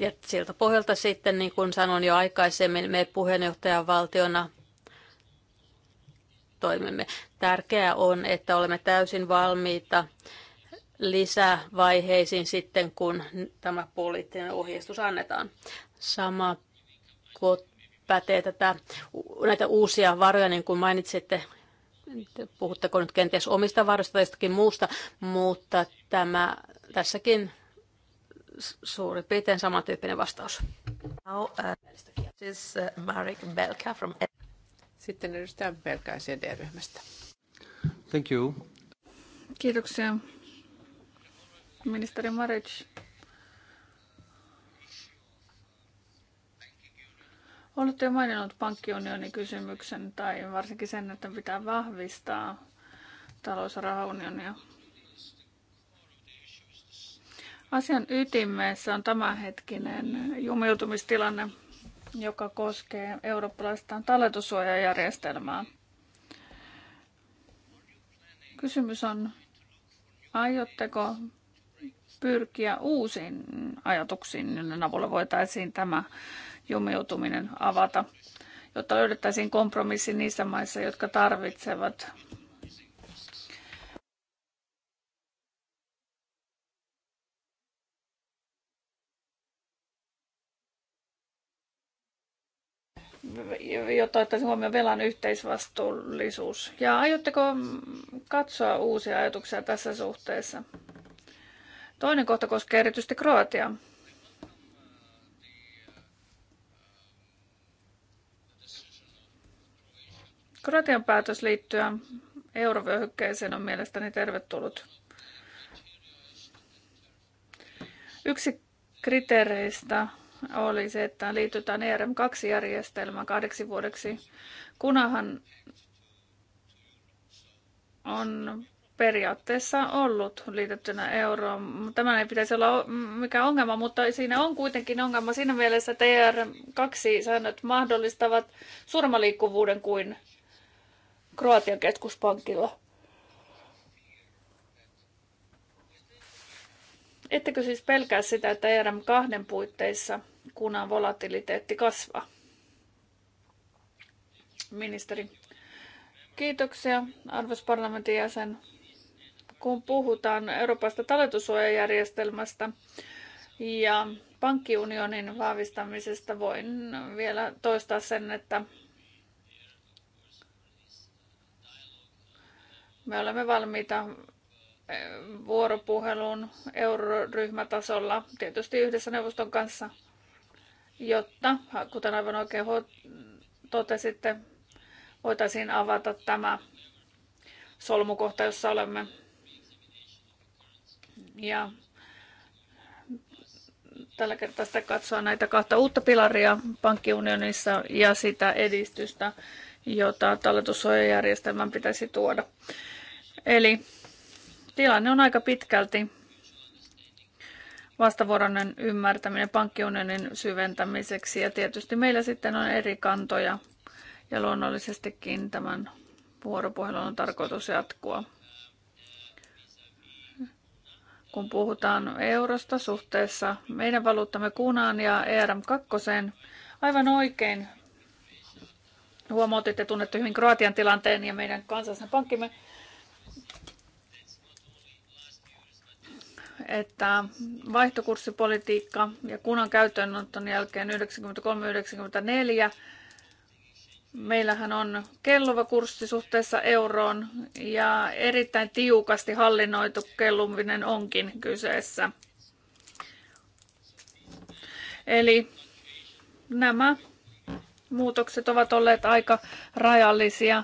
Ja siltä pohjalta sitten, niin kuin sanoin jo aikaisemmin, me puheenjohtajan valtiona toimimme. Tärkeää on, että olemme täysin valmiita lisävaiheisiin sitten, kun tämä poliittinen ohjeistus annetaan. Sama pätee tätä, näitä uusia varoja, niin kuin mainitsitte, puhutteko nyt kenties omista varoista tai jostakin muusta, mutta tämä tässäkin suurin piirtein samantyyppinen vastaus. Now, uh, this, uh, Marek Belka from... Sitten edustaja Belka CD-ryhmästä. Thank you. Kiitoksia. Ministeri Maric. Olette jo maininnut pankkiunionin kysymyksen tai varsinkin sen, että pitää vahvistaa talous- ja rahaunionia. Asian ytimessä on tämänhetkinen jumiutumistilanne, joka koskee eurooppalaista talletussuojajärjestelmää. Kysymys on, aiotteko pyrkiä uusiin ajatuksiin, joiden avulla voitaisiin tämä jumiutuminen avata, jotta löydettäisiin kompromissi niissä maissa, jotka tarvitsevat jotta ottaisi huomioon velan yhteisvastuullisuus. Ja aiotteko katsoa uusia ajatuksia tässä suhteessa? Toinen kohta koskee erityisesti Kroatiaa. Kroatian päätös liittyä eurovyöhykkeeseen on mielestäni tervetullut. Yksi kriteereistä oli se, että liitytään ERM2-järjestelmään kahdeksi vuodeksi, kunahan on periaatteessa ollut liitettynä euroon. Tämä ei pitäisi olla mikään ongelma, mutta siinä on kuitenkin ongelma siinä mielessä, että ER2-säännöt mahdollistavat suuremman liikkuvuuden kuin Kroatian keskuspankilla. Ettekö siis pelkää sitä, että ERM2 puitteissa kunnan volatiliteetti kasvaa? Ministeri. Kiitoksia, arvoisa parlamentin jäsen. Kun puhutaan Euroopasta talletussuojajärjestelmästä ja pankkiunionin vahvistamisesta, voin vielä toistaa sen, että me olemme valmiita vuoropuhelun euroryhmätasolla, tietysti yhdessä neuvoston kanssa, jotta, kuten aivan oikein totesitte, voitaisiin avata tämä solmukohta, jossa olemme. Ja tällä kertaa sitten katsoa näitä kahta uutta pilaria pankkiunionissa ja sitä edistystä, jota talletussuojajärjestelmän pitäisi tuoda. Eli Tilanne on aika pitkälti vastavuoroinen ymmärtäminen pankkiunionin syventämiseksi ja tietysti meillä sitten on eri kantoja ja luonnollisestikin tämän vuoropuhelun on tarkoitus jatkua. Kun puhutaan eurosta suhteessa meidän valuuttamme kunaan ja ERM2, aivan oikein huomautitte, tunnette hyvin Kroatian tilanteen ja meidän kansallisen pankkimme että vaihtokurssipolitiikka ja kunnan käyttöönoton jälkeen 93-94 meillähän on kelluva kurssi suhteessa euroon ja erittäin tiukasti hallinnoitu kelluminen onkin kyseessä. Eli nämä muutokset ovat olleet aika rajallisia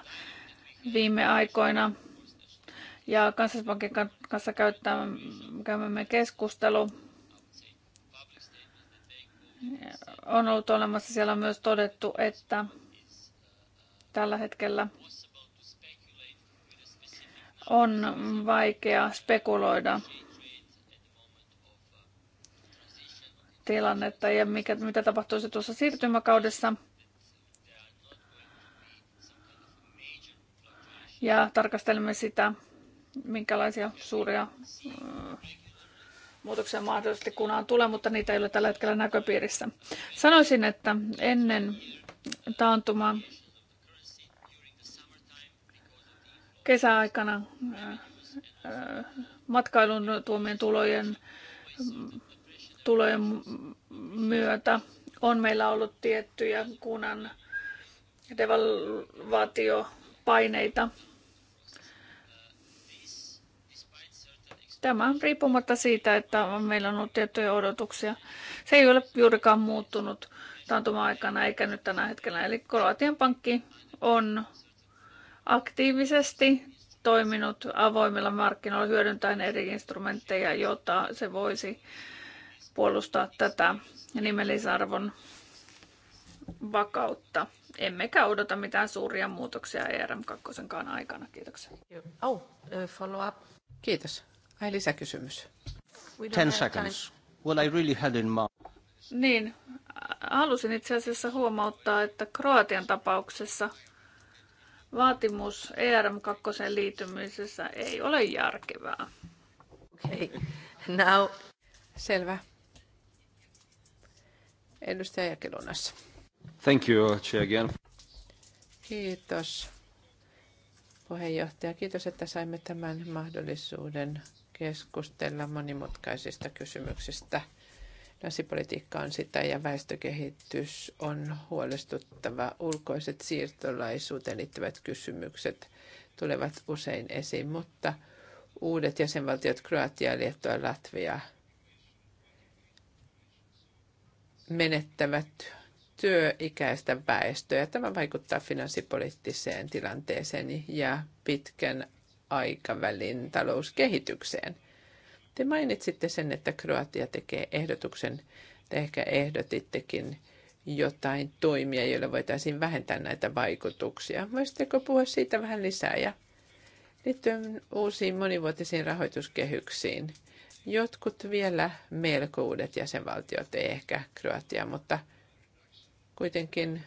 viime aikoina ja kansallispankin kanssa käymämme keskustelu on ollut olemassa. Siellä on myös todettu, että tällä hetkellä on vaikea spekuloida tilannetta ja mikä, mitä tapahtuisi tuossa siirtymäkaudessa. Ja tarkastelemme sitä, minkälaisia suuria äh, muutoksia mahdollisesti kunaan tulee, mutta niitä ei ole tällä hetkellä näköpiirissä. Sanoisin, että ennen taantumaa kesäaikana äh, matkailun tuomien tulojen, tulojen myötä on meillä ollut tiettyjä kunnan devalvaatiopaineita Tämä riippumatta siitä, että meillä on ollut tiettyjä odotuksia. Se ei ole juurikaan muuttunut taantuma-aikana eikä nyt tänä hetkellä. Eli Kroatian pankki on aktiivisesti toiminut avoimilla markkinoilla hyödyntäen eri instrumentteja, jotta se voisi puolustaa tätä nimellisarvon vakautta. Emmekä odota mitään suuria muutoksia ERM2 aikana. Kiitoksia. Oh, uh, follow up. Kiitos. Ai lisäkysymys. Ten seconds. Well, I really had in mind. Niin, halusin itse asiassa huomauttaa, että Kroatian tapauksessa vaatimus ERM2 liittymisessä ei ole järkevää. Okay. Now. Selvä. Edustaja Jäkelunassa. Thank you, Chair, again. Kiitos puheenjohtaja. Kiitos, että saimme tämän mahdollisuuden keskustella monimutkaisista kysymyksistä. Nasipolitiikka on sitä ja väestökehitys on huolestuttava. Ulkoiset siirtolaisuuteen liittyvät kysymykset tulevat usein esiin, mutta uudet jäsenvaltiot, Kroatia, Liettua, Latvia, menettävät työikäistä väestöä. Tämä vaikuttaa finanssipoliittiseen tilanteeseen ja pitkän aikavälin talouskehitykseen. Te mainitsitte sen, että Kroatia tekee ehdotuksen, te ehkä ehdotittekin jotain toimia, joilla voitaisiin vähentää näitä vaikutuksia. Voisitteko puhua siitä vähän lisää ja liittyen uusiin monivuotisiin rahoituskehyksiin? Jotkut vielä melko uudet jäsenvaltiot, ei ehkä Kroatia, mutta kuitenkin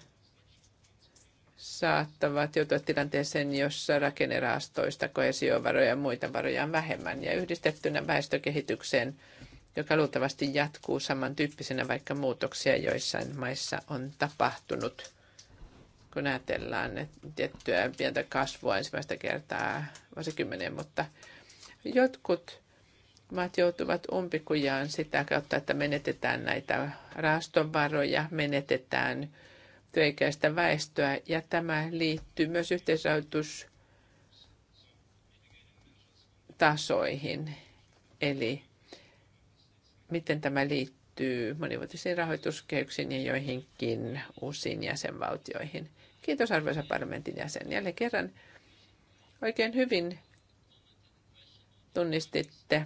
saattavat joutua tilanteeseen, jossa rakennerahastoista koesiovaroja ja muita varoja on vähemmän. Ja yhdistettynä väestökehitykseen, joka luultavasti jatkuu samantyyppisenä, vaikka muutoksia joissain maissa on tapahtunut. Kun ajatellaan tiettyä pientä kasvua ensimmäistä kertaa vuosikymmenen, mutta jotkut maat joutuvat umpikujaan sitä kautta, että menetetään näitä rahaston menetetään – työikäistä väestöä ja tämä liittyy myös yhteisrahoitustasoihin, eli miten tämä liittyy monivuotisiin rahoituskehyksiin ja joihinkin uusiin jäsenvaltioihin. Kiitos arvoisa parlamentin jäsen. Jälleen kerran oikein hyvin tunnistitte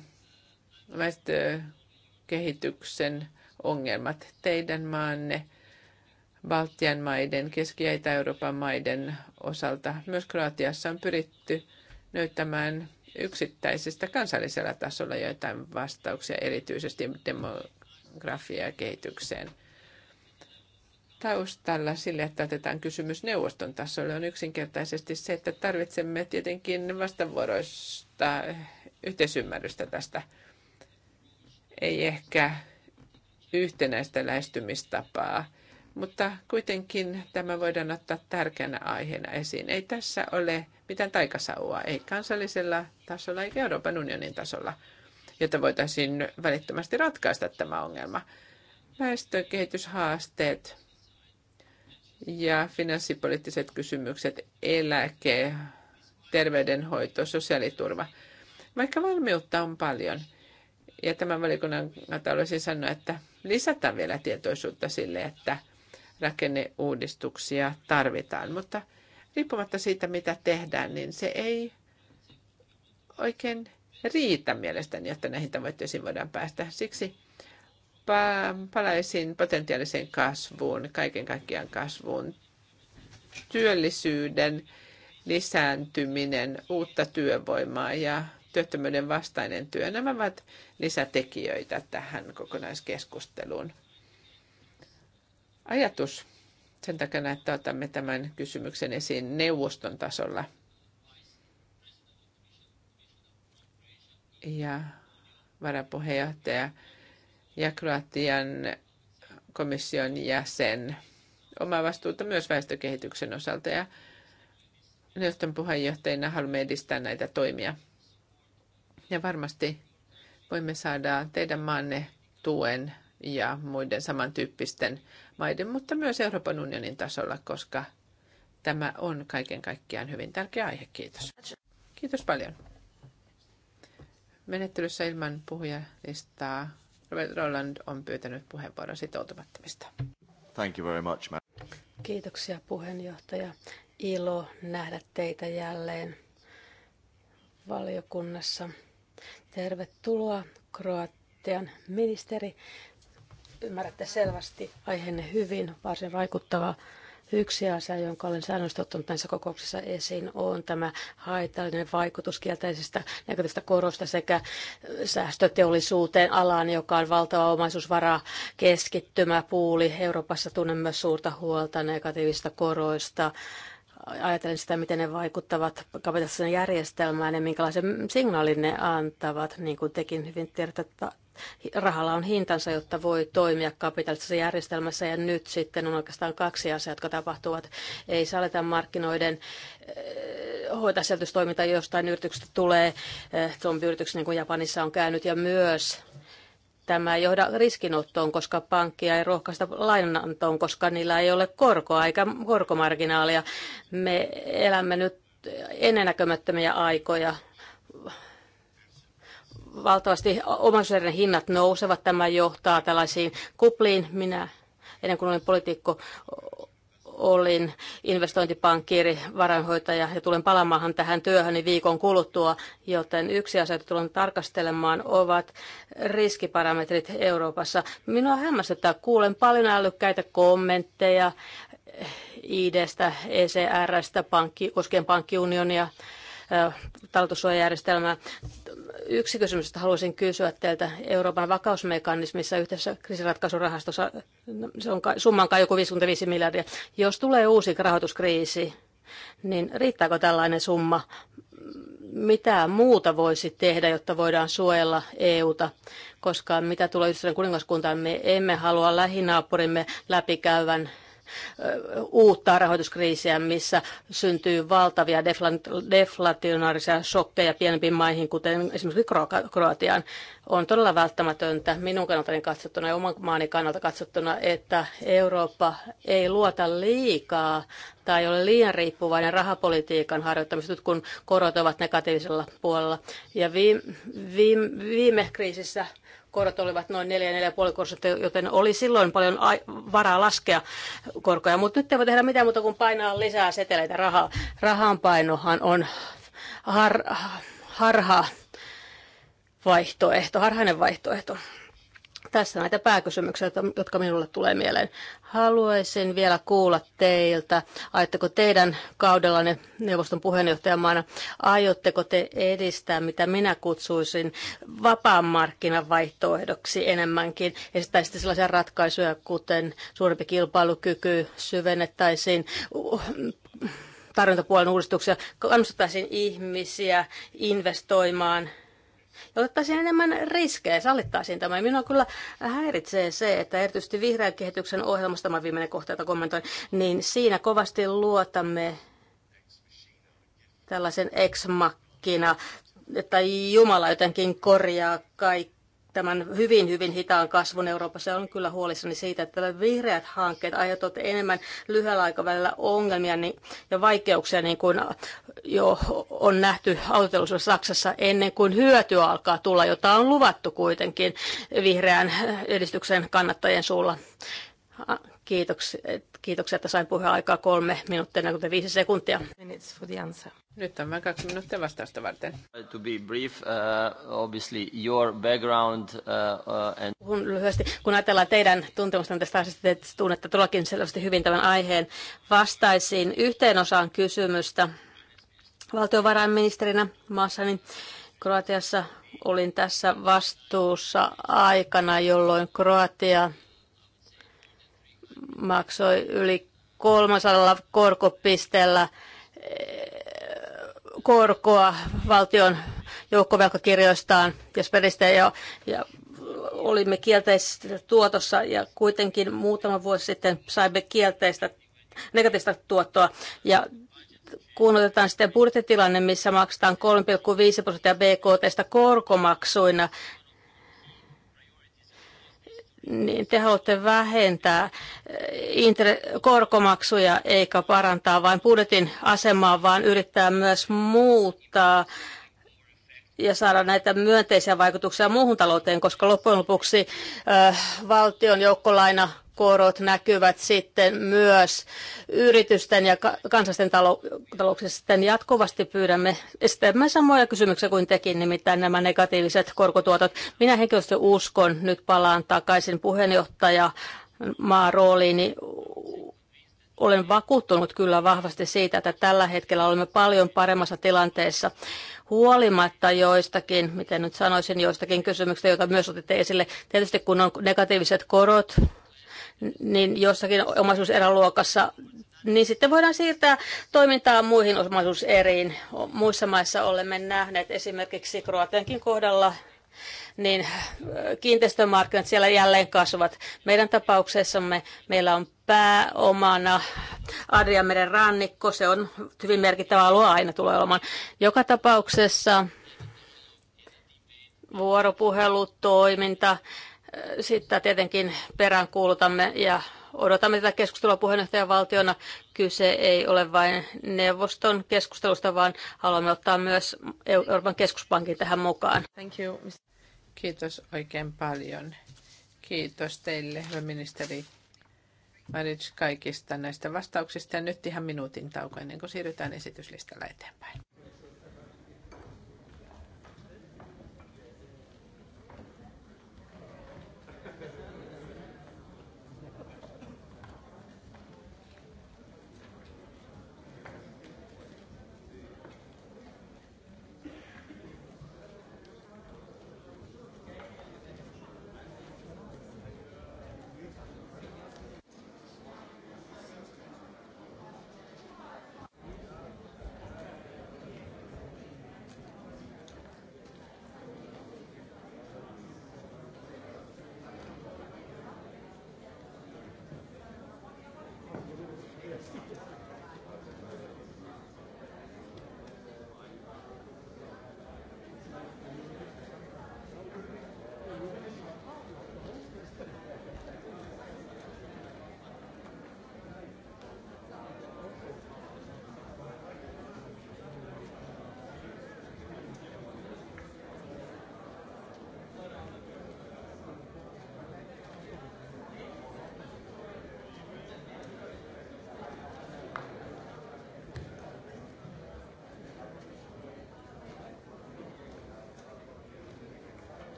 väestökehityksen ongelmat teidän maanne – Baltian maiden, Keski- ja Itä-Euroopan maiden osalta. Myös Kroatiassa on pyritty löytämään yksittäisistä kansallisella tasolla joitain vastauksia erityisesti demografia kehitykseen. Taustalla sille, että otetaan kysymys neuvoston tasolle, on yksinkertaisesti se, että tarvitsemme tietenkin vastavuoroista yhteisymmärrystä tästä. Ei ehkä yhtenäistä lähestymistapaa mutta kuitenkin tämä voidaan ottaa tärkeänä aiheena esiin. Ei tässä ole mitään taikasauvaa, ei kansallisella tasolla eikä Euroopan unionin tasolla, jotta voitaisiin välittömästi ratkaista tämä ongelma. Väestökehityshaasteet ja finanssipoliittiset kysymykset, eläke, terveydenhoito, sosiaaliturva. Vaikka valmiutta on paljon, ja tämän valikunnan kautta olisin sanoa, että lisätään vielä tietoisuutta sille, että – rakenneuudistuksia tarvitaan. Mutta riippumatta siitä, mitä tehdään, niin se ei oikein riitä mielestäni, jotta näihin tavoitteisiin voidaan päästä. Siksi palaisin potentiaaliseen kasvuun, kaiken kaikkiaan kasvuun, työllisyyden lisääntyminen, uutta työvoimaa ja työttömyyden vastainen työ. Nämä ovat lisätekijöitä tähän kokonaiskeskusteluun ajatus sen takana, että otamme tämän kysymyksen esiin neuvoston tasolla. Ja varapuheenjohtaja ja Kroatian komission jäsen omaa vastuuta myös väestökehityksen osalta. Ja neuvoston puheenjohtajina haluamme edistää näitä toimia. Ja varmasti voimme saada teidän maanne tuen ja muiden samantyyppisten maiden, mutta myös Euroopan unionin tasolla, koska tämä on kaiken kaikkiaan hyvin tärkeä aihe. Kiitos. Kiitos paljon. Menettelyssä ilman puhujalistaa Robert Roland on pyytänyt puheenvuoron sitoutumattomista. Thank you very much, ma- Kiitoksia puheenjohtaja. Ilo nähdä teitä jälleen valiokunnassa. Tervetuloa Kroatian ministeri ymmärrätte selvästi aiheenne hyvin, varsin vaikuttava Yksi asia, jonka olen säännöllisesti ottanut näissä kokouksissa esiin, on tämä haitallinen vaikutus kielteisestä negatiivista korosta sekä säästöteollisuuteen alaan, joka on valtava omaisuusvara keskittymä puuli. Euroopassa tunnen myös suurta huolta negatiivista koroista ajatellen sitä, miten ne vaikuttavat kapitalistisen järjestelmään ja minkälaisen signaalin ne antavat. Niin kuin tekin hyvin tiedätte, että rahalla on hintansa, jotta voi toimia kapitalistisessa järjestelmässä. Ja nyt sitten on oikeastaan kaksi asiaa, jotka tapahtuvat. Ei saleta markkinoiden eh, hoitaa jostain yrityksestä tulee eh, zombiyrityksestä, niin kuin Japanissa on käynyt, ja myös tämä ei johda riskinottoon, koska pankkia ei rohkaista lainanantoon, koska niillä ei ole korkoa eikä korkomarginaalia. Me elämme nyt ennennäkemättömiä aikoja. Valtavasti omaisuuden hinnat nousevat. Tämä johtaa tällaisiin kupliin. Minä, ennen kuin olin poliitikko, olin investointipankkiiri, varainhoitaja ja tulen palaamaan tähän työhöni viikon kuluttua, joten yksi asia, jota tulen tarkastelemaan, ovat riskiparametrit Euroopassa. Minua hämmästyttää, kuulen paljon älykkäitä kommentteja IDstä, ECRstä, pankki, koskien pankkiunionia, talotussuojajärjestelmää yksi kysymys, että haluaisin kysyä teiltä Euroopan vakausmekanismissa yhteisessä kriisiratkaisurahastossa, no, se on summan kai joku 55 miljardia. Jos tulee uusi rahoituskriisi, niin riittääkö tällainen summa? Mitä muuta voisi tehdä, jotta voidaan suojella EUta? Koska mitä tulee yhdistyneen kuningaskuntaan, me emme halua lähinaapurimme läpikäyvän uutta rahoituskriisiä, missä syntyy valtavia deflationaarisia shokkeja pienempiin maihin, kuten esimerkiksi Kroatiaan. On todella välttämätöntä minun kannaltani katsottuna ja oman maani kannalta katsottuna, että Eurooppa ei luota liikaa tai ole liian riippuvainen rahapolitiikan harjoittamisesta, kun korot ovat negatiivisella puolella. Ja viime, viime, viime kriisissä korot olivat noin 4-4,5 prosenttia, joten oli silloin paljon varaa laskea korkoja. Mutta nyt ei voi tehdä mitään muuta kuin painaa lisää seteleitä rahaa. painohan on har, harha vaihtoehto, harhainen vaihtoehto. Tässä näitä pääkysymyksiä, jotka minulle tulee mieleen. Haluaisin vielä kuulla teiltä, aiotteko teidän kaudellanne neuvoston puheenjohtajamaana, aiotteko te edistää, mitä minä kutsuisin vapaan markkinan vaihtoehdoksi enemmänkin, esittäisitte sellaisia ratkaisuja, kuten suurempi kilpailukyky, syvennettäisiin tarjontapuolen uudistuksia, kannustettaisiin ihmisiä investoimaan – ja otettaisiin enemmän riskejä, sallittaisiin tämä. Minua kyllä häiritsee se, että erityisesti vihreän kehityksen ohjelmasta, tämä viimeinen kohta, jota kommentoin, niin siinä kovasti luotamme tällaisen ex-makkina, että Jumala jotenkin korjaa kaikki tämän hyvin, hyvin hitaan kasvun Euroopassa. on kyllä huolissani siitä, että vihreät hankkeet aiheuttavat enemmän lyhyellä aikavälillä ongelmia niin- ja vaikeuksia, niin kuin jo on nähty autoteollisuudessa Saksassa, ennen kuin hyöty alkaa tulla, jota on luvattu kuitenkin vihreän edistyksen kannattajien suulla. Kiitoksia, kiitoksia että sain aikaa kolme minuuttia 45 sekuntia. Minutes for the answer. Nyt on vain kaksi minuuttia vastausta varten. To be brief, uh, obviously your background uh, uh and... Puhun lyhyesti. Kun ajatellaan teidän tuntemustanne tästä asiasta, että tunnette todellakin selvästi hyvin tämän aiheen, vastaisin yhteen osaan kysymystä valtiovarainministerinä maassani. Kroatiassa olin tässä vastuussa aikana, jolloin Kroatia maksoi yli 300 korkopisteellä eh, korkoa valtion joukkovelkakirjoistaan, jos peristä ja, ja olimme kielteisessä tuotossa ja kuitenkin muutama vuosi sitten saimme kielteistä negatiivista tuottoa ja kun otetaan sitten budjettitilanne, missä maksetaan 3,5 prosenttia BKTstä korkomaksuina, niin te haluatte vähentää eh, inter- korkomaksuja eikä parantaa vain budjetin asemaa, vaan yrittää myös muuttaa ja saada näitä myönteisiä vaikutuksia muuhun talouteen, koska loppujen lopuksi äh, valtion joukkolaina korot näkyvät sitten myös yritysten ja kansallisten talouksissa. Sitten jatkuvasti pyydämme esittämään samoja kysymyksiä kuin tekin, nimittäin nämä negatiiviset korkotuotot. Minä henkilöstö uskon, nyt palaan takaisin puheenjohtaja maan rooliin, niin olen vakuuttunut kyllä vahvasti siitä, että tällä hetkellä olemme paljon paremmassa tilanteessa huolimatta joistakin, miten nyt sanoisin, joistakin kysymyksistä, joita myös otitte esille. Tietysti kun on negatiiviset korot, niin jossakin omaisuuseräluokassa, niin sitten voidaan siirtää toimintaa muihin omaisuuseriin. Muissa maissa olemme nähneet esimerkiksi Kroatiankin kohdalla niin äh, kiinteistömarkkinat siellä jälleen kasvavat. Meidän tapauksessamme meillä on pääomana Adriameren rannikko, se on hyvin merkittävä alue aina tulee olemaan. Joka tapauksessa vuoropuhelutoiminta, sitä tietenkin peräänkuulutamme ja odotamme tätä keskustelua valtiona. Kyse ei ole vain neuvoston keskustelusta, vaan haluamme ottaa myös Euroopan keskuspankin tähän mukaan. Thank you. Kiitos oikein paljon. Kiitos teille, hyvä ministeri Maric, kaikista näistä vastauksista. Ja nyt ihan minuutin tauko ennen kuin siirrytään esityslistalla eteenpäin.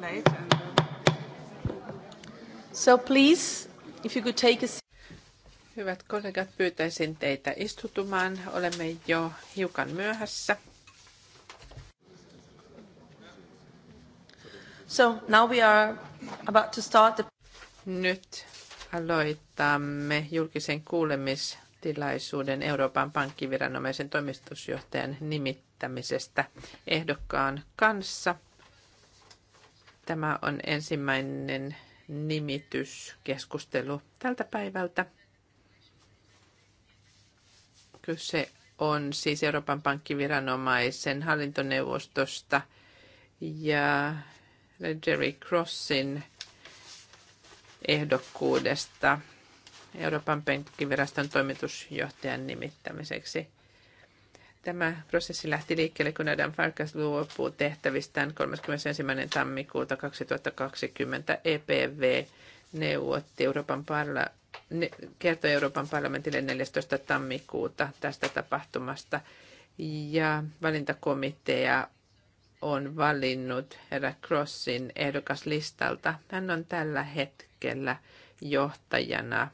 late. So please, if you could take a Hyvät kollegat, pyytäisin teitä istutumaan. Olemme jo hiukan myöhässä. So now we are about to start the... Nyt aloitamme julkisen kuulemistilaisuuden Euroopan pankkiviranomaisen toimistusjohtajan nimittämisestä ehdokkaan kanssa – Tämä on ensimmäinen nimityskeskustelu tältä päivältä. Kyse on siis Euroopan pankkiviranomaisen hallintoneuvostosta ja Jerry Crossin ehdokkuudesta Euroopan pankkiviraston toimitusjohtajan nimittämiseksi. Tämä prosessi lähti liikkeelle, kun Adam Farkas luopuu tehtävistään 31. tammikuuta 2020 EPV neuvotti Euroopan parla- ne, kertoi Euroopan parlamentille 14. tammikuuta tästä tapahtumasta. Ja valintakomitea on valinnut herra Crossin ehdokaslistalta. Hän on tällä hetkellä johtajana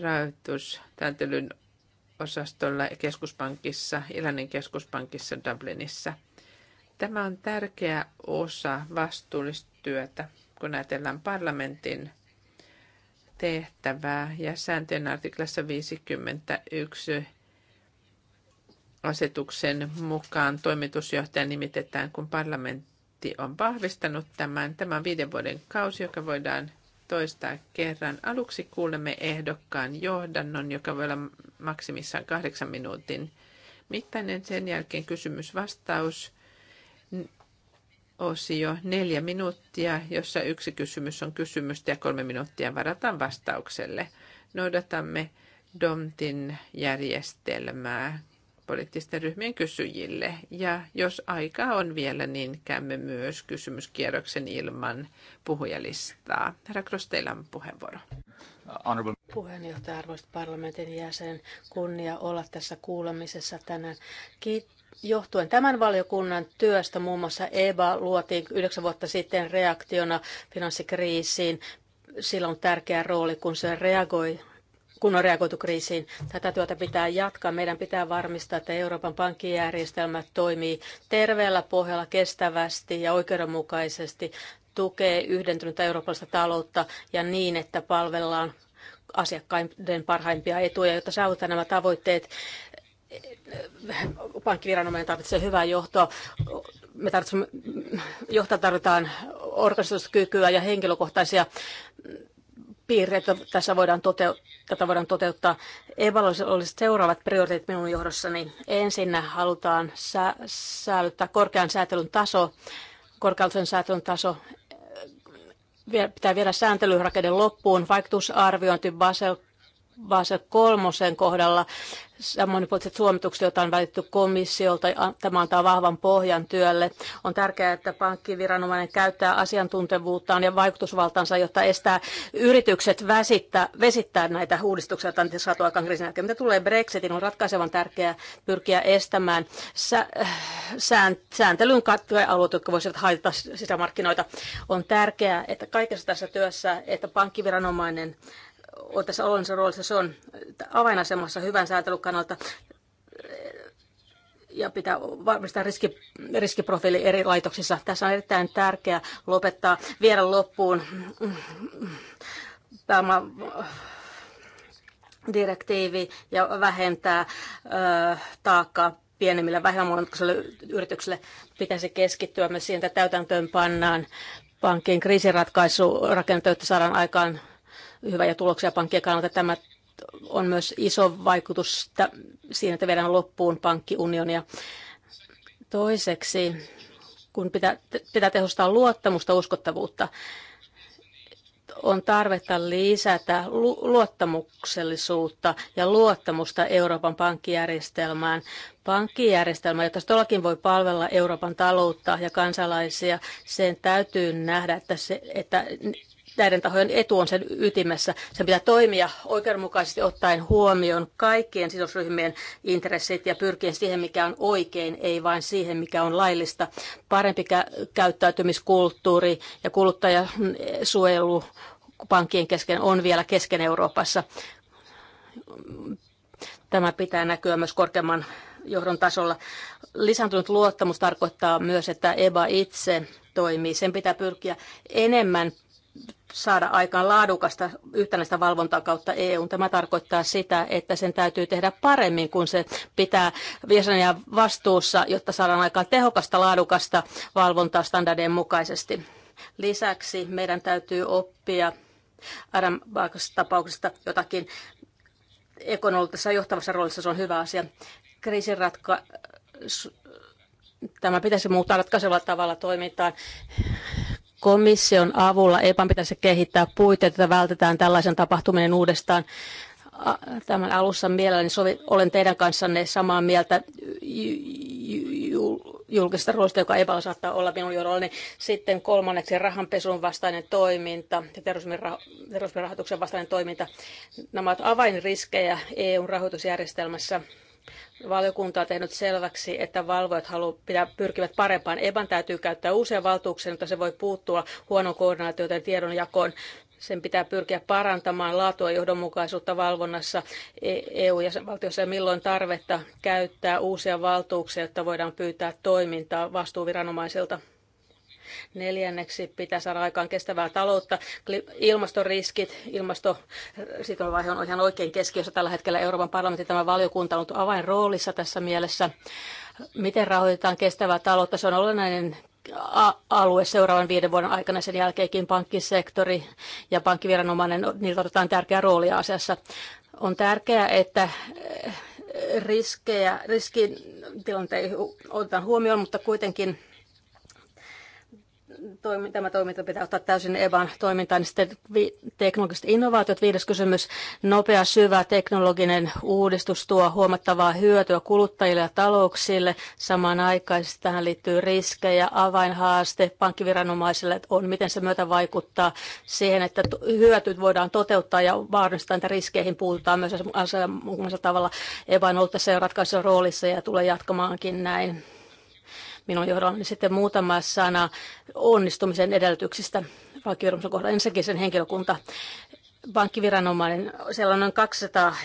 rahoitustääntelyn osastolla keskuspankissa, Irlannin keskuspankissa Dublinissa. Tämä on tärkeä osa vastuullistyötä, kun ajatellaan parlamentin tehtävää ja sääntöjen artiklassa 51 asetuksen mukaan toimitusjohtaja nimitetään, kun parlamentti on vahvistanut tämän. Tämä on viiden vuoden kausi, joka voidaan toistaa kerran. Aluksi kuulemme ehdokkaan johdannon, joka voi olla maksimissaan kahdeksan minuutin mittainen. Sen jälkeen kysymys-vastaus osio neljä minuuttia, jossa yksi kysymys on kysymystä ja kolme minuuttia varataan vastaukselle. Noudatamme Domtin järjestelmää poliittisten ryhmien kysyjille. Ja jos aikaa on vielä, niin käymme myös kysymyskierroksen ilman puhujalistaa. Herra Kross, teillä on puheenvuoro. Honorable. Puheenjohtaja, arvoisat parlamentin jäsen, kunnia olla tässä kuulemisessa tänään. Kiit- Johtuen tämän valiokunnan työstä muun muassa EBA luotiin yhdeksän vuotta sitten reaktiona finanssikriisiin. Sillä on tärkeä rooli, kun se reagoi kun on reagoitu kriisiin. Tätä työtä pitää jatkaa. Meidän pitää varmistaa, että Euroopan pankkijärjestelmä toimii terveellä pohjalla kestävästi ja oikeudenmukaisesti, tukee yhdentynyttä eurooppalaista taloutta ja niin, että palvellaan asiakkaiden parhaimpia etuja, jotta saavutetaan nämä tavoitteet. Pankkiviranomainen tarvitsee hyvää johtoa. Me tarvitsemme, johtaa tarvitaan organisaatiokykyä ja henkilökohtaisia että tässä voidaan toteuttaa, tätä voidaan toteuttaa. olisi seuraavat prioriteetit minun johdossani. Ensinnä halutaan sä, säilyttää korkean säätelyn taso, korkean säätelyn taso eh, pitää viedä sääntelyrakenne loppuun, vaikutusarviointi Basel, Basel kolmosen kohdalla monipuoliset suomitukset, joita on välitetty komissiolta. Tämä antaa vahvan pohjan työlle. On tärkeää, että pankkiviranomainen käyttää asiantuntevuuttaan ja vaikutusvaltaansa, jotta estää yritykset väsittää, vesittää näitä uudistuksia, joita on saatu aikaan kriisin jälkeen. Mitä tulee Brexitin, on ratkaisevan tärkeää pyrkiä estämään sä, sään, sääntelyn katvealueet, jotka voisivat haitata sisämarkkinoita. On tärkeää, että kaikessa tässä työssä, että pankkiviranomainen on tässä oleellisessa roolissa. Se on avainasemassa hyvän säätelyn kannalta ja pitää varmistaa riski, riskiprofiili eri laitoksissa. Tässä on erittäin tärkeää lopettaa, vielä loppuun tämä direktiivi ja vähentää ö, taakkaa pienemmillä vähemmänmuotoisille yrityksille. Pitäisi keskittyä myös siihen, että täytäntöön pannaan pankin kriisiratkaisu rakentaa, että saadaan aikaan hyvä ja tuloksia pankkien kannalta. Tämä on myös iso vaikutus siinä, että viedään loppuun pankkiunionia. Toiseksi, kun pitää, pitää tehostaa luottamusta, uskottavuutta, on tarvetta lisätä luottamuksellisuutta ja luottamusta Euroopan pankkijärjestelmään. Pankkijärjestelmä, jota todellakin voi palvella Euroopan taloutta ja kansalaisia, sen täytyy nähdä, että, se, että näiden tahojen etu on sen ytimessä. Sen pitää toimia oikeudenmukaisesti ottaen huomioon kaikkien sidosryhmien intressit ja pyrkien siihen, mikä on oikein, ei vain siihen, mikä on laillista. Parempi käyttäytymiskulttuuri ja kuluttajasuojelu pankkien kesken on vielä kesken Euroopassa. Tämä pitää näkyä myös korkeamman johdon tasolla. Lisääntynyt luottamus tarkoittaa myös, että EBA itse toimii. Sen pitää pyrkiä enemmän saada aikaan laadukasta yhtenäistä valvontaa kautta EUn. Tämä tarkoittaa sitä, että sen täytyy tehdä paremmin, kun se pitää viesanja vastuussa, jotta saadaan aikaan tehokasta laadukasta valvontaa standardien mukaisesti. Lisäksi meidän täytyy oppia Adam tapauksesta jotakin. Ekon tässä johtavassa roolissa, se on hyvä asia. Kriisiratka... Tämä pitäisi muuttaa ratkaisevalla tavalla toimintaan Komission avulla EPAN pitäisi kehittää puitteita, että vältetään tällaisen tapahtuminen uudestaan tämän alussa mielelläni sovi, olen teidän kanssanne samaa mieltä julkisesta roolista, joka epäillä saattaa olla minun johdollani. Sitten kolmanneksi rahanpesun vastainen toiminta ja terrorismin rahoituksen vastainen toiminta. Nämä ovat avainriskejä eu rahoitusjärjestelmässä valiokunta on tehnyt selväksi, että valvojat pitää, pyrkivät parempaan. EBAN täytyy käyttää uusia valtuuksia, mutta se voi puuttua huonoon koordinaatioon ja tiedonjakoon. Sen pitää pyrkiä parantamaan laatua ja johdonmukaisuutta valvonnassa EU-jäsenvaltiossa e ja milloin tarvetta käyttää uusia valtuuksia, jotta voidaan pyytää toimintaa vastuuviranomaisilta. Neljänneksi pitää saada aikaan kestävää taloutta. Ilmastoriskit, ilmastositovaihe on ihan oikein keskiössä tällä hetkellä. Euroopan parlamentin tämä valiokunta on ollut avainroolissa tässä mielessä. Miten rahoitetaan kestävää taloutta? Se on olennainen alue seuraavan viiden vuoden aikana. Sen jälkeenkin pankkisektori ja pankkiviranomainen, niiltä otetaan tärkeä rooli asiassa. On tärkeää, että eh, riskejä, riskin tilanteen otetaan huomioon, mutta kuitenkin tämä toiminta pitää ottaa täysin EVAn toimintaan. Niin sitten teknologiset innovaatiot. Viides kysymys. Nopea, syvä teknologinen uudistus tuo huomattavaa hyötyä kuluttajille ja talouksille. Samanaikaisesti tähän liittyy riskejä. Avainhaaste pankkiviranomaisille on, miten se myötä vaikuttaa siihen, että hyötyt voidaan toteuttaa ja varmistaa, että riskeihin puututaan myös muassa tavalla. Evan on ollut tässä jo ratkaisussa roolissa ja tulee jatkamaankin näin minun johdollani. Niin sitten muutama sana onnistumisen edellytyksistä valtioviranomaisen kohdalla. Ensinnäkin sen henkilökunta pankkiviranomainen, siellä on noin 200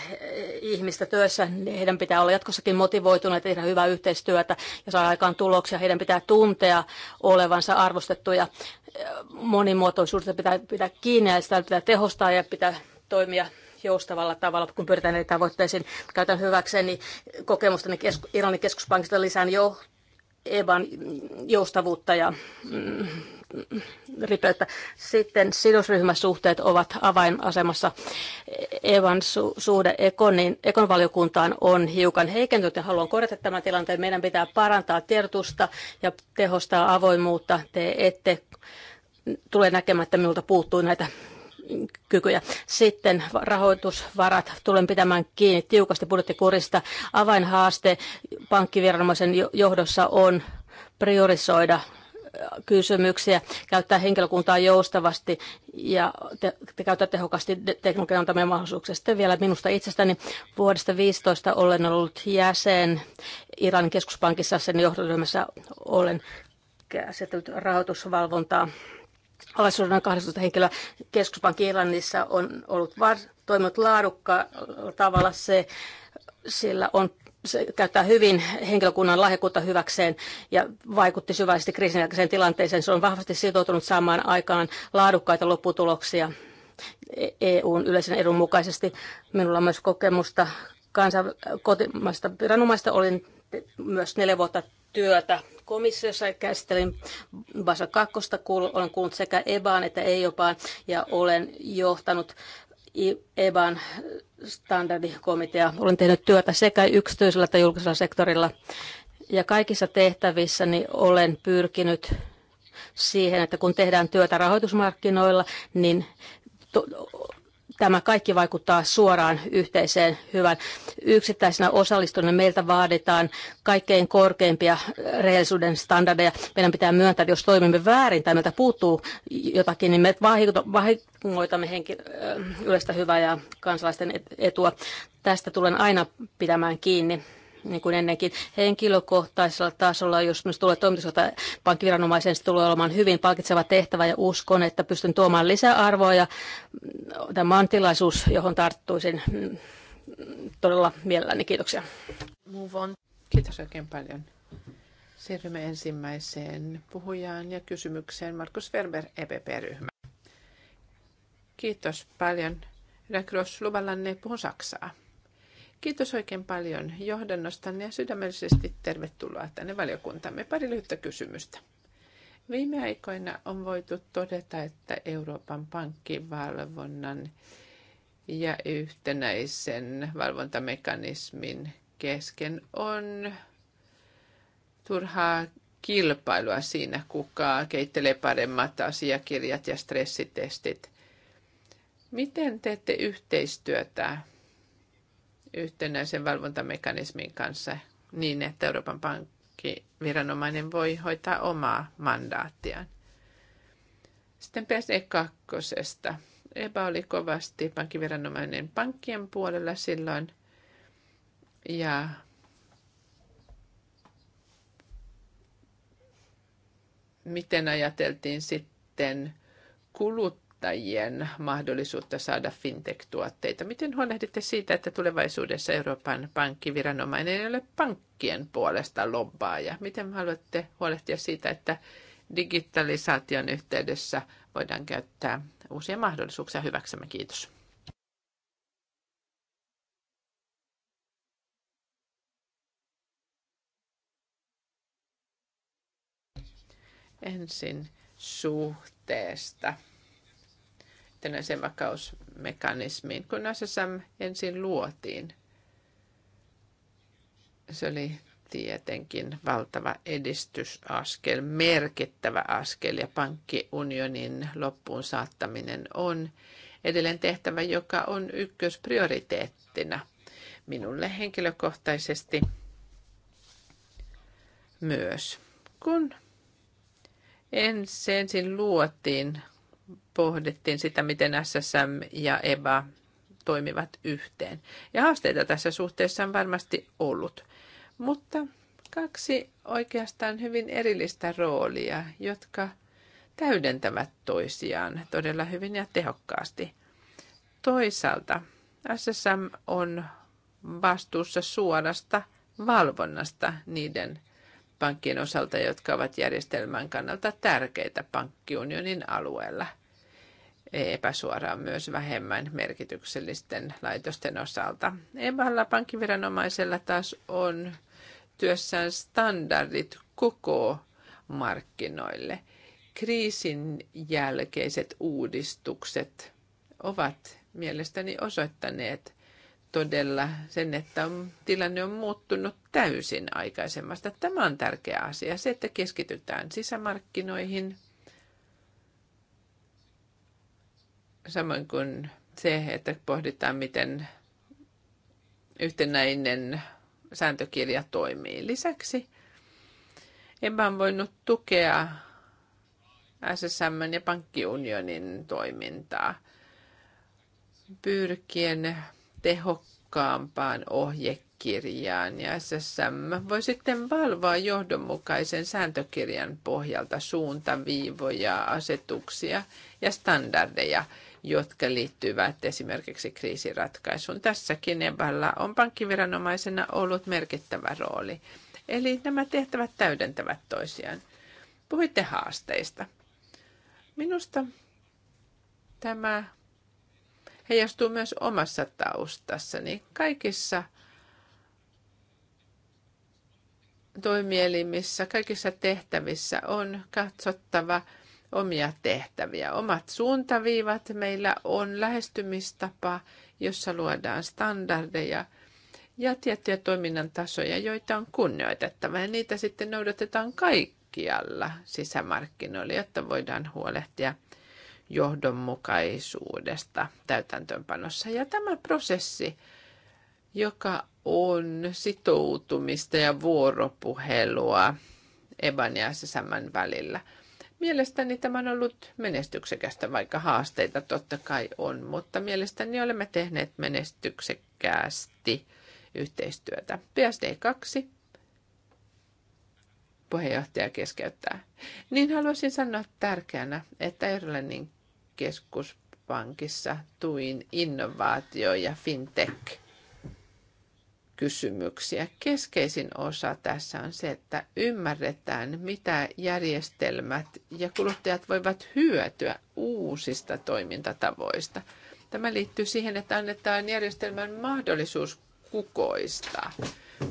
ihmistä työssä, heidän pitää olla jatkossakin motivoituneita tehdä hyvää yhteistyötä ja saada aikaan tuloksia, heidän pitää tuntea olevansa arvostettuja, monimuotoisuudesta pitää pitää kiinni ja sitä pitää tehostaa ja pitää toimia joustavalla tavalla, kun pyritään eri tavoitteisiin. Käytän niin kokemustani Irlannin keskuspankista lisään jo. Evan joustavuutta ja mm, ripeyttä. Sitten sidosryhmäsuhteet ovat avainasemassa. Evan su- suhde Ekonin, Ekon valiokuntaan on hiukan heikentynyt ja haluan korjata tämän tilanteen. Meidän pitää parantaa tiedotusta ja tehostaa avoimuutta. Te ette tule näkemättä, miltä puuttuu näitä kykyjä. Sitten rahoitusvarat tulen pitämään kiinni tiukasti budjettikurista. Avainhaaste pankkiviranomaisen johdossa on priorisoida äh, kysymyksiä, käyttää henkilökuntaa joustavasti ja te, te käyttää tehokkaasti teknologian antamia mahdollisuuksia. Sitten vielä minusta itsestäni vuodesta 15 olen ollut jäsen Iranin keskuspankissa, sen johtoryhmässä olen käsitellyt rahoitusvalvontaa alaisuuden noin 18 henkilöä. Keskuspankki Irlannissa on ollut var, toiminut laadukkaalla tavalla. Se, sillä on se käyttää hyvin henkilökunnan lahjakkuutta hyväkseen ja vaikutti syvällisesti kriisin jälkeiseen tilanteeseen. Se on vahvasti sitoutunut saamaan aikaan laadukkaita lopputuloksia EUn e yleisen edun mukaisesti. Minulla on myös kokemusta kansan, kotimaista viranomaista. Olin myös neljä vuotta työtä komissiossa käsittelin Basa kakkosta, olen kuullut sekä EBAan että EIOPAan ja olen johtanut EBAn standardikomitea. Olen tehnyt työtä sekä yksityisellä että julkisella sektorilla ja kaikissa tehtävissäni niin olen pyrkinyt siihen, että kun tehdään työtä rahoitusmarkkinoilla, niin Tämä kaikki vaikuttaa suoraan yhteiseen hyvään Yksittäisenä osallistuneena meiltä vaaditaan kaikkein korkeimpia rehellisyyden standardeja. Meidän pitää myöntää, että jos toimimme väärin tai meiltä puuttuu jotakin, niin me vahingoitamme henki, yleistä hyvää ja kansalaisten etua. Tästä tulen aina pitämään kiinni niin kuin ennenkin henkilökohtaisella tasolla, jos myös tulee toimitusjohtaja pankkiviranomaisen, se tulee olemaan hyvin palkitseva tehtävä ja uskon, että pystyn tuomaan lisäarvoa ja tämä on tilaisuus, johon tarttuisin mm, todella mielelläni. Kiitoksia. Move on. Kiitos oikein paljon. Siirrymme ensimmäiseen puhujaan ja kysymykseen Markus Werber, EPP-ryhmä. Kiitos paljon. Rakros, luvallanne puhun Saksaa. Kiitos oikein paljon johdannostanne ja sydämellisesti tervetuloa tänne valiokuntamme. Pari lyhyttä kysymystä. Viime aikoina on voitu todeta, että Euroopan pankkivalvonnan ja yhtenäisen valvontamekanismin kesken on turhaa kilpailua siinä, kuka keittelee paremmat asiakirjat ja stressitestit. Miten teette yhteistyötä yhtenäisen valvontamekanismin kanssa niin, että Euroopan pankkiviranomainen voi hoitaa omaa mandaattiaan. Sitten PSD2. E EBA oli kovasti pankkiviranomainen pankkien puolella silloin ja miten ajateltiin sitten kulut sijoittajien mahdollisuutta saada fintech-tuotteita? Miten huolehditte siitä, että tulevaisuudessa Euroopan pankkiviranomainen ei ole pankkien puolesta lobbaaja? Miten haluatte huolehtia siitä, että digitalisaation yhteydessä voidaan käyttää uusia mahdollisuuksia hyväksemme? Kiitos. Ensin suhteesta yhtenäisen vakausmekanismiin. Kun SSM ensin luotiin, se oli tietenkin valtava edistysaskel, merkittävä askel ja pankkiunionin loppuun saattaminen on edelleen tehtävä, joka on ykkösprioriteettina minulle henkilökohtaisesti myös. Kun ensin luotiin pohdittiin sitä, miten SSM ja EBA toimivat yhteen. Ja haasteita tässä suhteessa on varmasti ollut. Mutta kaksi oikeastaan hyvin erillistä roolia, jotka täydentävät toisiaan todella hyvin ja tehokkaasti. Toisaalta SSM on vastuussa suorasta valvonnasta niiden pankkien osalta, jotka ovat järjestelmän kannalta tärkeitä pankkiunionin alueella epäsuoraan myös vähemmän merkityksellisten laitosten osalta. Eballa pankkiviranomaisella taas on työssään standardit koko markkinoille. Kriisin jälkeiset uudistukset ovat mielestäni osoittaneet todella sen, että on, tilanne on muuttunut täysin aikaisemmasta. Tämä on tärkeä asia, se, että keskitytään sisämarkkinoihin – Samoin kuin se, että pohditaan, miten yhtenäinen sääntökirja toimii. Lisäksi EBA on voinut tukea SSM ja pankkiunionin toimintaa pyrkien tehokkaampaan ohjekirjaan ja SSM voi sitten valvoa johdonmukaisen sääntökirjan pohjalta suuntaviivoja, asetuksia ja standardeja – jotka liittyvät esimerkiksi kriisiratkaisuun. Tässäkin EBAlla on pankkiviranomaisena ollut merkittävä rooli. Eli nämä tehtävät täydentävät toisiaan. Puhuitte haasteista. Minusta tämä heijastuu myös omassa taustassani. Kaikissa toimielimissä, kaikissa tehtävissä on katsottava – omia tehtäviä. Omat suuntaviivat meillä on lähestymistapa, jossa luodaan standardeja ja tiettyjä toiminnan tasoja, joita on kunnioitettava. Ja niitä sitten noudatetaan kaikkialla sisämarkkinoilla, jotta voidaan huolehtia johdonmukaisuudesta täytäntöönpanossa. Ja tämä prosessi, joka on sitoutumista ja vuoropuhelua Eban ja SSM välillä – Mielestäni tämä on ollut menestyksekästä, vaikka haasteita totta kai on, mutta mielestäni olemme tehneet menestyksekkäästi yhteistyötä. PSD2 puheenjohtaja keskeyttää. Niin haluaisin sanoa tärkeänä, että Irlannin keskuspankissa tuin innovaatio ja fintech kysymyksiä. Keskeisin osa tässä on se, että ymmärretään, mitä järjestelmät ja kuluttajat voivat hyötyä uusista toimintatavoista. Tämä liittyy siihen, että annetaan järjestelmän mahdollisuus kukoistaa,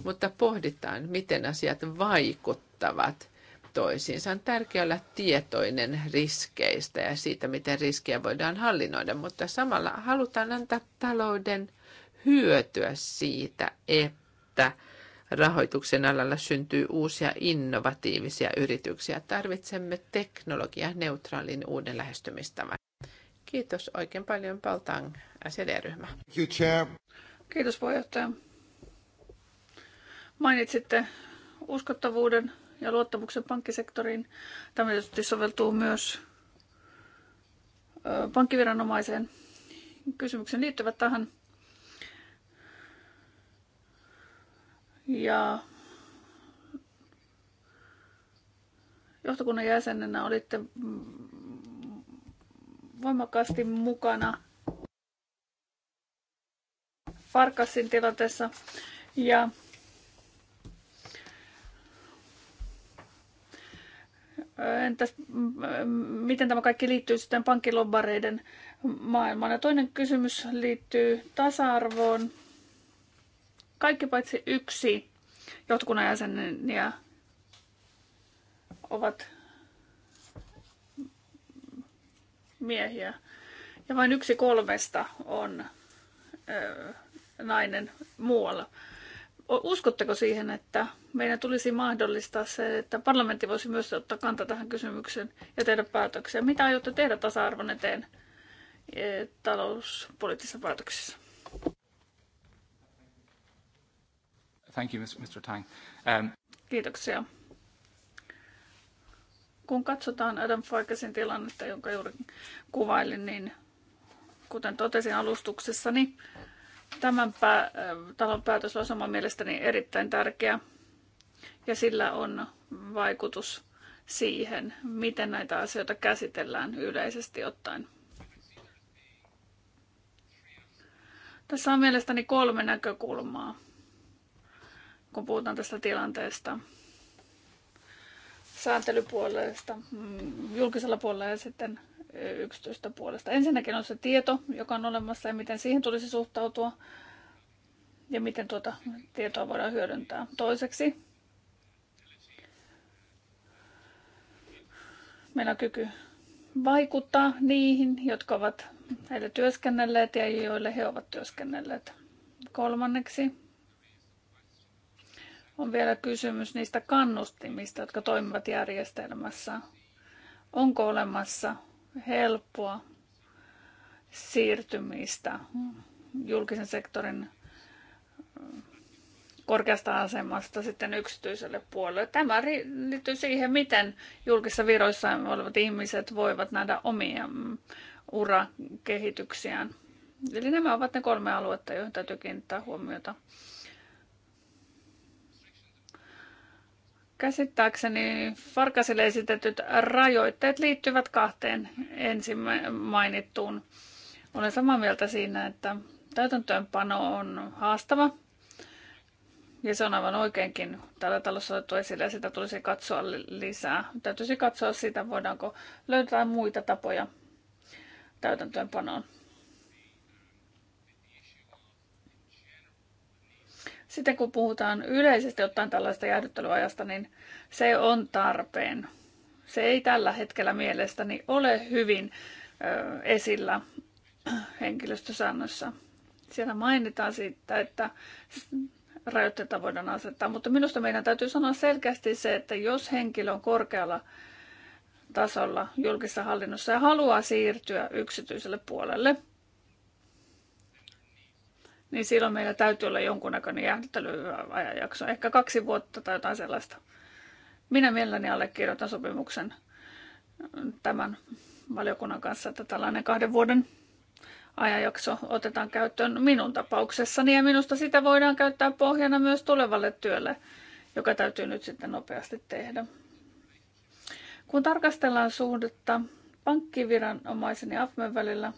mutta pohditaan, miten asiat vaikuttavat toisiinsa. On tärkeää olla tietoinen riskeistä ja siitä, miten riskejä voidaan hallinnoida, mutta samalla halutaan antaa talouden hyötyä siitä, että rahoituksen alalla syntyy uusia innovatiivisia yrityksiä. Tarvitsemme neutraalin uuden lähestymistavan. Kiitos oikein paljon Paltan, SED-ryhmä. Kiitos puheenjohtaja. Mainitsitte uskottavuuden ja luottamuksen pankkisektoriin. Tämä tietysti soveltuu myös pankkiviranomaiseen. Kysymyksen liittyvät tähän. Ja johtokunnan jäsenenä olitte voimakkaasti mukana Farkasin tilanteessa. Ja Entäs miten tämä kaikki liittyy sitten pankkilobbareiden maailmaan? Ja toinen kysymys liittyy tasa-arvoon. Kaikki paitsi yksi jotkunnan jäseniä ovat miehiä. Ja vain yksi kolmesta on ö, nainen muualla. Uskotteko siihen, että meidän tulisi mahdollistaa se, että parlamentti voisi myös ottaa kantaa tähän kysymykseen ja tehdä päätöksiä? Mitä aiotte tehdä tasa-arvon eteen e, talouspoliittisissa päätöksissä? Thank you, Mr. Tang. Um... Kiitoksia. Kun katsotaan Adam Farkasin tilannetta, jonka juuri kuvailin, niin kuten totesin alustuksessani, tämän pää- talon päätöslausuma mielestäni erittäin tärkeä ja sillä on vaikutus siihen, miten näitä asioita käsitellään yleisesti ottaen. Tässä on mielestäni kolme näkökulmaa kun puhutaan tästä tilanteesta sääntelypuolesta, mm, julkisella puolella ja sitten yksityistä puolesta. Ensinnäkin on se tieto, joka on olemassa ja miten siihen tulisi suhtautua ja miten tuota tietoa voidaan hyödyntää. Toiseksi meillä on kyky vaikuttaa niihin, jotka ovat heille työskennelleet ja joille he ovat työskennelleet. Kolmanneksi on vielä kysymys niistä kannustimista, jotka toimivat järjestelmässä. Onko olemassa helppoa siirtymistä julkisen sektorin mm, korkeasta asemasta sitten yksityiselle puolelle. Tämä liittyy siihen, miten julkisissa viroissa olevat ihmiset voivat nähdä omia mm, urakehityksiään. Eli nämä ovat ne kolme aluetta, joihin täytyy kiinnittää huomiota. Käsittääkseni Farkasille esitetyt rajoitteet liittyvät kahteen ensimmäinen mainittuun. Olen samaa mieltä siinä, että täytäntöönpano on haastava ja se on aivan oikeinkin täällä talossa otettu esille ja sitä tulisi katsoa lisää. Täytyisi katsoa sitä, voidaanko löytää muita tapoja täytäntöönpanoon. Sitten kun puhutaan yleisesti ottaen tällaista jäähdyttelyajasta, niin se on tarpeen. Se ei tällä hetkellä mielestäni ole hyvin ö, esillä henkilöstösäännössä. Siellä mainitaan siitä, että rajoitteita voidaan asettaa, mutta minusta meidän täytyy sanoa selkeästi se, että jos henkilö on korkealla tasolla julkisessa hallinnossa ja haluaa siirtyä yksityiselle puolelle, niin silloin meillä täytyy olla jonkunnäköinen jäähdyttelyajanjakso, ehkä kaksi vuotta tai jotain sellaista. Minä mielelläni allekirjoitan sopimuksen tämän valiokunnan kanssa, että tällainen kahden vuoden ajanjakso otetaan käyttöön minun tapauksessani ja minusta sitä voidaan käyttää pohjana myös tulevalle työlle, joka täytyy nyt sitten nopeasti tehdä. Kun tarkastellaan suhdetta pankkiviranomaisen ja AFMen välillä,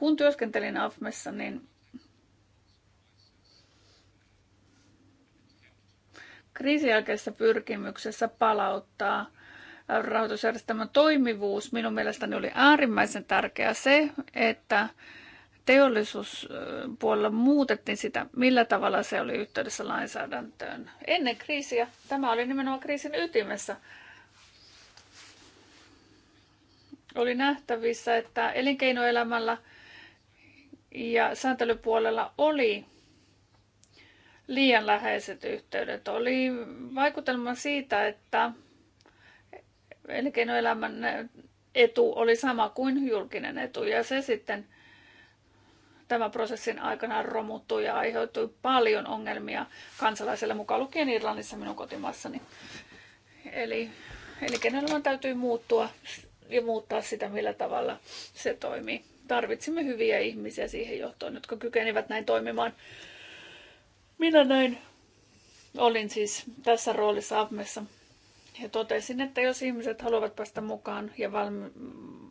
Kun työskentelin AFMessa, niin kriisijälkeisessä pyrkimyksessä palauttaa rahoitusjärjestelmän toimivuus. Minun mielestäni oli äärimmäisen tärkeää se, että teollisuuspuolella muutettiin sitä, millä tavalla se oli yhteydessä lainsäädäntöön. Ennen kriisiä tämä oli nimenomaan kriisin ytimessä. Oli nähtävissä, että elinkeinoelämällä – ja sääntelypuolella oli liian läheiset yhteydet. Oli vaikutelma siitä, että elinkeinoelämän etu oli sama kuin julkinen etu ja se sitten tämän prosessin aikana romuttui ja aiheutui paljon ongelmia kansalaisille, mukaan lukien Irlannissa minun kotimaassani. Eli elinkeinoelämän täytyy muuttua ja muuttaa sitä, millä tavalla se toimii tarvitsemme hyviä ihmisiä siihen johtoon, jotka kykenivät näin toimimaan. Minä näin olin siis tässä roolissa Avmessa ja totesin, että jos ihmiset haluavat päästä mukaan ja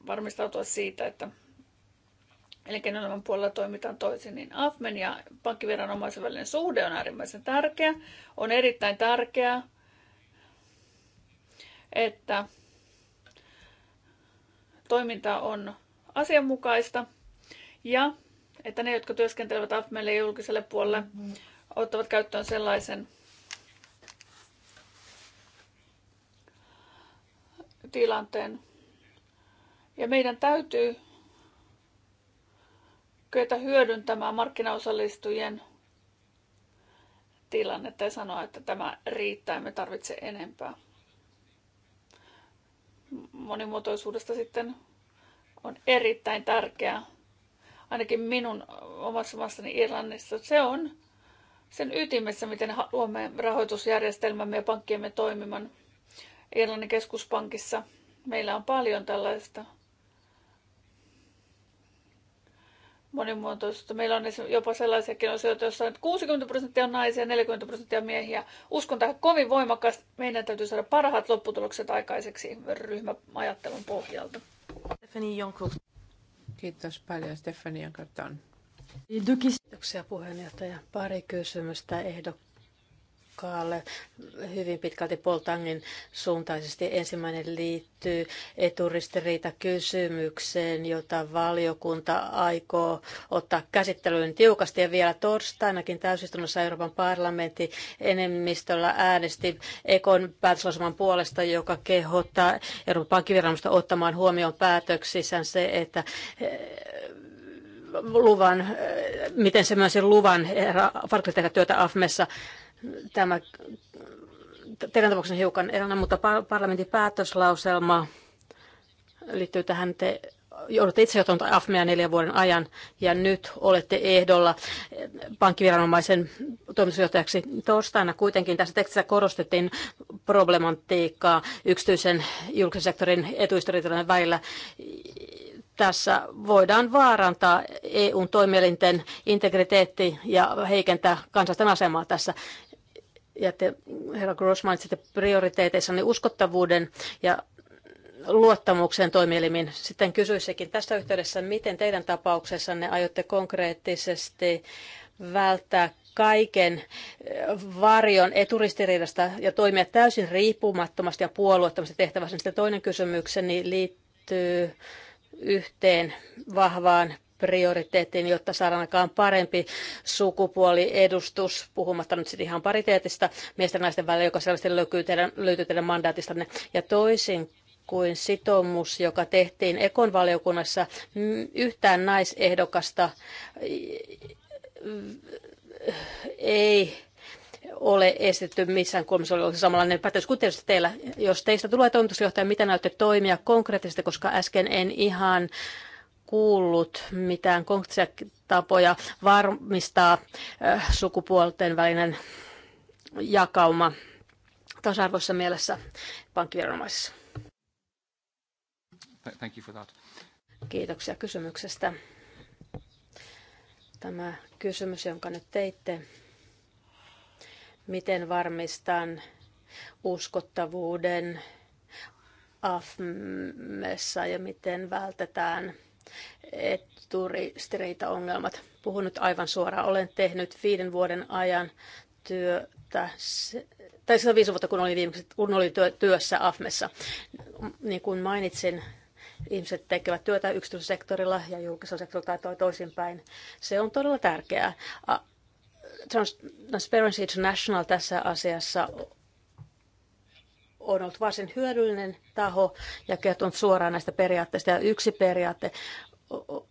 varmistautua siitä, että elinkeinoelämän puolella toimitaan toisin, niin AFMEN ja pankkiviranomaisen välinen suhde on äärimmäisen tärkeä. On erittäin tärkeää, että toiminta on asianmukaista ja että ne, jotka työskentelevät AFMelle julkiselle puolelle, ottavat käyttöön sellaisen tilanteen. Ja meidän täytyy kyetä hyödyntämään markkinaosallistujien tilannetta ja sanoa, että tämä riittää, me tarvitse enempää. Monimuotoisuudesta sitten on erittäin tärkeää, ainakin minun omassa maassani Irlannissa. Se on sen ytimessä, miten haluamme rahoitusjärjestelmämme ja pankkiemme toimiman. Irlannin keskuspankissa meillä on paljon tällaista monimuotoisuutta. Meillä on jopa sellaisiakin osioita, joissa 60 prosenttia on naisia ja 40 prosenttia miehiä. Uskon tähän kovin voimakkaasti. Meidän täytyy saada parhaat lopputulokset aikaiseksi ryhmäajattelun pohjalta. Stephanie Jonkuk. Kiitos paljon Stefani Jonkukton. Kiitoksia puheenjohtaja. Pari kysymystä ehdokkaan. Kaalle hyvin pitkälti Poltangin suuntaisesti. Ensimmäinen liittyy eturistiriitakysymykseen, jota valiokunta aikoo ottaa käsittelyyn tiukasti. Ja vielä torstainakin täysistunnossa Euroopan parlamentti enemmistöllä äänesti Ekon päätöslausuman puolesta, joka kehottaa Euroopan pankkiviranomaista ottamaan huomioon päätöksissään se, että eh, luvan, eh, miten se myös luvan eh, farkille tehdä työtä AFMessa Tämä teidän tapauksen hiukan erona, mutta parlamentin päätöslauselma liittyy tähän te joudutte itse joutunut AFMEA neljän vuoden ajan ja nyt olette ehdolla pankkiviranomaisen toimitusjohtajaksi torstaina. Kuitenkin tässä tekstissä korostettiin problematiikkaa yksityisen julkisen sektorin etuistoriitojen välillä. Tässä voidaan vaarantaa EUn toimielinten integriteetti ja heikentää kansallisten asemaa tässä ja te, herra Gross, mainitsitte prioriteeteissa niin uskottavuuden ja luottamuksen toimielimiin. Sitten kysyisikin tässä yhteydessä, miten teidän tapauksessanne aiotte konkreettisesti välttää kaiken eh, varjon eturistiriidasta ja toimia täysin riippumattomasti ja puolueettomasti tehtävässä. Sitten toinen kysymykseni liittyy yhteen vahvaan prioriteettiin, jotta saadaan aikaan parempi sukupuoliedustus, puhumatta nyt sitten ihan pariteetista miesten ja naisten välillä, joka selvästi löytyy teidän, löytyy teidän mandaatistanne. Ja toisin kuin sitoumus, joka tehtiin Ekon valiokunnassa, mm, yhtään naisehdokasta mm, ei ole estetty missään kulmassa, oli samanlainen päätös kuin tietysti teillä. Jos teistä tulee toimitusjohtaja, miten näytte toimia konkreettisesti, koska äsken en ihan kuullut mitään konkreettisia tapoja varmistaa äh, sukupuolten välinen jakauma tasa-arvoisessa mielessä pankkiviranomaisissa. Thank you for that. Kiitoksia kysymyksestä. Tämä kysymys, jonka nyt teitte, miten varmistan uskottavuuden AFMessa ja miten vältetään – eturistiriitaongelmat. Puhun nyt aivan suoraan. Olen tehnyt viiden vuoden ajan työtä, tai se viisi vuotta kun olin, viimeksi, kun olin työssä AFMessa. Niin kuin mainitsin, ihmiset tekevät työtä yksityissektorilla ja julkisella sektorilla tai toisinpäin. Se on todella tärkeää. Transparency International tässä asiassa on ollut varsin hyödyllinen taho ja kertonut suoraan näistä periaatteista. Ja yksi periaate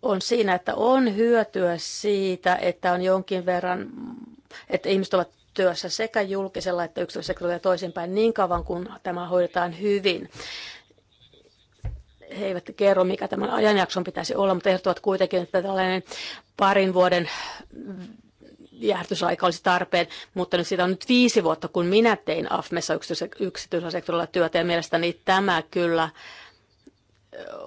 on siinä, että on hyötyä siitä, että on jonkin verran, että ihmiset ovat työssä sekä julkisella että yksityisellä sektorilla ja toisinpäin niin kauan, kun tämä hoidetaan hyvin. He eivät kerro, mikä tämän ajanjakson pitäisi olla, mutta ehdottavat kuitenkin, että tällainen parin vuoden jäähdytysaika olisi tarpeen, mutta nyt siitä on nyt viisi vuotta, kun minä tein AFMessa yksityisellä sektorilla työtä, ja mielestäni tämä kyllä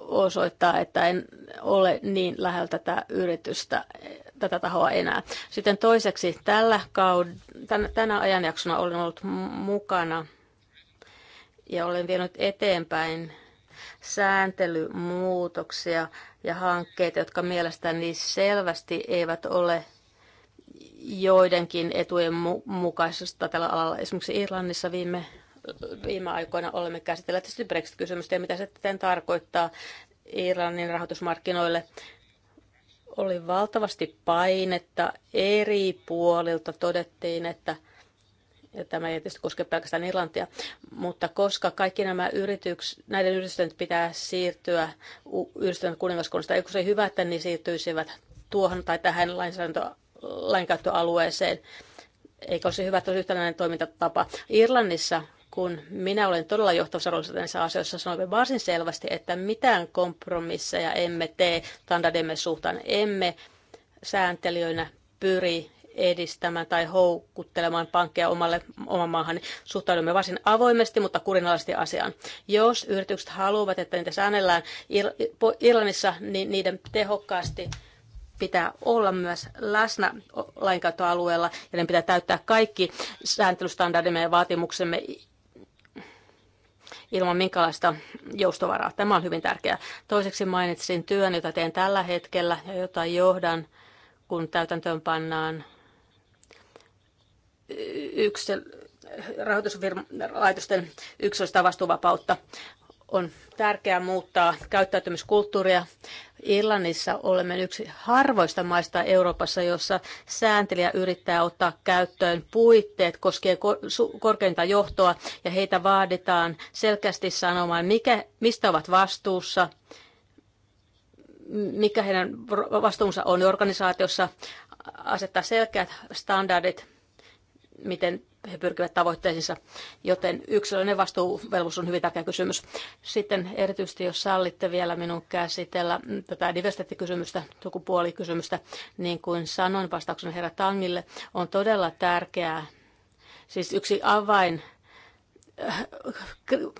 osoittaa, että en ole niin lähellä tätä yritystä, e, tätä tahoa enää. Sitten toiseksi, tällä kaud- tän, tänä ajanjaksona olen ollut mukana ja olen vienyt eteenpäin sääntelymuutoksia ja hankkeita, jotka mielestäni selvästi eivät ole joidenkin etujen mukaisesta tällä alalla. Esimerkiksi Irlannissa viime, viime aikoina olemme käsitelleet tietysti Brexit-kysymystä ja mitä se sitten tarkoittaa Irlannin rahoitusmarkkinoille. Oli valtavasti painetta eri puolilta. Todettiin, että ja tämä ei tietysti koske pelkästään Irlantia, mutta koska kaikki nämä yrityks, näiden yritysten pitää siirtyä yhdistyneen kuningaskunnasta, eikö se hyvä, että ne siirtyisivät tuohon tai tähän lainsäädäntöön lainkäyttöalueeseen. Eikö olisi hyvä, että olisi yhtenäinen toimintatapa? Irlannissa kun minä olen todella johtavassa roolissa näissä asioissa, sanoin varsin selvästi, että mitään kompromisseja emme tee standardemme suhtaan. Emme sääntelijöinä pyri edistämään tai houkuttelemaan pankkeja omalle, oman maahan. Suhtaudumme varsin avoimesti, mutta kurinalaisesti asiaan. Jos yritykset haluavat, että niitä säännellään Irlannissa, niin niiden tehokkaasti pitää olla myös läsnä lainkäyttöalueella ja ne pitää täyttää kaikki sääntelystandardimme ja vaatimuksemme ilman minkälaista joustovaraa. Tämä on hyvin tärkeää. Toiseksi mainitsin työn, jota teen tällä hetkellä ja jota johdan, kun täytäntöön pannaan yksi rahoituslaitosten yksilöstä vastuuvapautta. On tärkeää muuttaa käyttäytymiskulttuuria Irlannissa olemme yksi harvoista maista Euroopassa, jossa sääntelijä yrittää ottaa käyttöön puitteet koskien korkeinta johtoa ja heitä vaaditaan selkeästi sanomaan, mikä, mistä ovat vastuussa, mikä heidän vastuunsa on organisaatiossa, asettaa selkeät standardit, miten he pyrkivät tavoitteisiinsa, joten yksilöllinen vastuuvelvollisuus on hyvin tärkeä kysymys. Sitten erityisesti, jos sallitte vielä minun käsitellä tätä diversiteettikysymystä, sukupuolikysymystä, niin kuin sanoin vastauksena herra Tangille, on todella tärkeää, siis yksi avain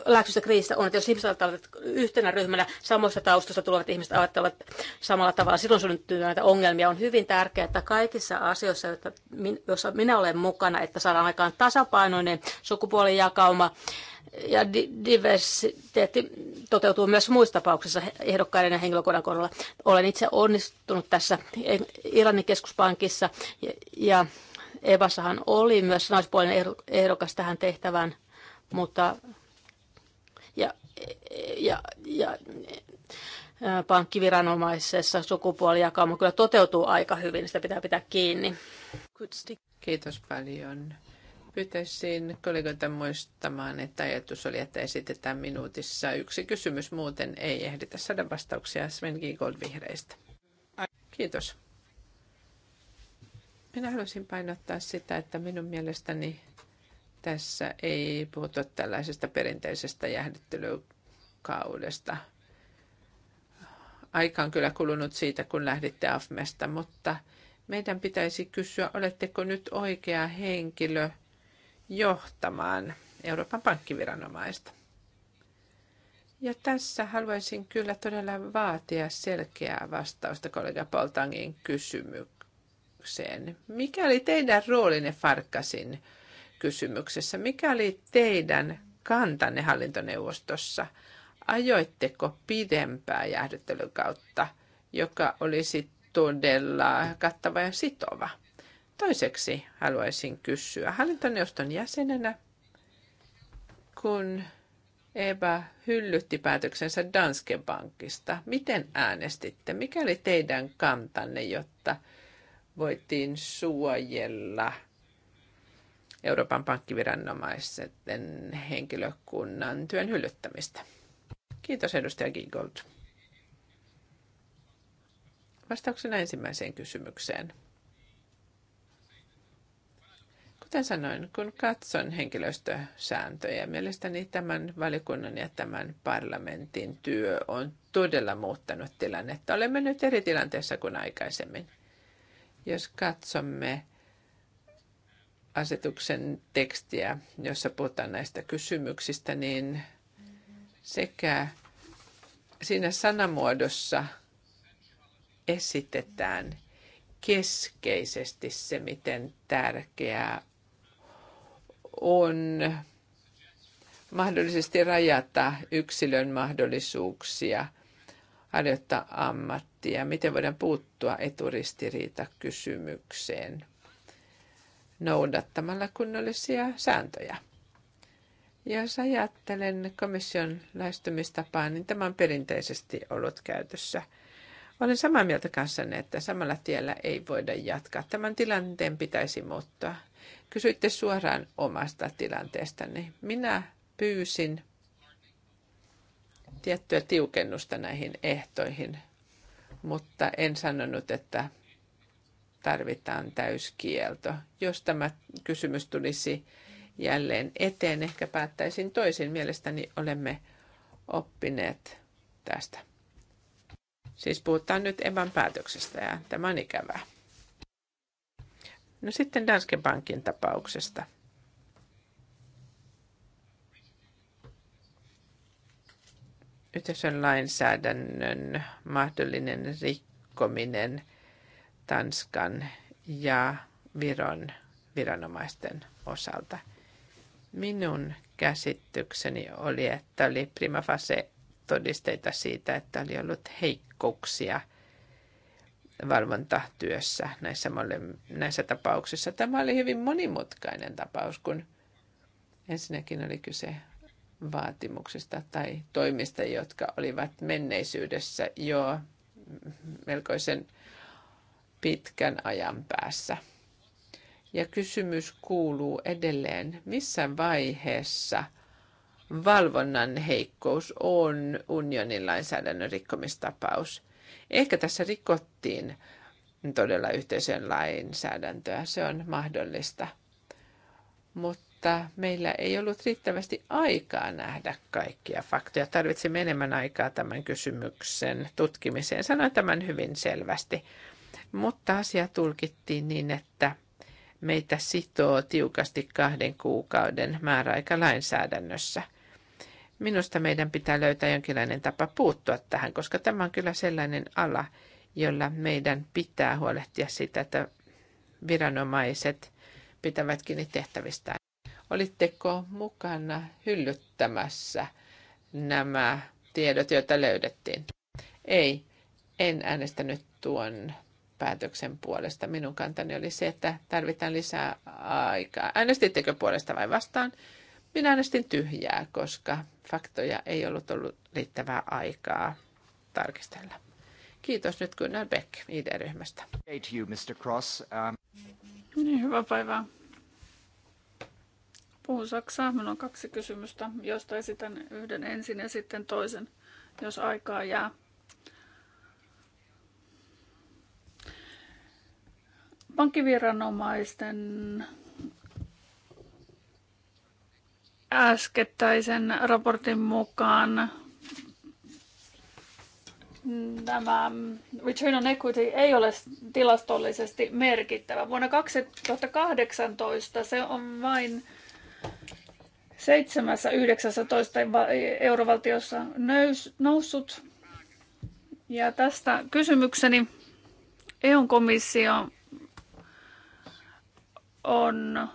läksystä kriisistä on, että jos ihmiset ajattelevat yhtenä ryhmänä samoista taustasta tulevat ihmiset ajattelevat samalla tavalla, silloin syntyy näitä ongelmia. On hyvin tärkeää, että kaikissa asioissa, joissa minä olen mukana, että saadaan aikaan tasapainoinen sukupuolijakauma ja diversiteetti toteutuu myös muissa tapauksissa ehdokkaiden ja henkilökunnan kohdalla. Olen itse onnistunut tässä Irlannin keskuspankissa ja Evassahan oli myös naispuolinen ehdokas tähän tehtävään mutta ja, ja, ja pankkiviranomaisessa sukupuolijakauma kyllä toteutuu aika hyvin, sitä pitää pitää kiinni. Kiitos paljon. Pyytäisin kollegoita muistamaan, että ajatus oli, että esitetään minuutissa yksi kysymys, muuten ei ehditä saada vastauksia Sven Giegold vihreistä. Kiitos. Minä haluaisin painottaa sitä, että minun mielestäni tässä ei puhuta tällaisesta perinteisestä jäähdyttelykaudesta. Aika on kyllä kulunut siitä, kun lähditte AFMesta, mutta meidän pitäisi kysyä, oletteko nyt oikea henkilö johtamaan Euroopan pankkiviranomaista. Ja tässä haluaisin kyllä todella vaatia selkeää vastausta kollega Poltangin kysymykseen. Mikä oli teidän roolinne Farkasin kysymyksessä. Mikä oli teidän kantanne hallintoneuvostossa? Ajoitteko pidempää kautta, joka olisi todella kattava ja sitova? Toiseksi haluaisin kysyä hallintoneuvoston jäsenenä, kun Eva hyllytti päätöksensä Danske Bankista. Miten äänestitte? Mikä oli teidän kantanne, jotta voitiin suojella – Euroopan pankkiviranomaisten henkilökunnan työn hyllyttämistä. Kiitos edustaja Giegold. Vastauksena ensimmäiseen kysymykseen. Kuten sanoin, kun katson henkilöstösääntöjä, mielestäni tämän valikunnan ja tämän parlamentin työ on todella muuttanut tilannetta. Olemme nyt eri tilanteessa kuin aikaisemmin. Jos katsomme asetuksen tekstiä, jossa puhutaan näistä kysymyksistä, niin sekä siinä sanamuodossa esitetään keskeisesti se, miten tärkeää on mahdollisesti rajata yksilön mahdollisuuksia harjoittaa ammattia, miten voidaan puuttua eturistiriitakysymykseen – noudattamalla kunnollisia sääntöjä. Jos ajattelen komission lähestymistapaa, niin tämä on perinteisesti ollut käytössä. Olen samaa mieltä kanssanne, että samalla tiellä ei voida jatkaa. Tämän tilanteen pitäisi muuttaa. Kysyitte suoraan omasta tilanteestani. Minä pyysin tiettyä tiukennusta näihin ehtoihin, mutta en sanonut, että tarvitaan täyskielto. Jos tämä kysymys tulisi jälleen eteen, ehkä päättäisin toisin. Mielestäni olemme oppineet tästä. Siis puhutaan nyt Evan päätöksestä ja tämä on ikävää. No sitten Danske Bankin tapauksesta. Yhteisön lainsäädännön mahdollinen rikkominen Tanskan ja Viron viranomaisten osalta. Minun käsitykseni oli, että oli prima fase todisteita siitä, että oli ollut heikkouksia valvontatyössä näissä, näissä tapauksissa. Tämä oli hyvin monimutkainen tapaus, kun ensinnäkin oli kyse vaatimuksista tai toimista, jotka olivat menneisyydessä jo melkoisen pitkän ajan päässä. Ja kysymys kuuluu edelleen, missä vaiheessa valvonnan heikkous on unionin lainsäädännön rikkomistapaus. Ehkä tässä rikottiin todella yhteisön lainsäädäntöä, se on mahdollista. Mutta meillä ei ollut riittävästi aikaa nähdä kaikkia faktoja. Tarvitsimme enemmän aikaa tämän kysymyksen tutkimiseen. Sanoin tämän hyvin selvästi. Mutta asia tulkittiin niin, että meitä sitoo tiukasti kahden kuukauden määräaika lainsäädännössä. Minusta meidän pitää löytää jonkinlainen tapa puuttua tähän, koska tämä on kyllä sellainen ala, jolla meidän pitää huolehtia sitä, että viranomaiset pitävät kiinni tehtävistään. Olitteko mukana hyllyttämässä nämä tiedot, joita löydettiin? Ei, en äänestänyt tuon päätöksen puolesta. Minun kantani oli se, että tarvitaan lisää aikaa. Äänestittekö puolesta vai vastaan? Minä äänestin tyhjää, koska faktoja ei ollut ollut riittävää aikaa tarkistella. Kiitos nyt Gunnar Beck ID-ryhmästä. you, Mr. Cross. Um... Niin, hyvää päivää. Puhun Saksaa. Minulla on kaksi kysymystä, josta esitän yhden ensin ja sitten toisen, jos aikaa jää. pankkiviranomaisten äskettäisen raportin mukaan tämä return on equity ei ole tilastollisesti merkittävä. Vuonna 2018 se on vain 7-19 eurovaltiossa noussut. Ja tästä kysymykseni. eu komissio on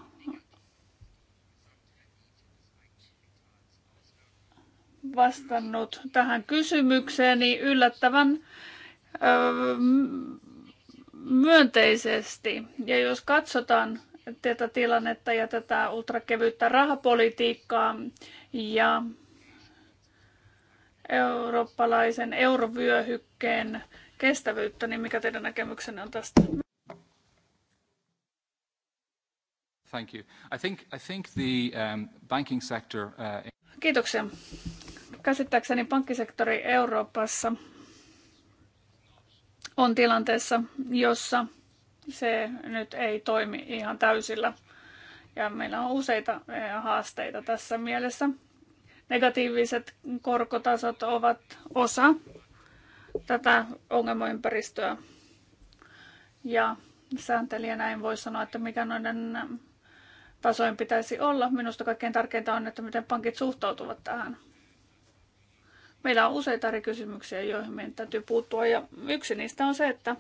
vastannut tähän kysymykseeni yllättävän öö, myönteisesti. Ja jos katsotaan tätä tilannetta ja tätä ultrakevyttä rahapolitiikkaa ja eurooppalaisen eurovyöhykkeen kestävyyttä, niin mikä teidän näkemyksenne on tästä? Thank you. I think, I think the um, banking sector... Uh... Kiitoksia. Käsittääkseni pankkisektori Euroopassa on tilanteessa, jossa se nyt ei toimi ihan täysillä. Ja meillä on useita eh, haasteita tässä mielessä. Negatiiviset korkotasot ovat osa tätä ongelmaympäristöä. Ja sääntelijä näin voi sanoa, että mikä noiden tasojen pitäisi olla. Minusta kaikkein tärkeintä on, että miten pankit suhtautuvat tähän. Meillä on useita eri kysymyksiä, joihin meidän täytyy puuttua. Ja yksi niistä on se, että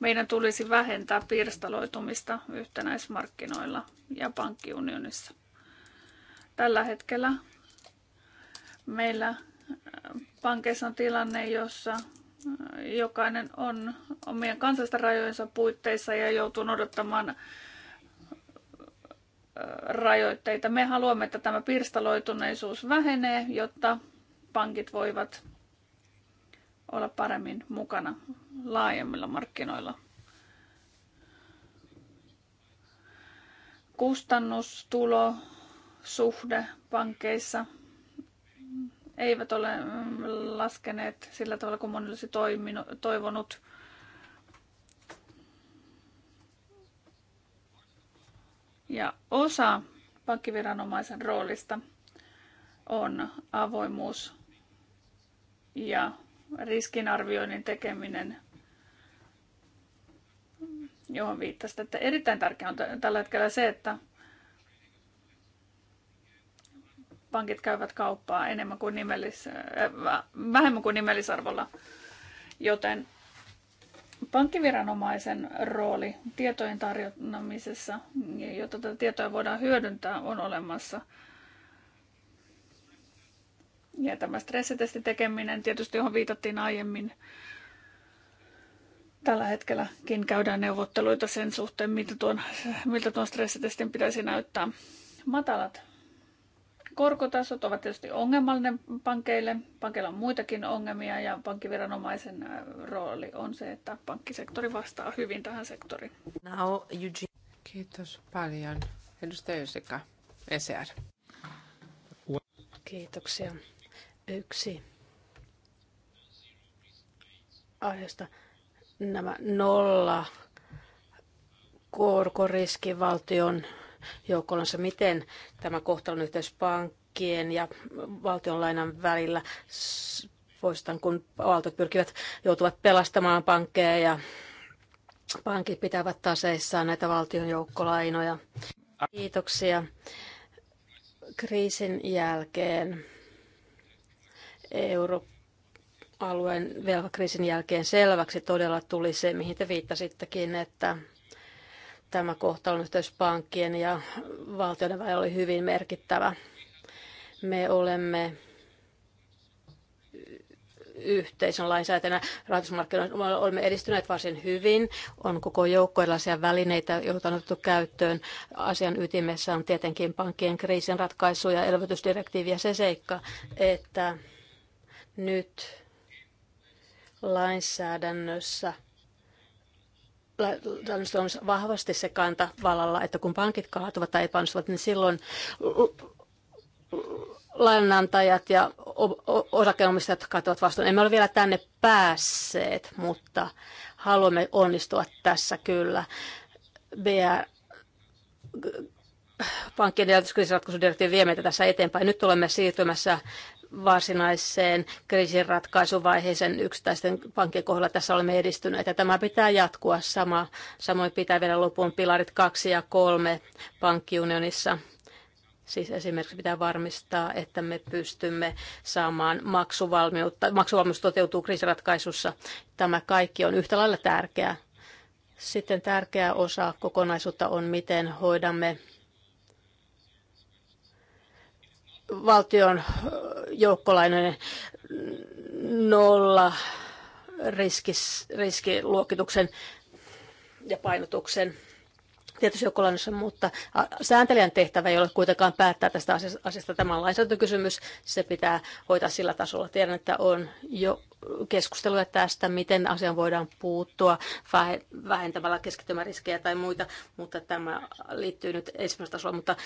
meidän tulisi vähentää pirstaloitumista yhtenäismarkkinoilla ja pankkiunionissa. Tällä hetkellä meillä äh, pankeissa on tilanne, jossa äh, jokainen on omien kansallisten rajojensa puitteissa ja joutuu odottamaan rajoitteita. Me haluamme, että tämä pirstaloituneisuus vähenee, jotta pankit voivat olla paremmin mukana laajemmilla markkinoilla. Kustannustulo, suhde pankeissa eivät ole laskeneet sillä tavalla kuin moni olisi toiminut, toivonut. Ja osa pankkiviranomaisen roolista on avoimuus ja riskinarvioinnin tekeminen, johon viittasit. Että erittäin tärkeää on tällä hetkellä se, että pankit käyvät kauppaa enemmän kuin nimellis, äh, vähemmän kuin nimellisarvolla, joten Pankkiviranomaisen rooli tietojen tarjonnamisessa, jotta tätä tietoa voidaan hyödyntää, on olemassa. Ja tämä stressitesti tekeminen, tietysti johon viitattiin aiemmin, tällä hetkelläkin käydään neuvotteluita sen suhteen, miltä tuon, miltä tuon stressitestin pitäisi näyttää. Matalat Korkotasot ovat tietysti ongelmallinen pankeille. Pankeilla on muitakin ongelmia ja pankkiviranomaisen äh, rooli on se, että pankkisektori vastaa hyvin tähän sektoriin. Now, Eugene. Kiitos paljon. Edustaja Ysika, ECR. Kiitoksia. Yksi aiheesta nämä nolla korkoriskivaltion valtion joukkolansa, miten tämä kohtalon yhteys pankkien ja valtionlainan välillä poistan, kun valtiot pyrkivät, joutuvat pelastamaan pankkeja ja pankit pitävät taseissaan näitä valtion joukkolainoja. Kiitoksia. Kriisin jälkeen euro alueen velkakriisin jälkeen selväksi todella tuli se, mihin te viittasittekin, että Tämä kohtalon yhteys pankkien ja valtioiden välillä oli hyvin merkittävä. Me olemme yhteisön lainsäätäjänä rahoitusmarkkinoilla olemme edistyneet varsin hyvin. On koko joukko erilaisia välineitä, joita on otettu käyttöön. Asian ytimessä on tietenkin pankkien kriisin ratkaisu ja elvytysdirektiivi ja se seikka, että nyt lainsäädännössä – on vahvasti se kanta vallalla, että kun pankit kaatuvat tai epäonnistuvat, niin silloin lainantajat ja osakeomistajat katsovat vastuun. Emme ole vielä tänne päässeet, mutta haluamme onnistua tässä kyllä. BR, pankkien ja vie meitä tässä eteenpäin. Nyt olemme siirtymässä varsinaiseen kriisinratkaisuvaiheeseen yksittäisten pankkien kohdalla tässä olemme edistyneet. Ja tämä pitää jatkua sama. Samoin pitää vielä lopun pilarit kaksi ja kolme pankkiunionissa. Siis esimerkiksi pitää varmistaa, että me pystymme saamaan maksuvalmiutta. Maksuvalmius toteutuu kriisiratkaisussa. Tämä kaikki on yhtä lailla tärkeää. Sitten tärkeä osa kokonaisuutta on, miten hoidamme valtion joukkolainojen nolla riskis, riskiluokituksen ja painotuksen tietysti joukkolainsäädännössä, mutta sääntelijän tehtävä ei ole kuitenkaan päättää tästä asiasta. Tämä on lainsäädäntökysymys, se pitää hoitaa sillä tasolla. Tiedän, että on jo keskusteluja tästä, miten asian voidaan puuttua vähentämällä keskittymäriskejä tai muita, mutta tämä liittyy nyt ensimmäistä tasolla, mutta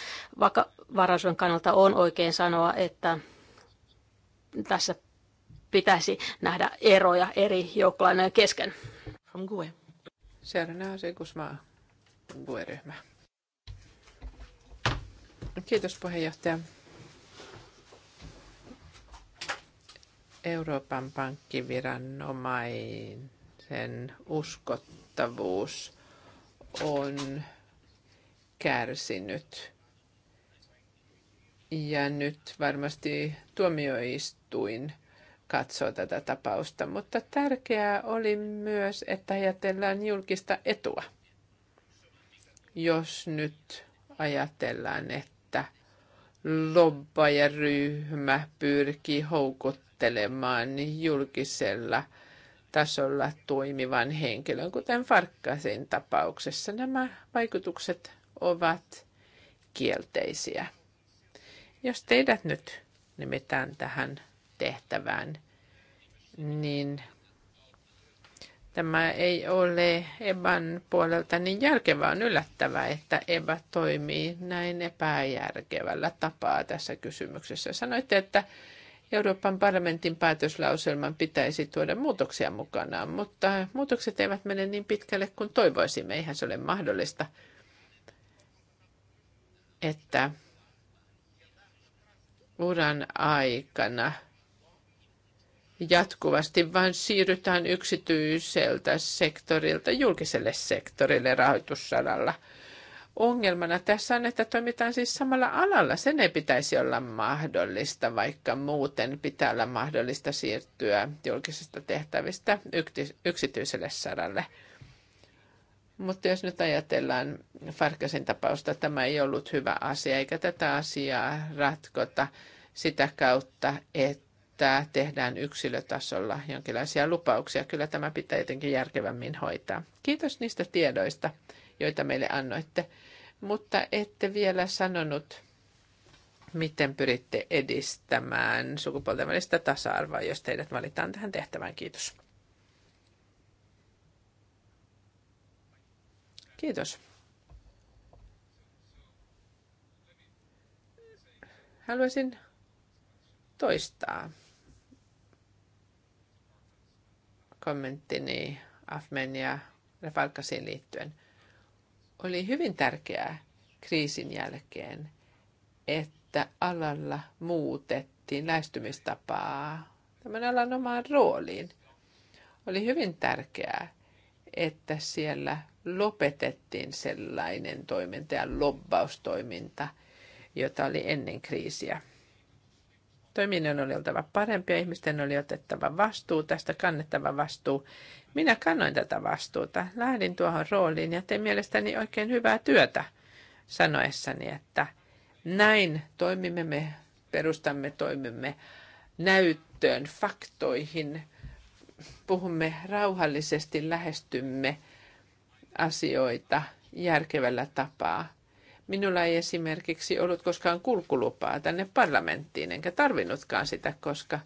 vakavaraisuuden kannalta on oikein sanoa, että tässä pitäisi nähdä eroja eri joukkolainojen kesken. Seuraavana asiakusmaa GUE-ryhmä. Kiitos puheenjohtaja. Euroopan pankkiviranomaisen uskottavuus on kärsinyt. Ja nyt varmasti tuomioistuin katsoo tätä tapausta, mutta tärkeää oli myös, että ajatellaan julkista etua. Jos nyt ajatellaan, että lobbajaryhmä pyrkii houkuttamaan houkuttelemaan julkisella tasolla toimivan henkilön, kuten Farkkasin tapauksessa. Nämä vaikutukset ovat kielteisiä. Jos teidät nyt nimetään tähän tehtävään, niin tämä ei ole Eban puolelta niin järkevää. On yllättävää, että Eba toimii näin epäjärkevällä tapaa tässä kysymyksessä. Sanoitte, että Euroopan parlamentin päätöslauselman pitäisi tuoda muutoksia mukanaan, mutta muutokset eivät mene niin pitkälle kuin toivoisimme. Eihän se ole mahdollista, että uran aikana jatkuvasti vain siirrytään yksityiseltä sektorilta julkiselle sektorille rahoitussaralla – ongelmana tässä on, että toimitaan siis samalla alalla. Sen ei pitäisi olla mahdollista, vaikka muuten pitää olla mahdollista siirtyä julkisesta tehtävistä yksityiselle saralle. Mutta jos nyt ajatellaan Farkasin tapausta, tämä ei ollut hyvä asia, eikä tätä asiaa ratkota sitä kautta, että tehdään yksilötasolla jonkinlaisia lupauksia. Kyllä tämä pitää jotenkin järkevämmin hoitaa. Kiitos niistä tiedoista joita meille annoitte, mutta ette vielä sanonut, miten pyritte edistämään sukupuolten välistä tasa-arvoa, jos teidät valitaan tähän tehtävään. Kiitos. Kiitos. Haluaisin toistaa kommenttini Afmen ja Refalkasiin liittyen – oli hyvin tärkeää kriisin jälkeen, että alalla muutettiin lähestymistapaa tämän alan omaan rooliin. Oli hyvin tärkeää, että siellä lopetettiin sellainen toiminta ja lobbaustoiminta, jota oli ennen kriisiä. Toiminnan oli oltava parempi ja ihmisten oli otettava vastuu, tästä kannettava vastuu. Minä kannoin tätä vastuuta, lähdin tuohon rooliin ja tein mielestäni oikein hyvää työtä sanoessani, että näin toimimme me, perustamme toimimme näyttöön, faktoihin, puhumme rauhallisesti, lähestymme asioita järkevällä tapaa. Minulla ei esimerkiksi ollut koskaan kulkulupaa tänne parlamenttiin, enkä tarvinnutkaan sitä, koska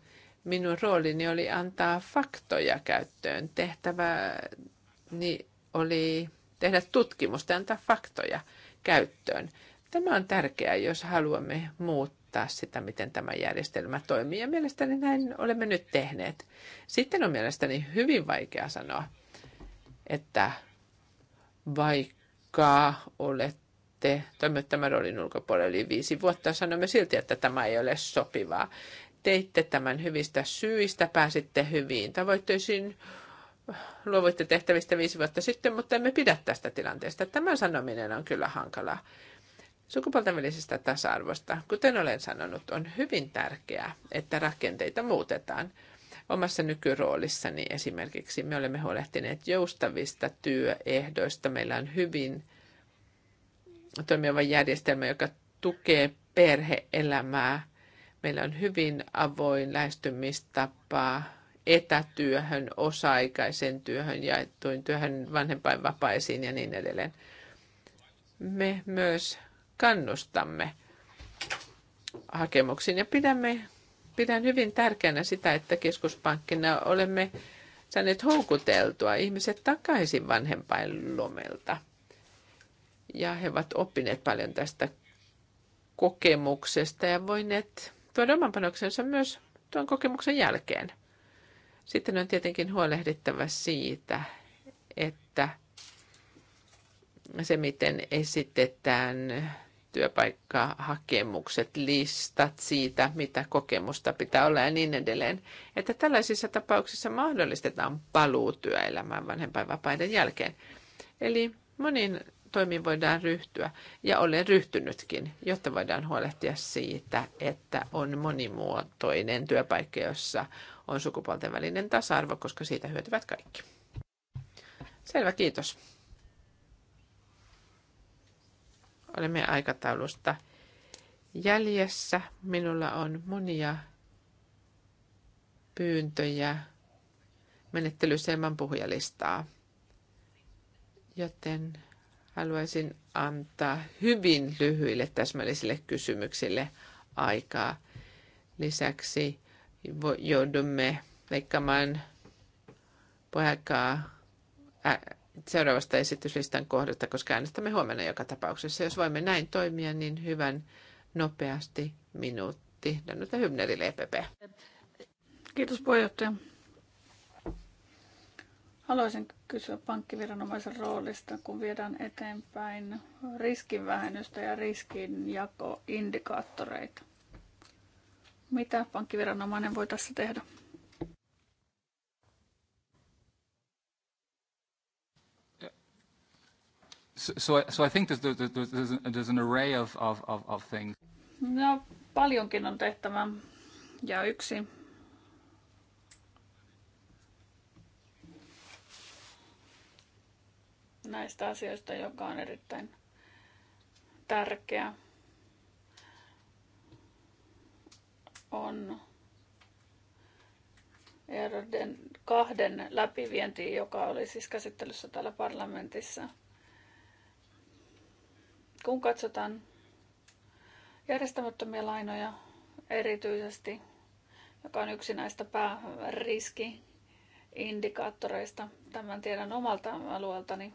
minun roolini oli antaa faktoja käyttöön. Tehtävä niin oli tehdä tutkimusta ja antaa faktoja käyttöön. Tämä on tärkeää, jos haluamme muuttaa sitä, miten tämä järjestelmä toimii. Ja mielestäni näin olemme nyt tehneet. Sitten on mielestäni hyvin vaikea sanoa, että vaikka olet te toimitte roolin ulkopuolelle eli viisi vuotta, sanomme silti, että tämä ei ole sopivaa. Teitte tämän hyvistä syistä, pääsitte hyviin tavoitteisiin, luovuitte tehtävistä viisi vuotta sitten, mutta emme pidä tästä tilanteesta. Tämän sanominen on kyllä hankalaa. Sukupuolten välisestä tasa-arvosta, kuten olen sanonut, on hyvin tärkeää, että rakenteita muutetaan. Omassa nykyroolissani esimerkiksi me olemme huolehtineet joustavista työehdoista. Meillä on hyvin toimiva järjestelmä, joka tukee perheelämää. Meillä on hyvin avoin lähestymistapa etätyöhön, osa-aikaisen työhön, jaettuin työhön, vanhempainvapaisiin ja niin edelleen. Me myös kannustamme hakemuksiin ja pidämme, pidän hyvin tärkeänä sitä, että keskuspankkina olemme saaneet houkuteltua ihmiset takaisin vanhempainlomelta – ja he ovat oppineet paljon tästä kokemuksesta ja voineet tuoda oman panoksensa myös tuon kokemuksen jälkeen. Sitten on tietenkin huolehdittava siitä, että se, miten esitetään työpaikkahakemukset, listat siitä, mitä kokemusta pitää olla ja niin edelleen, että tällaisissa tapauksissa mahdollistetaan paluu työelämään vanhempainvapaiden jälkeen. Eli monin toimiin voidaan ryhtyä, ja olen ryhtynytkin, jotta voidaan huolehtia siitä, että on monimuotoinen työpaikka, jossa on sukupuolten välinen tasa-arvo, koska siitä hyötyvät kaikki. Selvä, kiitos. Olemme aikataulusta jäljessä. Minulla on monia pyyntöjä menettelyselman puhujalistaa, joten Haluaisin antaa hyvin lyhyille täsmällisille kysymyksille aikaa. Lisäksi joudumme leikkaamaan puheenkaa seuraavasta esityslistan kohdasta, koska äänestämme huomenna joka tapauksessa. Jos voimme näin toimia, niin hyvän nopeasti minuutti. Danuta Hybnerille, EPP. Kiitos puheenjohtaja. Haluaisin kysyä pankkiviranomaisen roolista, kun viedään eteenpäin riskinvähennystä ja riskinjakoindikaattoreita. Mitä pankkiviranomainen voi tässä tehdä? So, so I think there's, there's, there's an array of, of, of things. No, paljonkin on tehtävä. Ja yksi näistä asioista, joka on erittäin tärkeä, on erden kahden läpivienti, joka oli siis käsittelyssä täällä parlamentissa. Kun katsotaan järjestämättömiä lainoja erityisesti, joka on yksi näistä pääriskiindikaattoreista, tämän tiedän omalta alueeltani,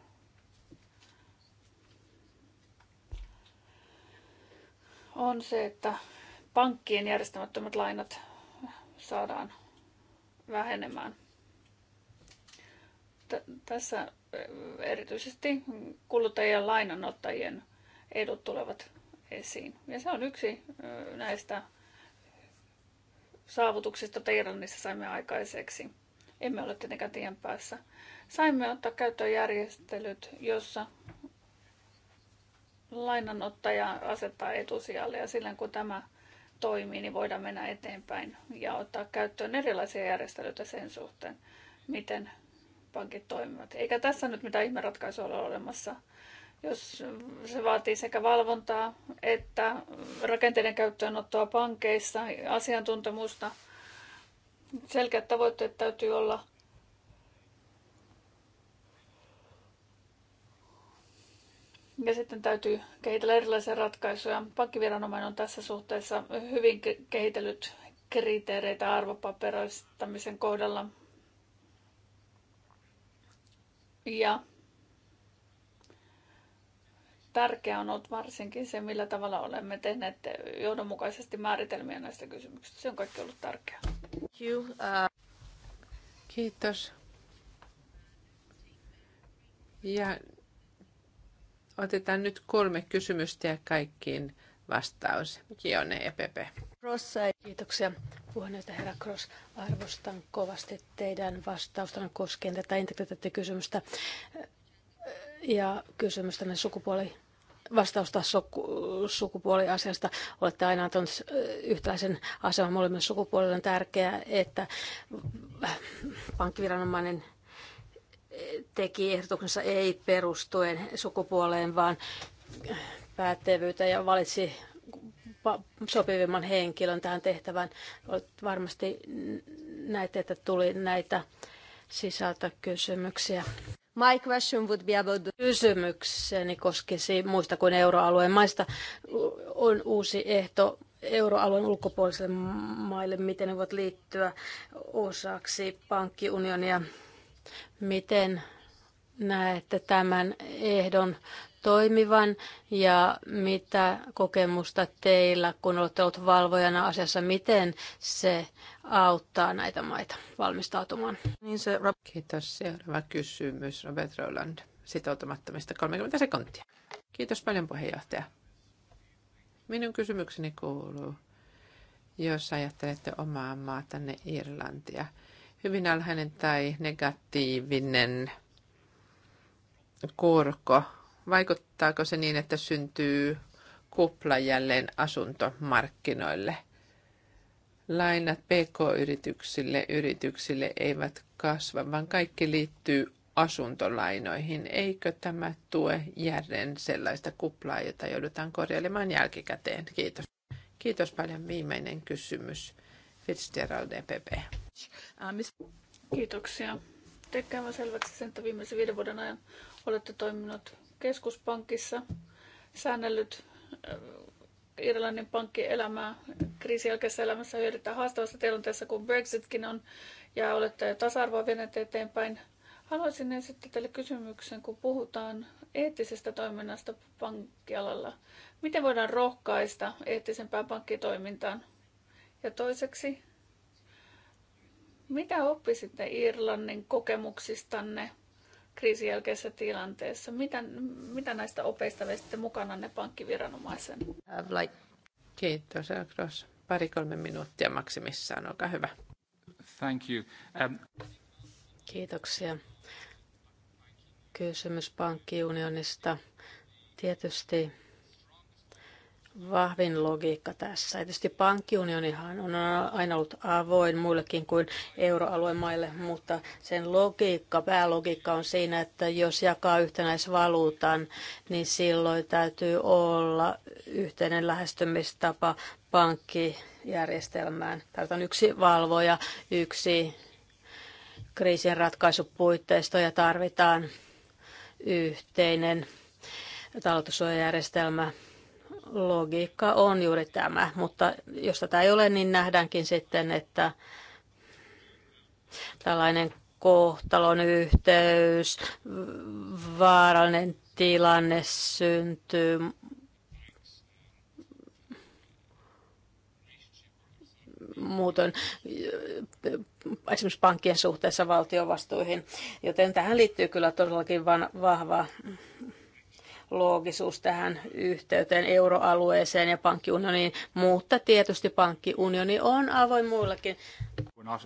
on se, että pankkien järjestämättömät lainat saadaan vähenemään. tässä eh, erityisesti kuluttajien lainanottajien edut tulevat esiin. Ja se on yksi eh, näistä saavutuksista, joita Irlannissa saimme aikaiseksi. Emme ole tietenkään tien päässä. Saimme ottaa käyttöön järjestelyt, jossa lainanottaja asettaa etusijalle ja silloin kun tämä toimii, niin voidaan mennä eteenpäin ja ottaa käyttöön erilaisia järjestelyitä sen suhteen, miten pankit toimivat. Eikä tässä nyt mitään ratkaisua ole olemassa. Jos se vaatii sekä valvontaa että rakenteiden käyttöönottoa pankeissa, asiantuntemusta, selkeät tavoitteet täytyy olla – Ja sitten täytyy kehitellä erilaisia ratkaisuja. Pankkiviranomainen on tässä suhteessa hyvin kehitellyt kriteereitä arvopaperoistamisen kohdalla. Ja tärkeää on ollut varsinkin se, millä tavalla olemme tehneet johdonmukaisesti määritelmiä näistä kysymyksistä. Se on kaikki ollut tärkeää. Uh, Kiitos. Ja Otetaan nyt kolme kysymystä ja kaikkiin vastaus. Kione EPP. Rossa. Kiitoksia puheenjohtaja herra Cross. Arvostan kovasti teidän vastaustanne koskien tätä kysymystä ja kysymystänne sukupuoli vastausta sukupuoliasiasta. Olette aina antanut yhtäläisen aseman molemmille sukupuolille. On tärkeää, että äh, pankkiviranomainen teki ehdotuksensa ei perustuen sukupuoleen, vaan päättävyyteen ja valitsi sopivimman henkilön tähän tehtävään. Varmasti näitä, että tuli näitä kysymyksiä. My question would be about the... Kysymykseni koskisi muista kuin euroalueen maista. On uusi ehto euroalueen ulkopuolisille maille, miten ne voivat liittyä osaksi pankkiunionia. Miten näette tämän ehdon toimivan ja mitä kokemusta teillä, kun olette olleet valvojana asiassa, miten se auttaa näitä maita valmistautumaan? Niin se... Kiitos. Seuraava kysymys Robert Roland sitoutumattomista 30 sekuntia. Kiitos paljon puheenjohtaja. Minun kysymykseni kuuluu, jos ajattelette omaa maatanne Irlantia – hyvin alhainen tai negatiivinen korko, vaikuttaako se niin, että syntyy kupla jälleen asuntomarkkinoille? Lainat pk-yrityksille, yrityksille eivät kasva, vaan kaikki liittyy asuntolainoihin. Eikö tämä tue järjen sellaista kuplaa, jota joudutaan korjailemaan jälkikäteen? Kiitos. Kiitos paljon. Viimeinen kysymys. Fitzgerald EPP. Kiitoksia. Tekemään selväksi sen, että viimeisen viiden vuoden ajan olette toiminut keskuspankissa, säännellyt äh, Irlannin pankkielämää kriisijälkeisessä elämässä hyödyttää haastavassa tilanteessa, kun Brexitkin on, ja olette tasa-arvoa vienneet eteenpäin. Haluaisin esittää teille kysymyksen, kun puhutaan eettisestä toiminnasta pankkialalla. Miten voidaan rohkaista eettisempään pankkitoimintaan? Ja toiseksi, mitä oppisitte Irlannin kokemuksistanne kriisin jälkeisessä tilanteessa? Mitä, mitä näistä opeista veisitte ne pankkiviranomaisen? Kiitos, Agros. Pari-kolme minuuttia maksimissaan, olkaa hyvä. Thank you. Um... Kiitoksia. Kysymys pankkiunionista. Tietysti vahvin logiikka tässä. tietysti pankkiunionihan on aina ollut avoin muillekin kuin euroalueen maille, mutta sen logiikka, päälogiikka on siinä, että jos jakaa yhtenäisvaluutan, niin silloin täytyy olla yhteinen lähestymistapa pankkijärjestelmään. Tarvitaan yksi valvoja, yksi kriisin ratkaisupuitteisto ja tarvitaan yhteinen talletussuojajärjestelmä logiikka on juuri tämä, mutta jos tätä ei ole, niin nähdäänkin sitten, että tällainen kohtalon yhteys, vaarallinen tilanne syntyy. Muuten esimerkiksi pankkien suhteessa valtiovastuihin, joten tähän liittyy kyllä todellakin vahva loogisuus tähän yhteyteen euroalueeseen ja pankkiunioniin, mutta tietysti pankkiunioni on avoin muillekin. Uh,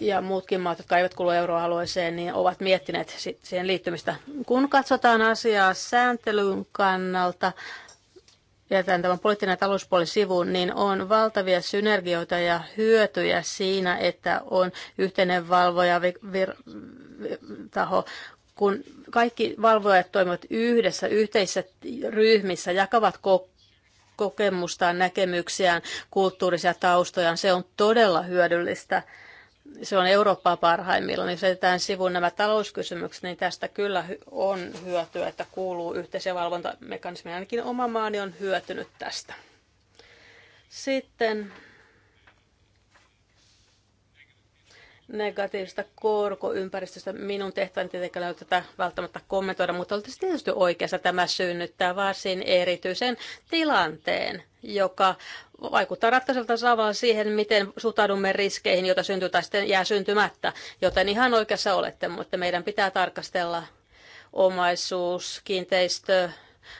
ja muutkin maat, jotka eivät kuulu euroalueeseen, niin ovat miettineet siihen liittymistä. Kun katsotaan asiaa sääntelyn kannalta, jätän tämän poliittinen ja talouspuolen sivuun, niin on valtavia synergioita ja hyötyjä siinä, että on yhteinen valvoja vir- vir- taho kun kaikki valvojat toimivat yhdessä, yhteisissä ryhmissä, jakavat ko- kokemustaan, näkemyksiään, kulttuurisia taustojaan, se on todella hyödyllistä. Se on Eurooppaa parhaimmillaan. Jos jätetään sivuun nämä talouskysymykset, niin tästä kyllä on hyötyä, että kuuluu yhteisiä valvontamekanismeja. Ainakin oma maani on hyötynyt tästä. Sitten negatiivista korkoympäristöstä. Minun tehtäväni tietenkään ole tätä välttämättä kommentoida, mutta olette siis tietysti oikeassa. Tämä synnyttää varsin erityisen tilanteen, joka vaikuttaa ratkaisulta tavalla siihen, miten suhtaudumme riskeihin, joita syntyy tai sitten jää syntymättä. Joten ihan oikeassa olette, mutta meidän pitää tarkastella omaisuus, kiinteistö,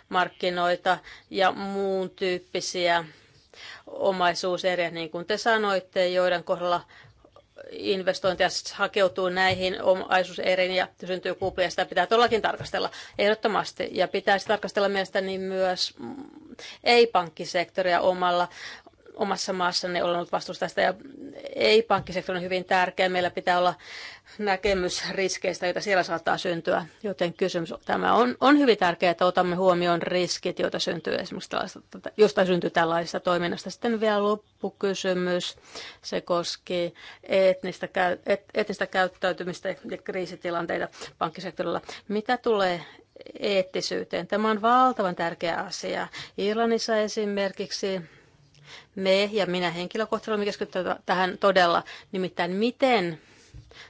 markkinoita ja muun tyyppisiä omaisuuseriä, niin kuin te sanoitte, joiden kohdalla investointia hakeutuu näihin omaisuuseriin ja syntyy kuplia. Sitä pitää todellakin tarkastella ehdottomasti. Ja pitäisi tarkastella mielestäni myös mm, ei-pankkisektoria omalla omassa maassanne olen ollut vastuussa tästä ja ei-pankkisektori on hyvin tärkeä. Meillä pitää olla näkemys riskeistä, joita siellä saattaa syntyä. Joten kysymys tämä on, on hyvin tärkeää, että otamme huomioon riskit, joita syntyy esimerkiksi josta syntyy tällaisesta toiminnasta. Sitten vielä loppukysymys. Se koski etnistä, et, etnistä käyttäytymistä ja kriisitilanteita pankkisektorilla. Mitä tulee eettisyyteen? Tämä on valtavan tärkeä asia. Irlannissa esimerkiksi me ja minä henkilökohtaisesti keskitytään tähän todella, nimittäin miten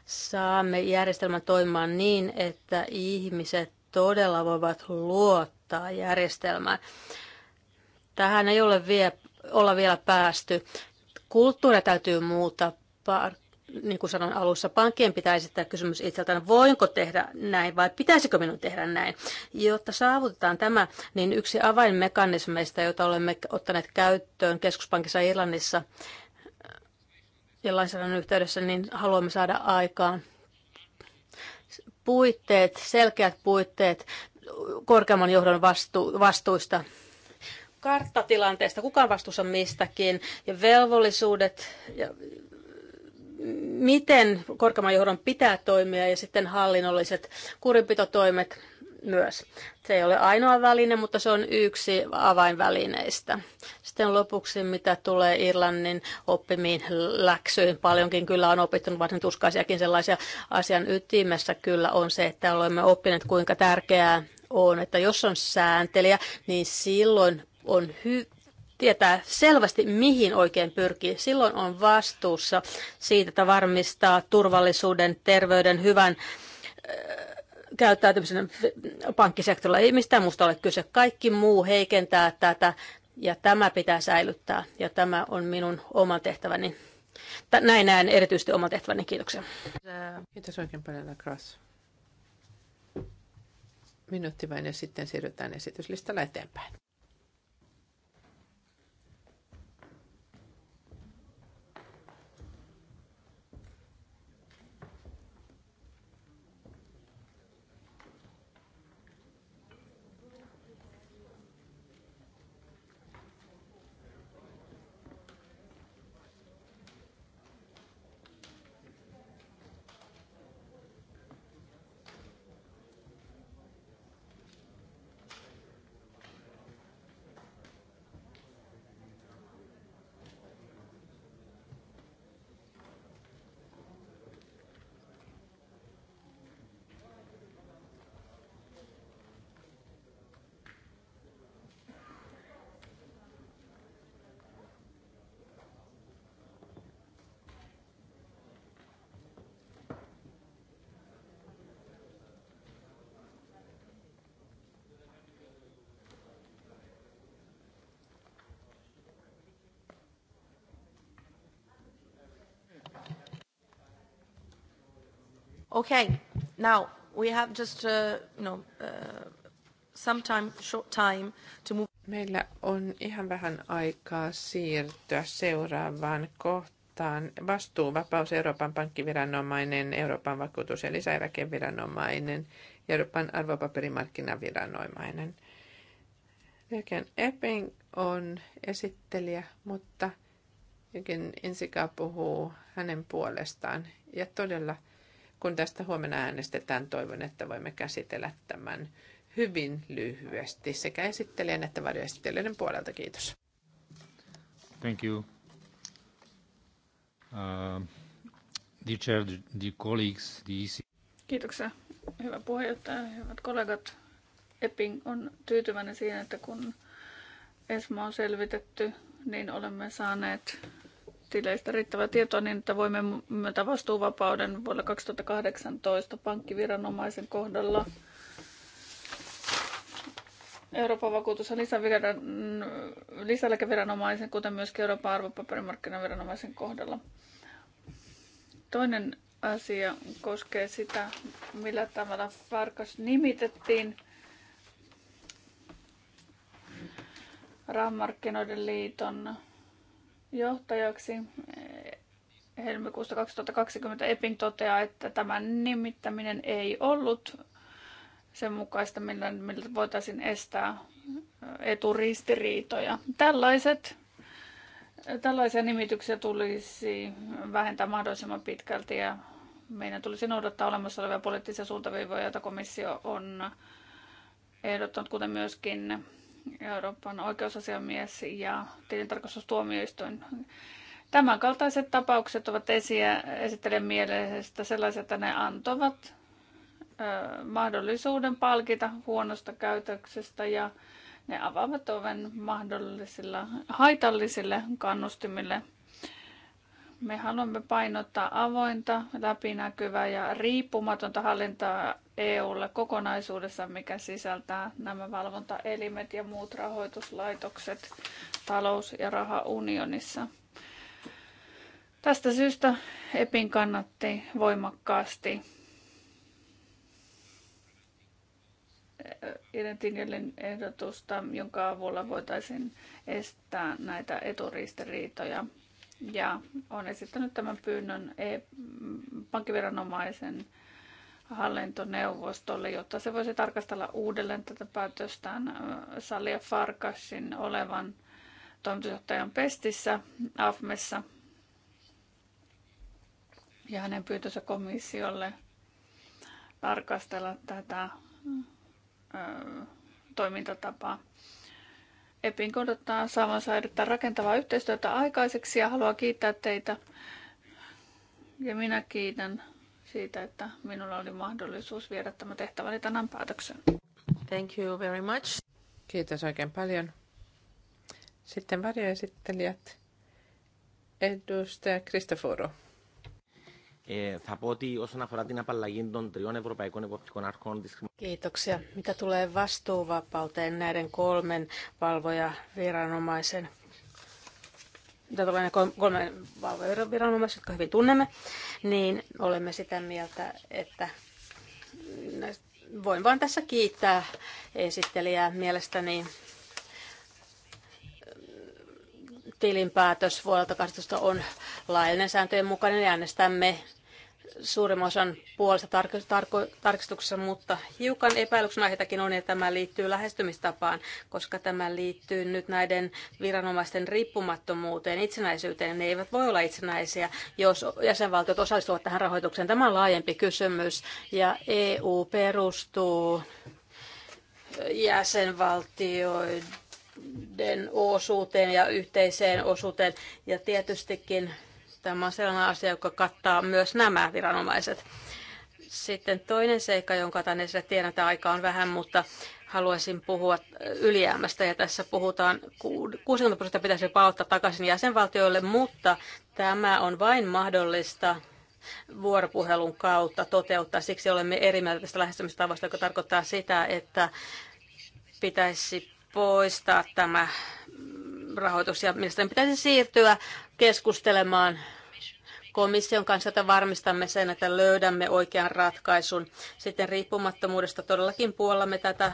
saamme järjestelmän toimimaan niin, että ihmiset todella voivat luottaa järjestelmään. Tähän ei ole vielä, olla vielä päästy. Kulttuuria täytyy muuttaa niin kuin sanoin alussa, pankkien pitää esittää kysymys itseltään, voinko tehdä näin vai pitäisikö minun tehdä näin. Jotta saavutetaan tämä, niin yksi avainmekanismeista, jota olemme ottaneet käyttöön keskuspankissa Irlannissa ja lainsäädännön yhteydessä, niin haluamme saada aikaan puitteet, selkeät puitteet korkeamman johdon vastu, vastuista karttatilanteesta, kuka on vastuussa mistäkin, ja velvollisuudet ja miten korkeamman johdon pitää toimia ja sitten hallinnolliset kurinpitotoimet myös. Se ei ole ainoa väline, mutta se on yksi avainvälineistä. Sitten lopuksi, mitä tulee Irlannin oppimiin läksyihin, paljonkin kyllä on opittunut varsin tuskaisiakin sellaisia asian ytimessä kyllä on se, että olemme oppineet kuinka tärkeää on, että jos on sääntelijä, niin silloin on hy- tietää selvästi, mihin oikein pyrkii. Silloin on vastuussa siitä, että varmistaa turvallisuuden, terveyden, hyvän äh, käyttäytymisen pankkisektorilla. Ei mistään muusta ole kyse. Kaikki muu heikentää tätä ja tämä pitää säilyttää ja tämä on minun oma tehtäväni. Näin näen erityisesti oman tehtäväni. Kiitoksia. Kiitos oikein paljon, Lakras. Minuutti vain ja sitten siirrytään esityslistalla eteenpäin. Okay, now we have just, uh, you know, uh, some time, short time to move. Meillä on ihan vähän aikaa siirtyä seuraavaan kohtaan. Vastuuvapaus Euroopan pankkiviranomainen, Euroopan vakuutus- ja lisäeläkeviranomainen, Euroopan arvopaperimarkkinaviranomainen. Jokin Epping on esittelijä, mutta jokin Insikaa puhuu hänen puolestaan. Ja todella kun tästä huomenna äänestetään, toivon, että voimme käsitellä tämän hyvin lyhyesti sekä esittelijän että varjoesittelijöiden puolelta. Kiitos. Thank you. Uh, the chair, the colleagues, the EC... Kiitoksia. Hyvä puheenjohtaja, hyvät kollegat. Epping on tyytyväinen siihen, että kun ESMA on selvitetty, niin olemme saaneet tileistä riittävää tietoa niin, että voimme myöntää vastuuvapauden vuonna 2018 pankkiviranomaisen kohdalla. Euroopan vakuutus- ja lisäeläkeviranomaisen, kuten myös Euroopan arvopaperimarkkinaviranomaisen kohdalla. Toinen asia koskee sitä, millä tavalla Farkas nimitettiin rahamarkkinoiden liiton johtajaksi helmikuusta 2020 Epping toteaa, että tämä nimittäminen ei ollut sen mukaista, millä, millä voitaisiin estää eturistiriitoja. Tällaiset, tällaisia nimityksiä tulisi vähentää mahdollisimman pitkälti ja meidän tulisi noudattaa olemassa olevia poliittisia suuntaviivoja, joita komissio on ehdottanut, kuten myöskin Euroopan oikeusasiamies ja tilintarkastustuomioistuin. Tämän kaltaiset tapaukset ovat esiä, esittelen mielestä sellaisia, että ne antavat ö, mahdollisuuden palkita huonosta käytöksestä ja ne avaavat oven mahdollisilla haitallisille kannustimille – me haluamme painottaa avointa, läpinäkyvää ja riippumatonta hallintaa EUlle kokonaisuudessa, mikä sisältää nämä valvontaelimet ja muut rahoituslaitokset talous- ja rahaunionissa. Tästä syystä EPIN kannatti voimakkaasti Irentingelin eh, ehdotusta, jonka avulla voitaisiin estää näitä eturiistiriitoja ja on esittänyt tämän pyynnön e- pankkiviranomaisen hallintoneuvostolle, jotta se voisi tarkastella uudelleen tätä päätöstään Salia Farkasin olevan toimitusjohtajan pestissä AFMessa ja hänen pyytönsä komissiolle tarkastella tätä ö, toimintatapaa. EPin kodottaa saavansa erittäin rakentavaa yhteistyötä aikaiseksi ja haluan kiittää teitä. Ja minä kiitän siitä, että minulla oli mahdollisuus viedä tämä tehtäväni tänään päätöksen. Thank you very much. Kiitos oikein paljon. Sitten varjoesittelijät. Edustaja Kristoforo. Ε, θα πω ότι όσον αφορά την απαλλαγή των τριών ευρωπαϊκών εποπτικών αρχών της Kiitoksia. Mitä tulee vastuuvapauteen näiden kolmen valvojaviranomaisen, mitä tulee kolmen valvojaviranomaisen, jotka hyvin tunnemme, niin olemme sitä mieltä, että voin vain tässä kiittää esittelijää mielestäni tilinpäätös vuodelta 12 on laillinen sääntöjen mukainen ja äänestämme suurimman osan puolesta tarko- tarko- tarkistuksessa, mutta hiukan epäilyksen aiheitakin on, että tämä liittyy lähestymistapaan, koska tämä liittyy nyt näiden viranomaisten riippumattomuuteen, itsenäisyyteen. Ne eivät voi olla itsenäisiä, jos jäsenvaltiot osallistuvat tähän rahoitukseen. Tämä on laajempi kysymys ja EU perustuu jäsenvaltioiden alueiden osuuteen ja yhteiseen osuuteen. Ja tietystikin tämä on sellainen asia, joka kattaa myös nämä viranomaiset. Sitten toinen seikka, jonka tänne esille, tiedän, että aika on vähän, mutta haluaisin puhua ylijäämästä. Ja tässä puhutaan, 60 prosenttia pitäisi palauttaa takaisin jäsenvaltioille, mutta tämä on vain mahdollista vuoropuhelun kautta toteuttaa. Siksi olemme eri mieltä tästä lähestymistavasta, joka tarkoittaa sitä, että pitäisi poistaa tämä rahoitus ja mielestäni pitäisi siirtyä keskustelemaan komission kanssa, että varmistamme sen, että löydämme oikean ratkaisun. Sitten riippumattomuudesta todellakin puolamme tätä.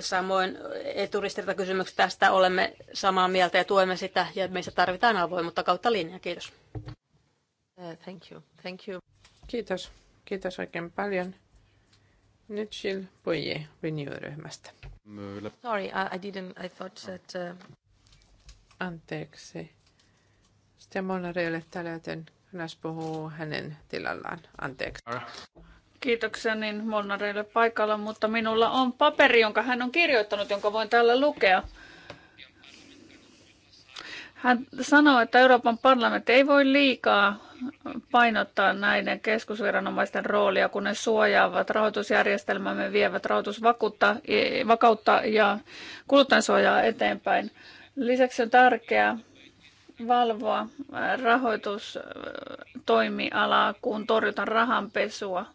Samoin eturistirta kysymyksestä tästä olemme samaa mieltä ja tuemme sitä ja meissä tarvitaan avoimuutta kautta linjaa. Kiitos. Uh, thank you. Thank you. Kiitos. Kiitos oikein paljon. Nyt Jill Poje Renew-ryhmästä. Sorry, I, didn't, I thought that... Uh... Anteeksi. Sitten Monarelle ei ole täällä, joten puhuu hänen tilallaan. Anteeksi. Kiitoksia niin Molnareille paikalla, mutta minulla on paperi, jonka hän on kirjoittanut, jonka voin täällä lukea. Hän sanoo, että Euroopan parlamentti ei voi liikaa painottaa näiden keskusviranomaisten roolia, kun ne suojaavat rahoitusjärjestelmämme, vievät rahoitusvakautta ja kuluttajansuojaa eteenpäin. Lisäksi on tärkeää valvoa äh, rahoitustoimialaa, kun torjutaan rahanpesua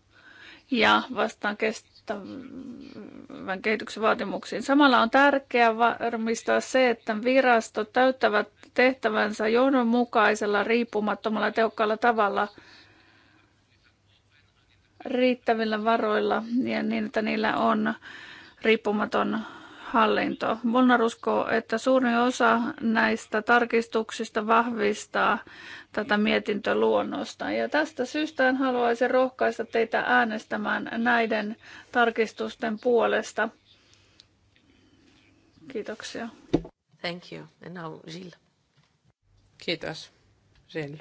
ja vastaan kestävän kehityksen vaatimuksiin. Samalla on tärkeää varmistaa se, että virastot täyttävät tehtävänsä johdonmukaisella, riippumattomalla ja tehokkaalla tavalla riittävillä varoilla ja niin, että niillä on riippumaton hallinto. Volnar uskoo, että suurin osa näistä tarkistuksista vahvistaa tätä mietintöluonnosta. Ja tästä syystä haluaisin rohkaista teitä äänestämään näiden tarkistusten puolesta. Kiitoksia. Thank you. And now Gilles. Kiitos. Gilles.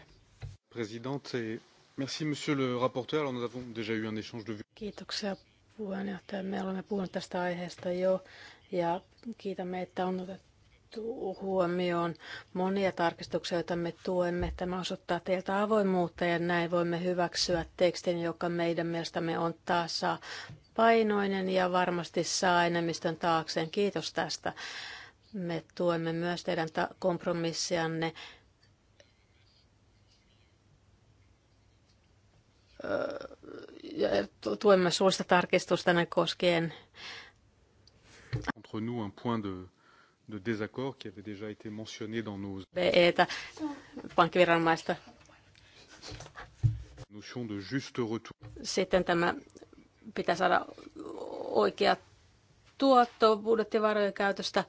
Presidente, merci monsieur le rapporteur. Alors nous avons déjà eu un échange de vues. Kiitoksia puheenjohtaja. Me olemme puhuneet tästä aiheesta jo ja kiitämme, että on otettu huomioon monia tarkistuksia, joita me tuemme. Tämä osoittaa teiltä avoimuutta ja näin voimme hyväksyä tekstin, joka meidän mielestämme on tasa painoinen ja varmasti saa enemmistön taakseen. Kiitos tästä. Me tuemme myös teidän kompromissianne tuemme suusta tarkistusta koskien Entre nous, un point de, de désaccord qui avait déjà été mentionné dans nos... BEtä, Notion de juste retour. Sitten tämä pitää saada oikea tuotto budjettivarojen käytöstä.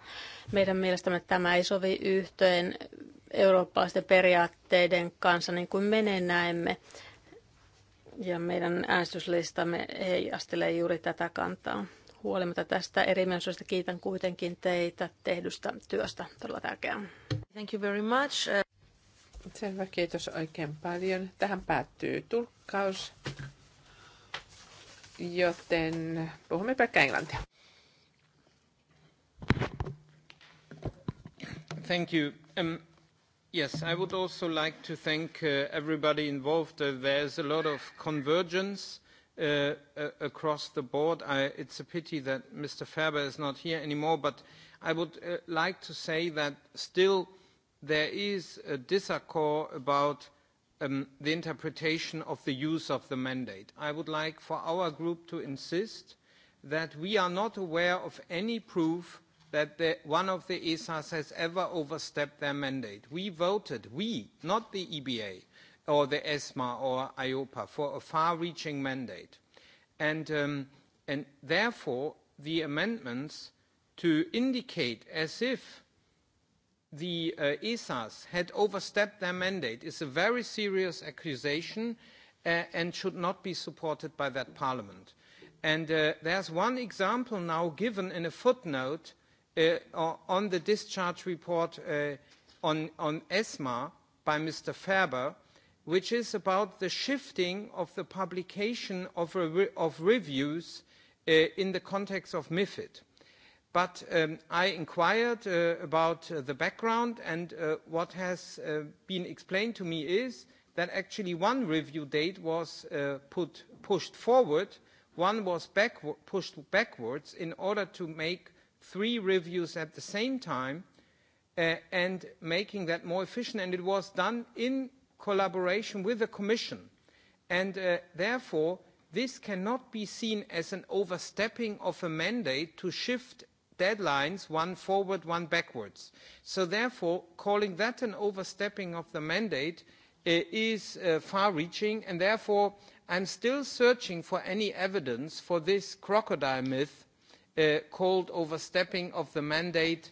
Meidän mielestämme tämä ei sovi yhteen eurooppalaisten periaatteiden kanssa, niin kuin menee näemme. Ja meidän äänestyslistamme heijastelee juuri tätä kantaa. Huolimatta tästä erimielisyydestä kiitän kuitenkin teitä tehdystä työstä. Todella tärkeää. Thank you very much. Selvä, kiitos oikein paljon. Tähän päättyy tulkkaus, joten puhumme pelkkä englantia. Thank you. Um, Yes, I would also like to thank uh, everybody involved. Uh, there's a lot of convergence Uh, uh, across the board. I, it's a pity that Mr. Ferber is not here anymore, but I would uh, like to say that still there is a disaccord about um, the interpretation of the use of the mandate. I would like for our group to insist that we are not aware of any proof that the, one of the ESAs has ever overstepped their mandate. We voted, we, not the EBA or the ESMA or IOPA for a far-reaching mandate. And, um, and therefore, the amendments to indicate as if the uh, ESAs had overstepped their mandate is a very serious accusation uh, and should not be supported by that parliament. And uh, there's one example now given in a footnote uh, on the discharge report uh, on, on ESMA by Mr. Ferber, uh, which is about the shifting of the publication of, re of reviews uh, in the context of MIFID. But um, I inquired uh, about uh, the background, and uh, what has uh, been explained to me is that actually one review date was uh, put, pushed forward, one was back, pushed backwards in order to make three reviews at the same time uh, and making that more efficient. And it was done in collaboration with the Commission. And uh, therefore, this cannot be seen as an overstepping of a mandate to shift deadlines, one forward, one backwards. So therefore, calling that an overstepping of the mandate uh, is uh, far-reaching, and therefore I'm still searching for any evidence for this crocodile myth uh, called overstepping of the mandate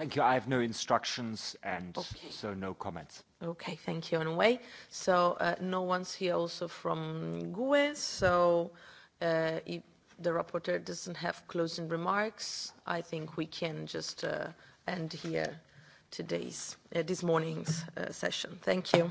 Thank you. I have no instructions and okay. so no comments. Okay, thank you anyway. So uh, no one's here also from GUE, so uh, if the rapporteur doesn't have closing remarks, I think we can just uh, end here today's, this morning's session. Thank you.